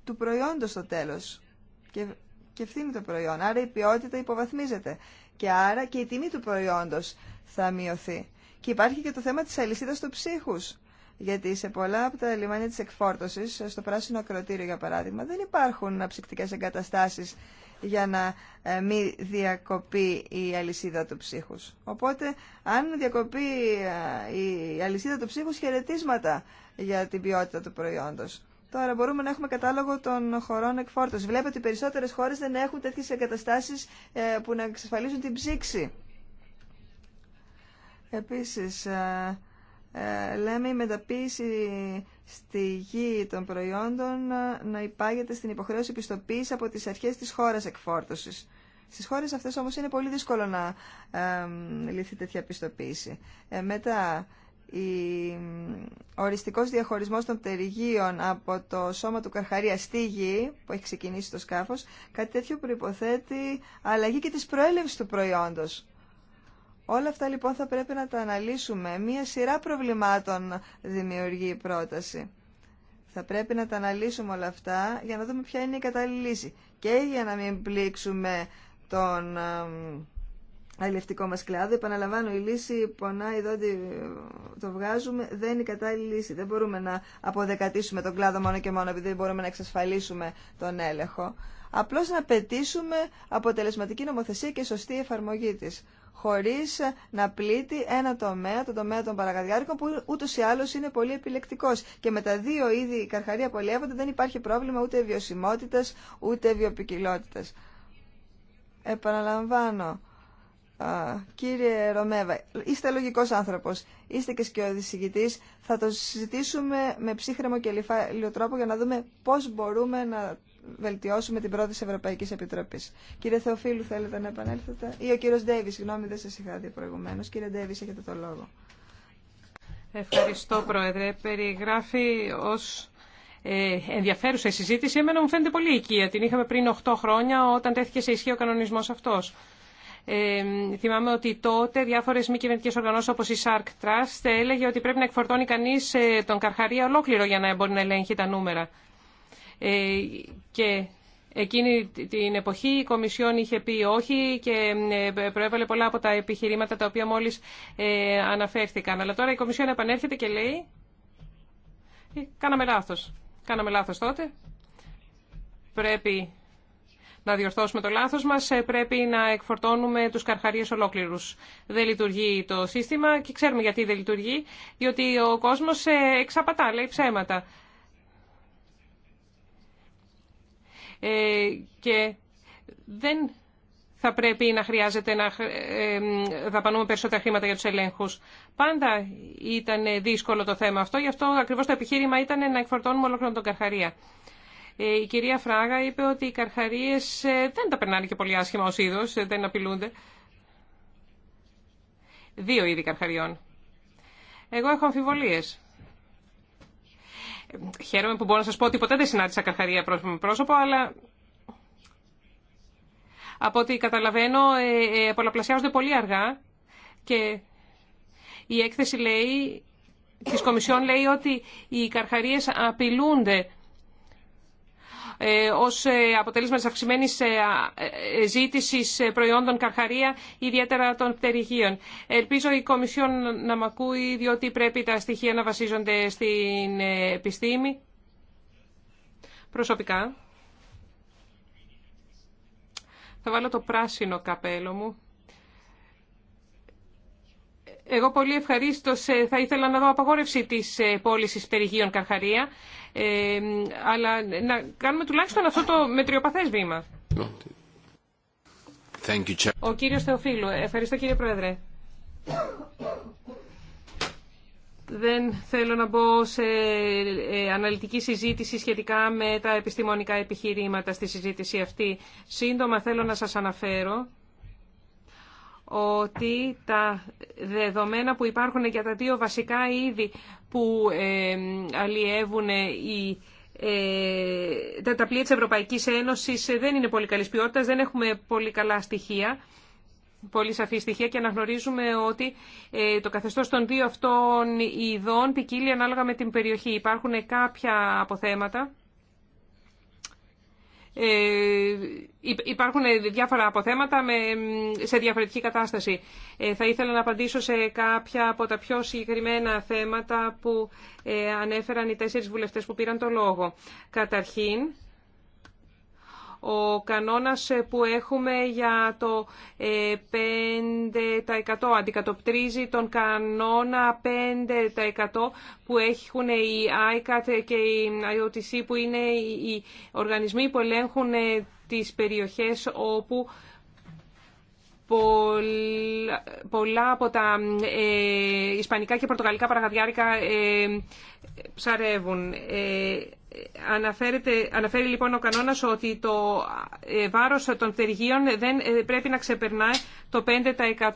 του προϊόντος στο τέλος και, και φθήνει το προϊόν. Άρα η ποιότητα υποβαθμίζεται και άρα και η τιμή του προϊόντος θα μειωθεί. Και υπάρχει και το θέμα της αλυσίδας του ψύχους. Γιατί σε πολλά από τα λιμάνια της εκφόρτωσης, στο πράσινο ακροτήριο για παράδειγμα, δεν υπάρχουν ψυκτικές εγκαταστάσεις για να ε, μην διακοπεί η αλυσίδα του ψύχους. Οπότε, αν διακοπεί ε, η αλυσίδα του ψύχους, χαιρετίσματα για την ποιότητα του προϊόντος. Τώρα μπορούμε να έχουμε κατάλογο των χωρών εκφόρτωση. Βλέπετε ότι οι περισσότερε χώρε δεν έχουν τέτοιε εγκαταστάσει ε, που να εξασφαλίζουν την ψήξη. Επίσης, ε, ε, λέμε η μεταποίηση στη γη των προϊόντων ε, να υπάγεται στην υποχρέωση πιστοποίηση από τις αρχές της χώρας εκφόρτωσης. Στις χώρες αυτές όμως είναι πολύ δύσκολο να λυθεί τέτοια πιστοποίηση. μετά, η οριστικός διαχωρισμός των πτερυγίων από το σώμα του καρχαρία στη γη που έχει ξεκινήσει το σκάφος, κάτι τέτοιο προϋποθέτει αλλαγή και της προέλευσης του προϊόντος. Όλα αυτά λοιπόν θα πρέπει να τα αναλύσουμε. Μία σειρά προβλημάτων δημιουργεί η πρόταση. Θα πρέπει να τα αναλύσουμε όλα αυτά για να δούμε ποια είναι η κατάλληλη λύση. Και για να μην πλήξουμε τον αλληλευτικό μας κλάδο. Επαναλαμβάνω, η λύση πονάει εδώ το βγάζουμε, δεν είναι η κατάλληλη λύση. Δεν μπορούμε να αποδεκατήσουμε τον κλάδο μόνο και μόνο επειδή δεν μπορούμε να εξασφαλίσουμε τον έλεγχο. Απλώς να πετήσουμε αποτελεσματική νομοθεσία και σωστή εφαρμογή της. Χωρί να πλήττει ένα τομέα, το τομέα των παραγαδιάρικων, που ούτως ή άλλως είναι πολύ επιλεκτικός. Και με τα δύο είδη καρχαρία πολιεύονται δεν υπάρχει πρόβλημα ούτε βιωσιμότητα ούτε βιοπικιλότητα. Επαναλαμβάνω, κύριε Ρωμέβα, είστε λογικός άνθρωπος, είστε και σκιωδησηγητή. Θα το συζητήσουμε με ψύχρεμο και λιφάλιο τρόπο για να δούμε πώς μπορούμε να βελτιώσουμε την πρόταση Ευρωπαϊκής Επιτροπής. Κύριε Θεοφίλου, θέλετε να επανέλθετε. Ή ο κύριος Ντέβι, συγγνώμη, δεν σας είχα δει προηγουμένως. Κύριε Ντέβις, έχετε το λόγο. Ευχαριστώ, Πρόεδρε. Περιγράφει ως ε, ενδιαφέρουσα η συζήτηση. Εμένα μου φαίνεται πολύ οικία. Την είχαμε πριν 8 χρόνια όταν τέθηκε σε ισχύ ο κανονισμός αυτός. Ε, θυμάμαι ότι τότε διάφορε μη κυβερνητικέ οργανώσει όπω η Shark Trust έλεγε ότι πρέπει να εκφορτώνει κανεί ε, τον Καρχαρία ολόκληρο για να μπορεί να ελέγχει τα νούμερα. Ε, και Εκείνη την εποχή η Κομισιόν είχε πει όχι και ε, προέβαλε πολλά από τα επιχειρήματα τα οποία μόλις ε, αναφέρθηκαν. Αλλά τώρα η Κομισιόν επανέρχεται και λέει «Κάναμε λάθος. Κάναμε λάθος τότε. Πρέπει να διορθώσουμε το λάθος μας. Πρέπει να εκφορτώνουμε τους καρχαρίες ολόκληρους. Δεν λειτουργεί το σύστημα και ξέρουμε γιατί δεν λειτουργεί. Διότι ο κόσμος εξαπατά, λέει ψέματα. Ε, και δεν θα πρέπει να χρειάζεται να ε, δαπανούμε περισσότερα χρήματα για τους ελέγχους. Πάντα ήταν δύσκολο το θέμα αυτό, γι' αυτό ακριβώς το επιχείρημα ήταν να εκφορτώνουμε ολόκληρο τον Καρχαρία. Ε, η κυρία Φράγα είπε ότι οι καρχαρίες δεν τα περνάνε και πολύ άσχημα ως είδος, δεν απειλούνται. Δύο είδη καρχαριών. Εγώ έχω αμφιβολίες χαίρομαι που μπορώ να σας πω ότι ποτέ δεν συνάντησα καρχαρία πρόσωπο με πρόσωπο, αλλά από ό,τι καταλαβαίνω ε, ε, πολλαπλασιάζονται πολύ αργά και η έκθεση λέει, της Κομισιόν λέει ότι οι καρχαρίες απειλούνται ε, ως ε, αποτέλεσμα της αυξημένης ε, ζήτησης προϊόντων καρχαρία, ιδιαίτερα των πτερυγίων. Ελπίζω η Κομισιόν να μ' ακούει, διότι πρέπει τα στοιχεία να βασίζονται στην επιστήμη. Προσωπικά, θα βάλω το πράσινο καπέλο μου εγώ πολύ ευχαρίστω ε, θα ήθελα να δω απαγόρευση τη ε, πώληση περιγείων καρχαρία. Ε, αλλά να κάνουμε τουλάχιστον αυτό το μετριοπαθέ βήμα. Ο κύριο Θεοφίλου. Ευχαριστώ κύριε Πρόεδρε. Δεν θέλω να μπω σε ε, αναλυτική συζήτηση σχετικά με τα επιστημονικά επιχειρήματα στη συζήτηση αυτή. Σύντομα θέλω να σας αναφέρω ότι τα δεδομένα που υπάρχουν για τα δύο βασικά είδη που ε, αλλιεύουν ε, τα, τα πλοία της Ευρωπαϊκής Ένωσης ε, δεν είναι πολύ καλής ποιότητας, δεν έχουμε πολύ καλά στοιχεία, πολύ σαφή στοιχεία και αναγνωρίζουμε ότι το καθεστώς των δύο αυτών ειδών ποικίλει ανάλογα με την περιοχή. Υπάρχουν κάποια αποθέματα ε, υπάρχουν διάφορα αποθέματα με, σε διαφορετική κατάσταση. Ε, θα ήθελα να απαντήσω σε κάποια από τα πιο συγκεκριμένα θέματα που ε, ανέφεραν οι τέσσερις βουλευτές που πήραν το λόγο. Καταρχήν, ο κανόνας ε, που έχουμε για το 5% ε, αντικατοπτρίζει τον κανόνα 5% που έχουν οι ICAT και οι IOTC που είναι οι οργανισμοί που ελέγχουν ε, τις περιοχές όπου πολλά από τα ισπανικά και πορτογαλικά παραγαδιάρικα ψαρεύουν. Αναφέρεται, αναφέρει λοιπόν ο κανόνας ότι το ε, βάρος των πτεργείων δεν ε, πρέπει να ξεπερνάει το 5%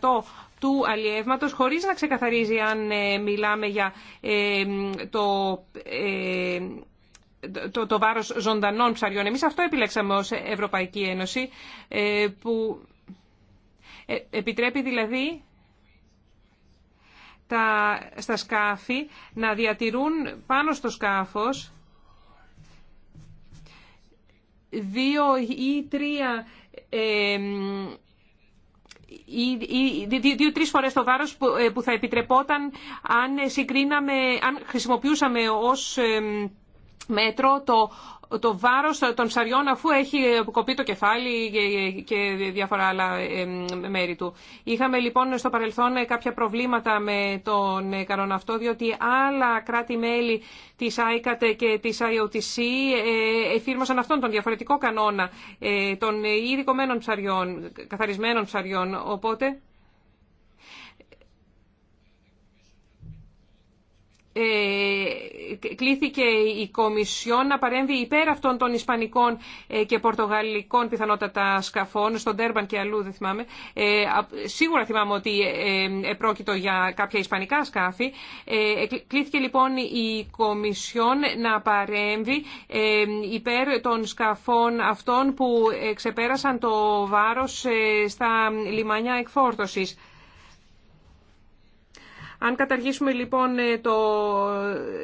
του αλιεύματος χωρίς να ξεκαθαρίζει αν ε, μιλάμε για το, ε, το, το βάρος ζωντανών ψαριών. Εμείς αυτό επιλέξαμε ως Ευρωπαϊκή Ένωση που επιτρέπει δηλαδή τα, στα σκάφη να διατηρούν πάνω στο σκάφος δύο ή τρία δύο-τρεις φορές το βάρος ε, που θα επιτρεπόταν αν, συγκρίναμε, αν χρησιμοποιούσαμε ως μέτρο το το βάρο των ψαριών αφού έχει κοπεί το κεφάλι και διάφορα άλλα μέρη του. Είχαμε λοιπόν στο παρελθόν κάποια προβλήματα με τον κανόνα αυτό, διότι άλλα κράτη-μέλη της ICAT και της IOTC ε, εφήρμοσαν αυτόν τον διαφορετικό κανόνα ε, των ειδικομένων ψαριών, καθαρισμένων ψαριών. Οπότε... Ε, κλήθηκε η Κομισιόν να παρέμβει υπέρ αυτών των Ισπανικών ε, και Πορτογαλικών πιθανότατα σκαφών, στον Τέρμπαν και αλλού δεν θυμάμαι. Ε, σίγουρα θυμάμαι ότι ε, πρόκειτο για κάποια Ισπανικά σκάφη. Κλήθηκε λοιπόν η Κομισιόν να παρέμβει υπέρ των σκαφών αυτών που ξεπέρασαν το βάρος στα λιμάνια εκφόρτωσης. Αν καταργήσουμε λοιπόν ε, το,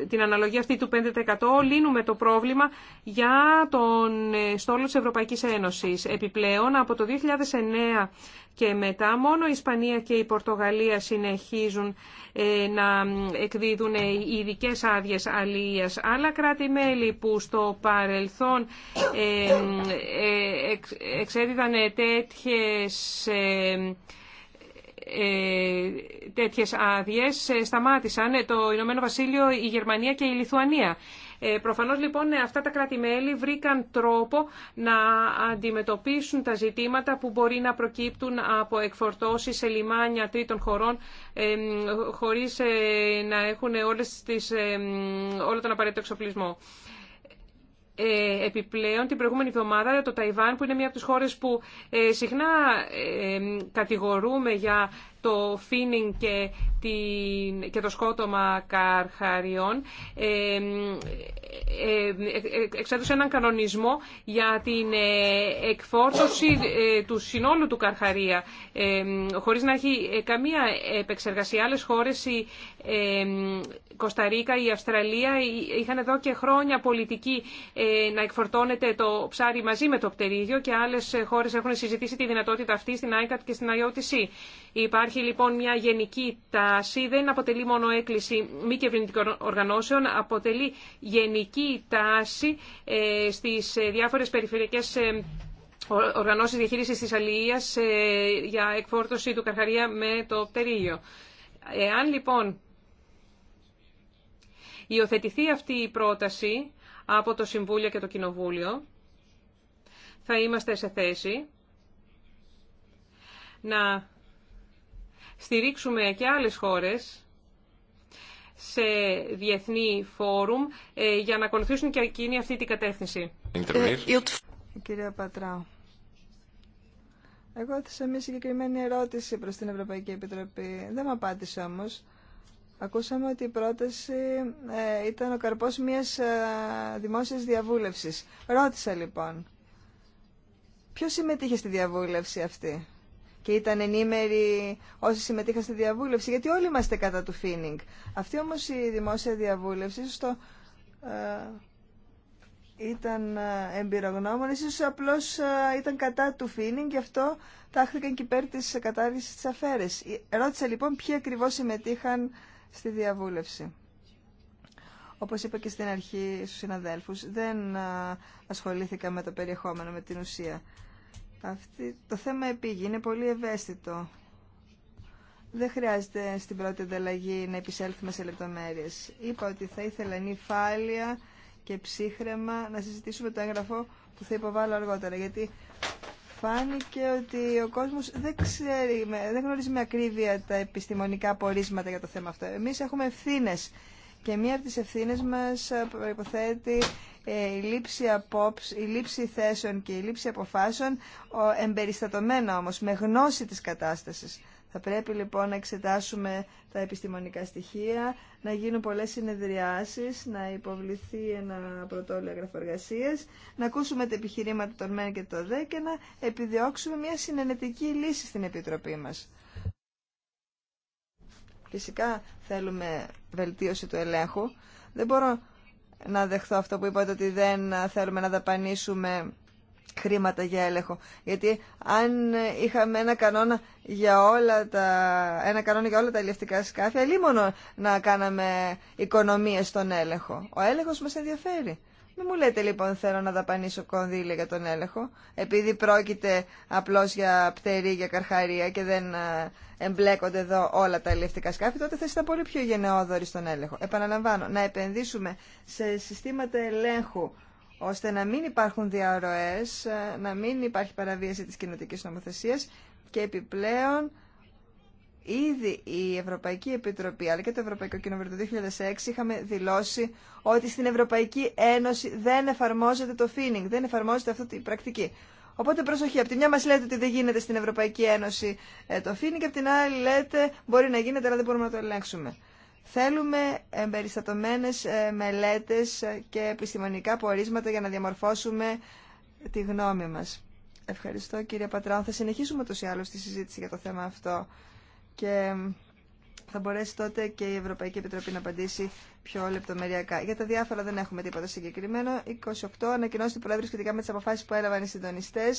την αναλογία αυτή του 5% λύνουμε το πρόβλημα για τον ε, στόλο της Ευρωπαϊκής Ένωσης. Επιπλέον από το 2009 και μετά μόνο η Ισπανία και η Πορτογαλία συνεχίζουν ε, να εκδίδουν ειδικέ άδειε αλληλείας. Άλλα κράτη-μέλη που στο παρελθόν εξέδιδαν τέτοιες ε, τέτοιες άδειες ε, σταμάτησαν ε, το Ηνωμένο Βασίλειο, η Γερμανία και η Λιθουανία. Προφανώς λοιπόν αυτά τα κράτη-μέλη βρήκαν τρόπο να αντιμετωπίσουν τα ζητήματα που μπορεί να προκύπτουν από εκφορτώσεις σε λιμάνια τρίτων χωρών χωρίς να έχουν όλες τις, όλο τον απαραίτητο εξοπλισμό. Ε, επιπλέον την προηγούμενη εβδομάδα το Ταϊβάν που είναι μία από τις χώρες που ε, συχνά ε, κατηγορούμε για το φίνινγκ και, και το σκότωμα καρχαριών ε, ε, ε, εξέδωσε έναν κανονισμό για την ε, εκφόρτωση του συνόλου του καρχαρία χωρίς να έχει καμία επεξεργασία. Άλλες χώρες, η Κωνσταντίνα, η Αυστραλία είχαν εδώ και χρόνια πολιτική να εκφορτώνεται το ψάρι μαζί με το πτερίγιο και άλλες χώρες έχουν συζητήσει τη δυνατότητα αυτή στην ICAT και στην IOTC. Υπάρχει Υπάρχει λοιπόν μια γενική τάση, δεν αποτελεί μόνο έκκληση μη κυβερνητικών οργανώσεων, αποτελεί γενική τάση ε, στις ε, διάφορες περιφερειακές ε, οργανώσεις διαχείρισης της αλληλείας για εκφόρτωση του καρχαρία με το πτερίγιο. Εάν λοιπόν υιοθετηθεί αυτή η πρόταση από το Συμβούλιο και το Κοινοβούλιο, θα είμαστε σε θέση να στηρίξουμε και άλλες χώρες σε διεθνή φόρουμ ε, για να ακολουθήσουν και εκείνη αυτή την κατεύθυνση. Ε, Κυρία Πατράου, εγώ έθεσα μια συγκεκριμένη ερώτηση προς την Ευρωπαϊκή Επιτροπή. Δεν μου απάντησε όμως. Ακούσαμε ότι η πρόταση ε, ήταν ο καρπός μιας δημόσιας διαβούλευσης. Ρώτησα λοιπόν, ποιος συμμετείχε στη διαβούλευση αυτή και ήταν ενήμεροι όσοι συμμετείχαν στη διαβούλευση, γιατί όλοι είμαστε κατά του φίνινγκ. Αυτή όμως η δημόσια διαβούλευση, ίσως ε, ήταν ε, εμπειρογνώμονες, ίσως απλώς ε, ήταν κατά του φίνινγκ, γι' αυτό τάχθηκαν και υπέρ της κατάργησης της αφαίρεσης. Ρώτησα λοιπόν ποιοι ακριβώς συμμετείχαν στη διαβούλευση. Όπως είπα και στην αρχή στους συναδέλφους, δεν ε, ασχολήθηκα με το περιεχόμενο, με την ουσία. Αυτή, το θέμα επίγει, είναι πολύ ευαίσθητο. Δεν χρειάζεται στην πρώτη ανταλλαγή να επισέλθουμε σε λεπτομέρειες. Είπα ότι θα ήθελα νυφάλια και ψύχρεμα να συζητήσουμε το έγγραφο που θα υποβάλω αργότερα, γιατί φάνηκε ότι ο κόσμος δεν, ξέρει, δεν γνωρίζει με ακρίβεια τα επιστημονικά πορίσματα για το θέμα αυτό. Εμείς έχουμε ευθύνε. Και μία από τις ευθύνες μας υποθέτει ε, η λήψη, η θέσεων και η λήψη αποφάσεων εμπεριστατωμένα όμως, με γνώση της κατάστασης. Θα πρέπει λοιπόν να εξετάσουμε τα επιστημονικά στοιχεία, να γίνουν πολλές συνεδριάσεις, να υποβληθεί ένα πρωτόλιο εργασία, να ακούσουμε τα επιχειρήματα των ΜΕΝ και των ΔΕ και να επιδιώξουμε μια συνενετική λύση στην Επιτροπή μας. Φυσικά θέλουμε βελτίωση του ελέγχου. Δεν μπορώ να δεχθώ αυτό που είπατε ότι δεν θέλουμε να δαπανίσουμε χρήματα για έλεγχο. Γιατί αν είχαμε ένα κανόνα για όλα τα, ένα κανόνα για όλα τα σκάφη, μόνο να κάναμε οικονομίες στον έλεγχο. Ο έλεγχος μας ενδιαφέρει. Μην μου λέτε λοιπόν θέλω να δαπανίσω κονδύλια για τον έλεγχο, επειδή πρόκειται απλώς για πτερή, για καρχαρία και δεν ε, εμπλέκονται εδώ όλα τα ελευτικά σκάφη, τότε θα ήταν πολύ πιο γενναιόδοροι στον έλεγχο. Επαναλαμβάνω, να επενδύσουμε σε συστήματα ελέγχου, ώστε να μην υπάρχουν διαρροές, ε, να μην υπάρχει παραβίαση της κοινοτικής νομοθεσίας και επιπλέον Ήδη η Ευρωπαϊκή Επιτροπή αλλά και το Ευρωπαϊκό Κοινοβούλιο το 2006 είχαμε δηλώσει ότι στην Ευρωπαϊκή Ένωση δεν εφαρμόζεται το φίνινγκ, δεν εφαρμόζεται αυτή η πρακτική. Οπότε προσοχή, από τη μια μας λέτε ότι δεν γίνεται στην Ευρωπαϊκή Ένωση ε, το φίνινγκ και από την άλλη λέτε μπορεί να γίνεται αλλά δεν μπορούμε να το ελέγξουμε. Θέλουμε εμπεριστατωμένε ε, μελέτες ε, και επιστημονικά πορίσματα για να διαμορφώσουμε τη γνώμη μας. Ευχαριστώ κύριε Πατράου. Θα συνεχίσουμε τόσο άλλους τη συζήτηση για το θέμα αυτό και θα μπορέσει τότε και η Ευρωπαϊκή Επιτροπή να απαντήσει πιο λεπτομεριακά. Για τα διάφορα δεν έχουμε τίποτα συγκεκριμένο. 28. Ανακοινώσει του Πρόεδρου σχετικά με τι αποφάσει που έλαβαν οι συντονιστέ.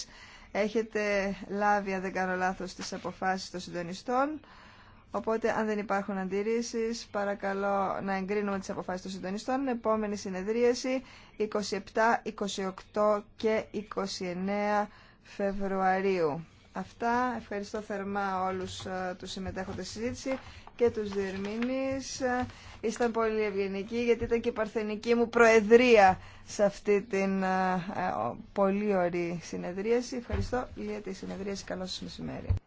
Έχετε λάβει, αν δεν κάνω λάθο, τι αποφάσει των συντονιστών. Οπότε, αν δεν υπάρχουν αντιρρήσει, παρακαλώ να εγκρίνουμε τι αποφάσει των συντονιστών. Επόμενη συνεδρίαση 27, 28 και 29 Φεβρουαρίου. Αυτά. Ευχαριστώ θερμά όλους ε, τους συμμετέχοντες στη συζήτηση και τους διερμήνεις. Ε, ήσταν πολύ ευγενικοί γιατί ήταν και η παρθενική μου προεδρία σε αυτή την ε, πολύ ωραία συνεδρίαση. Ευχαριστώ. για τη συνεδρίαση. Καλό σας μεσημέρι.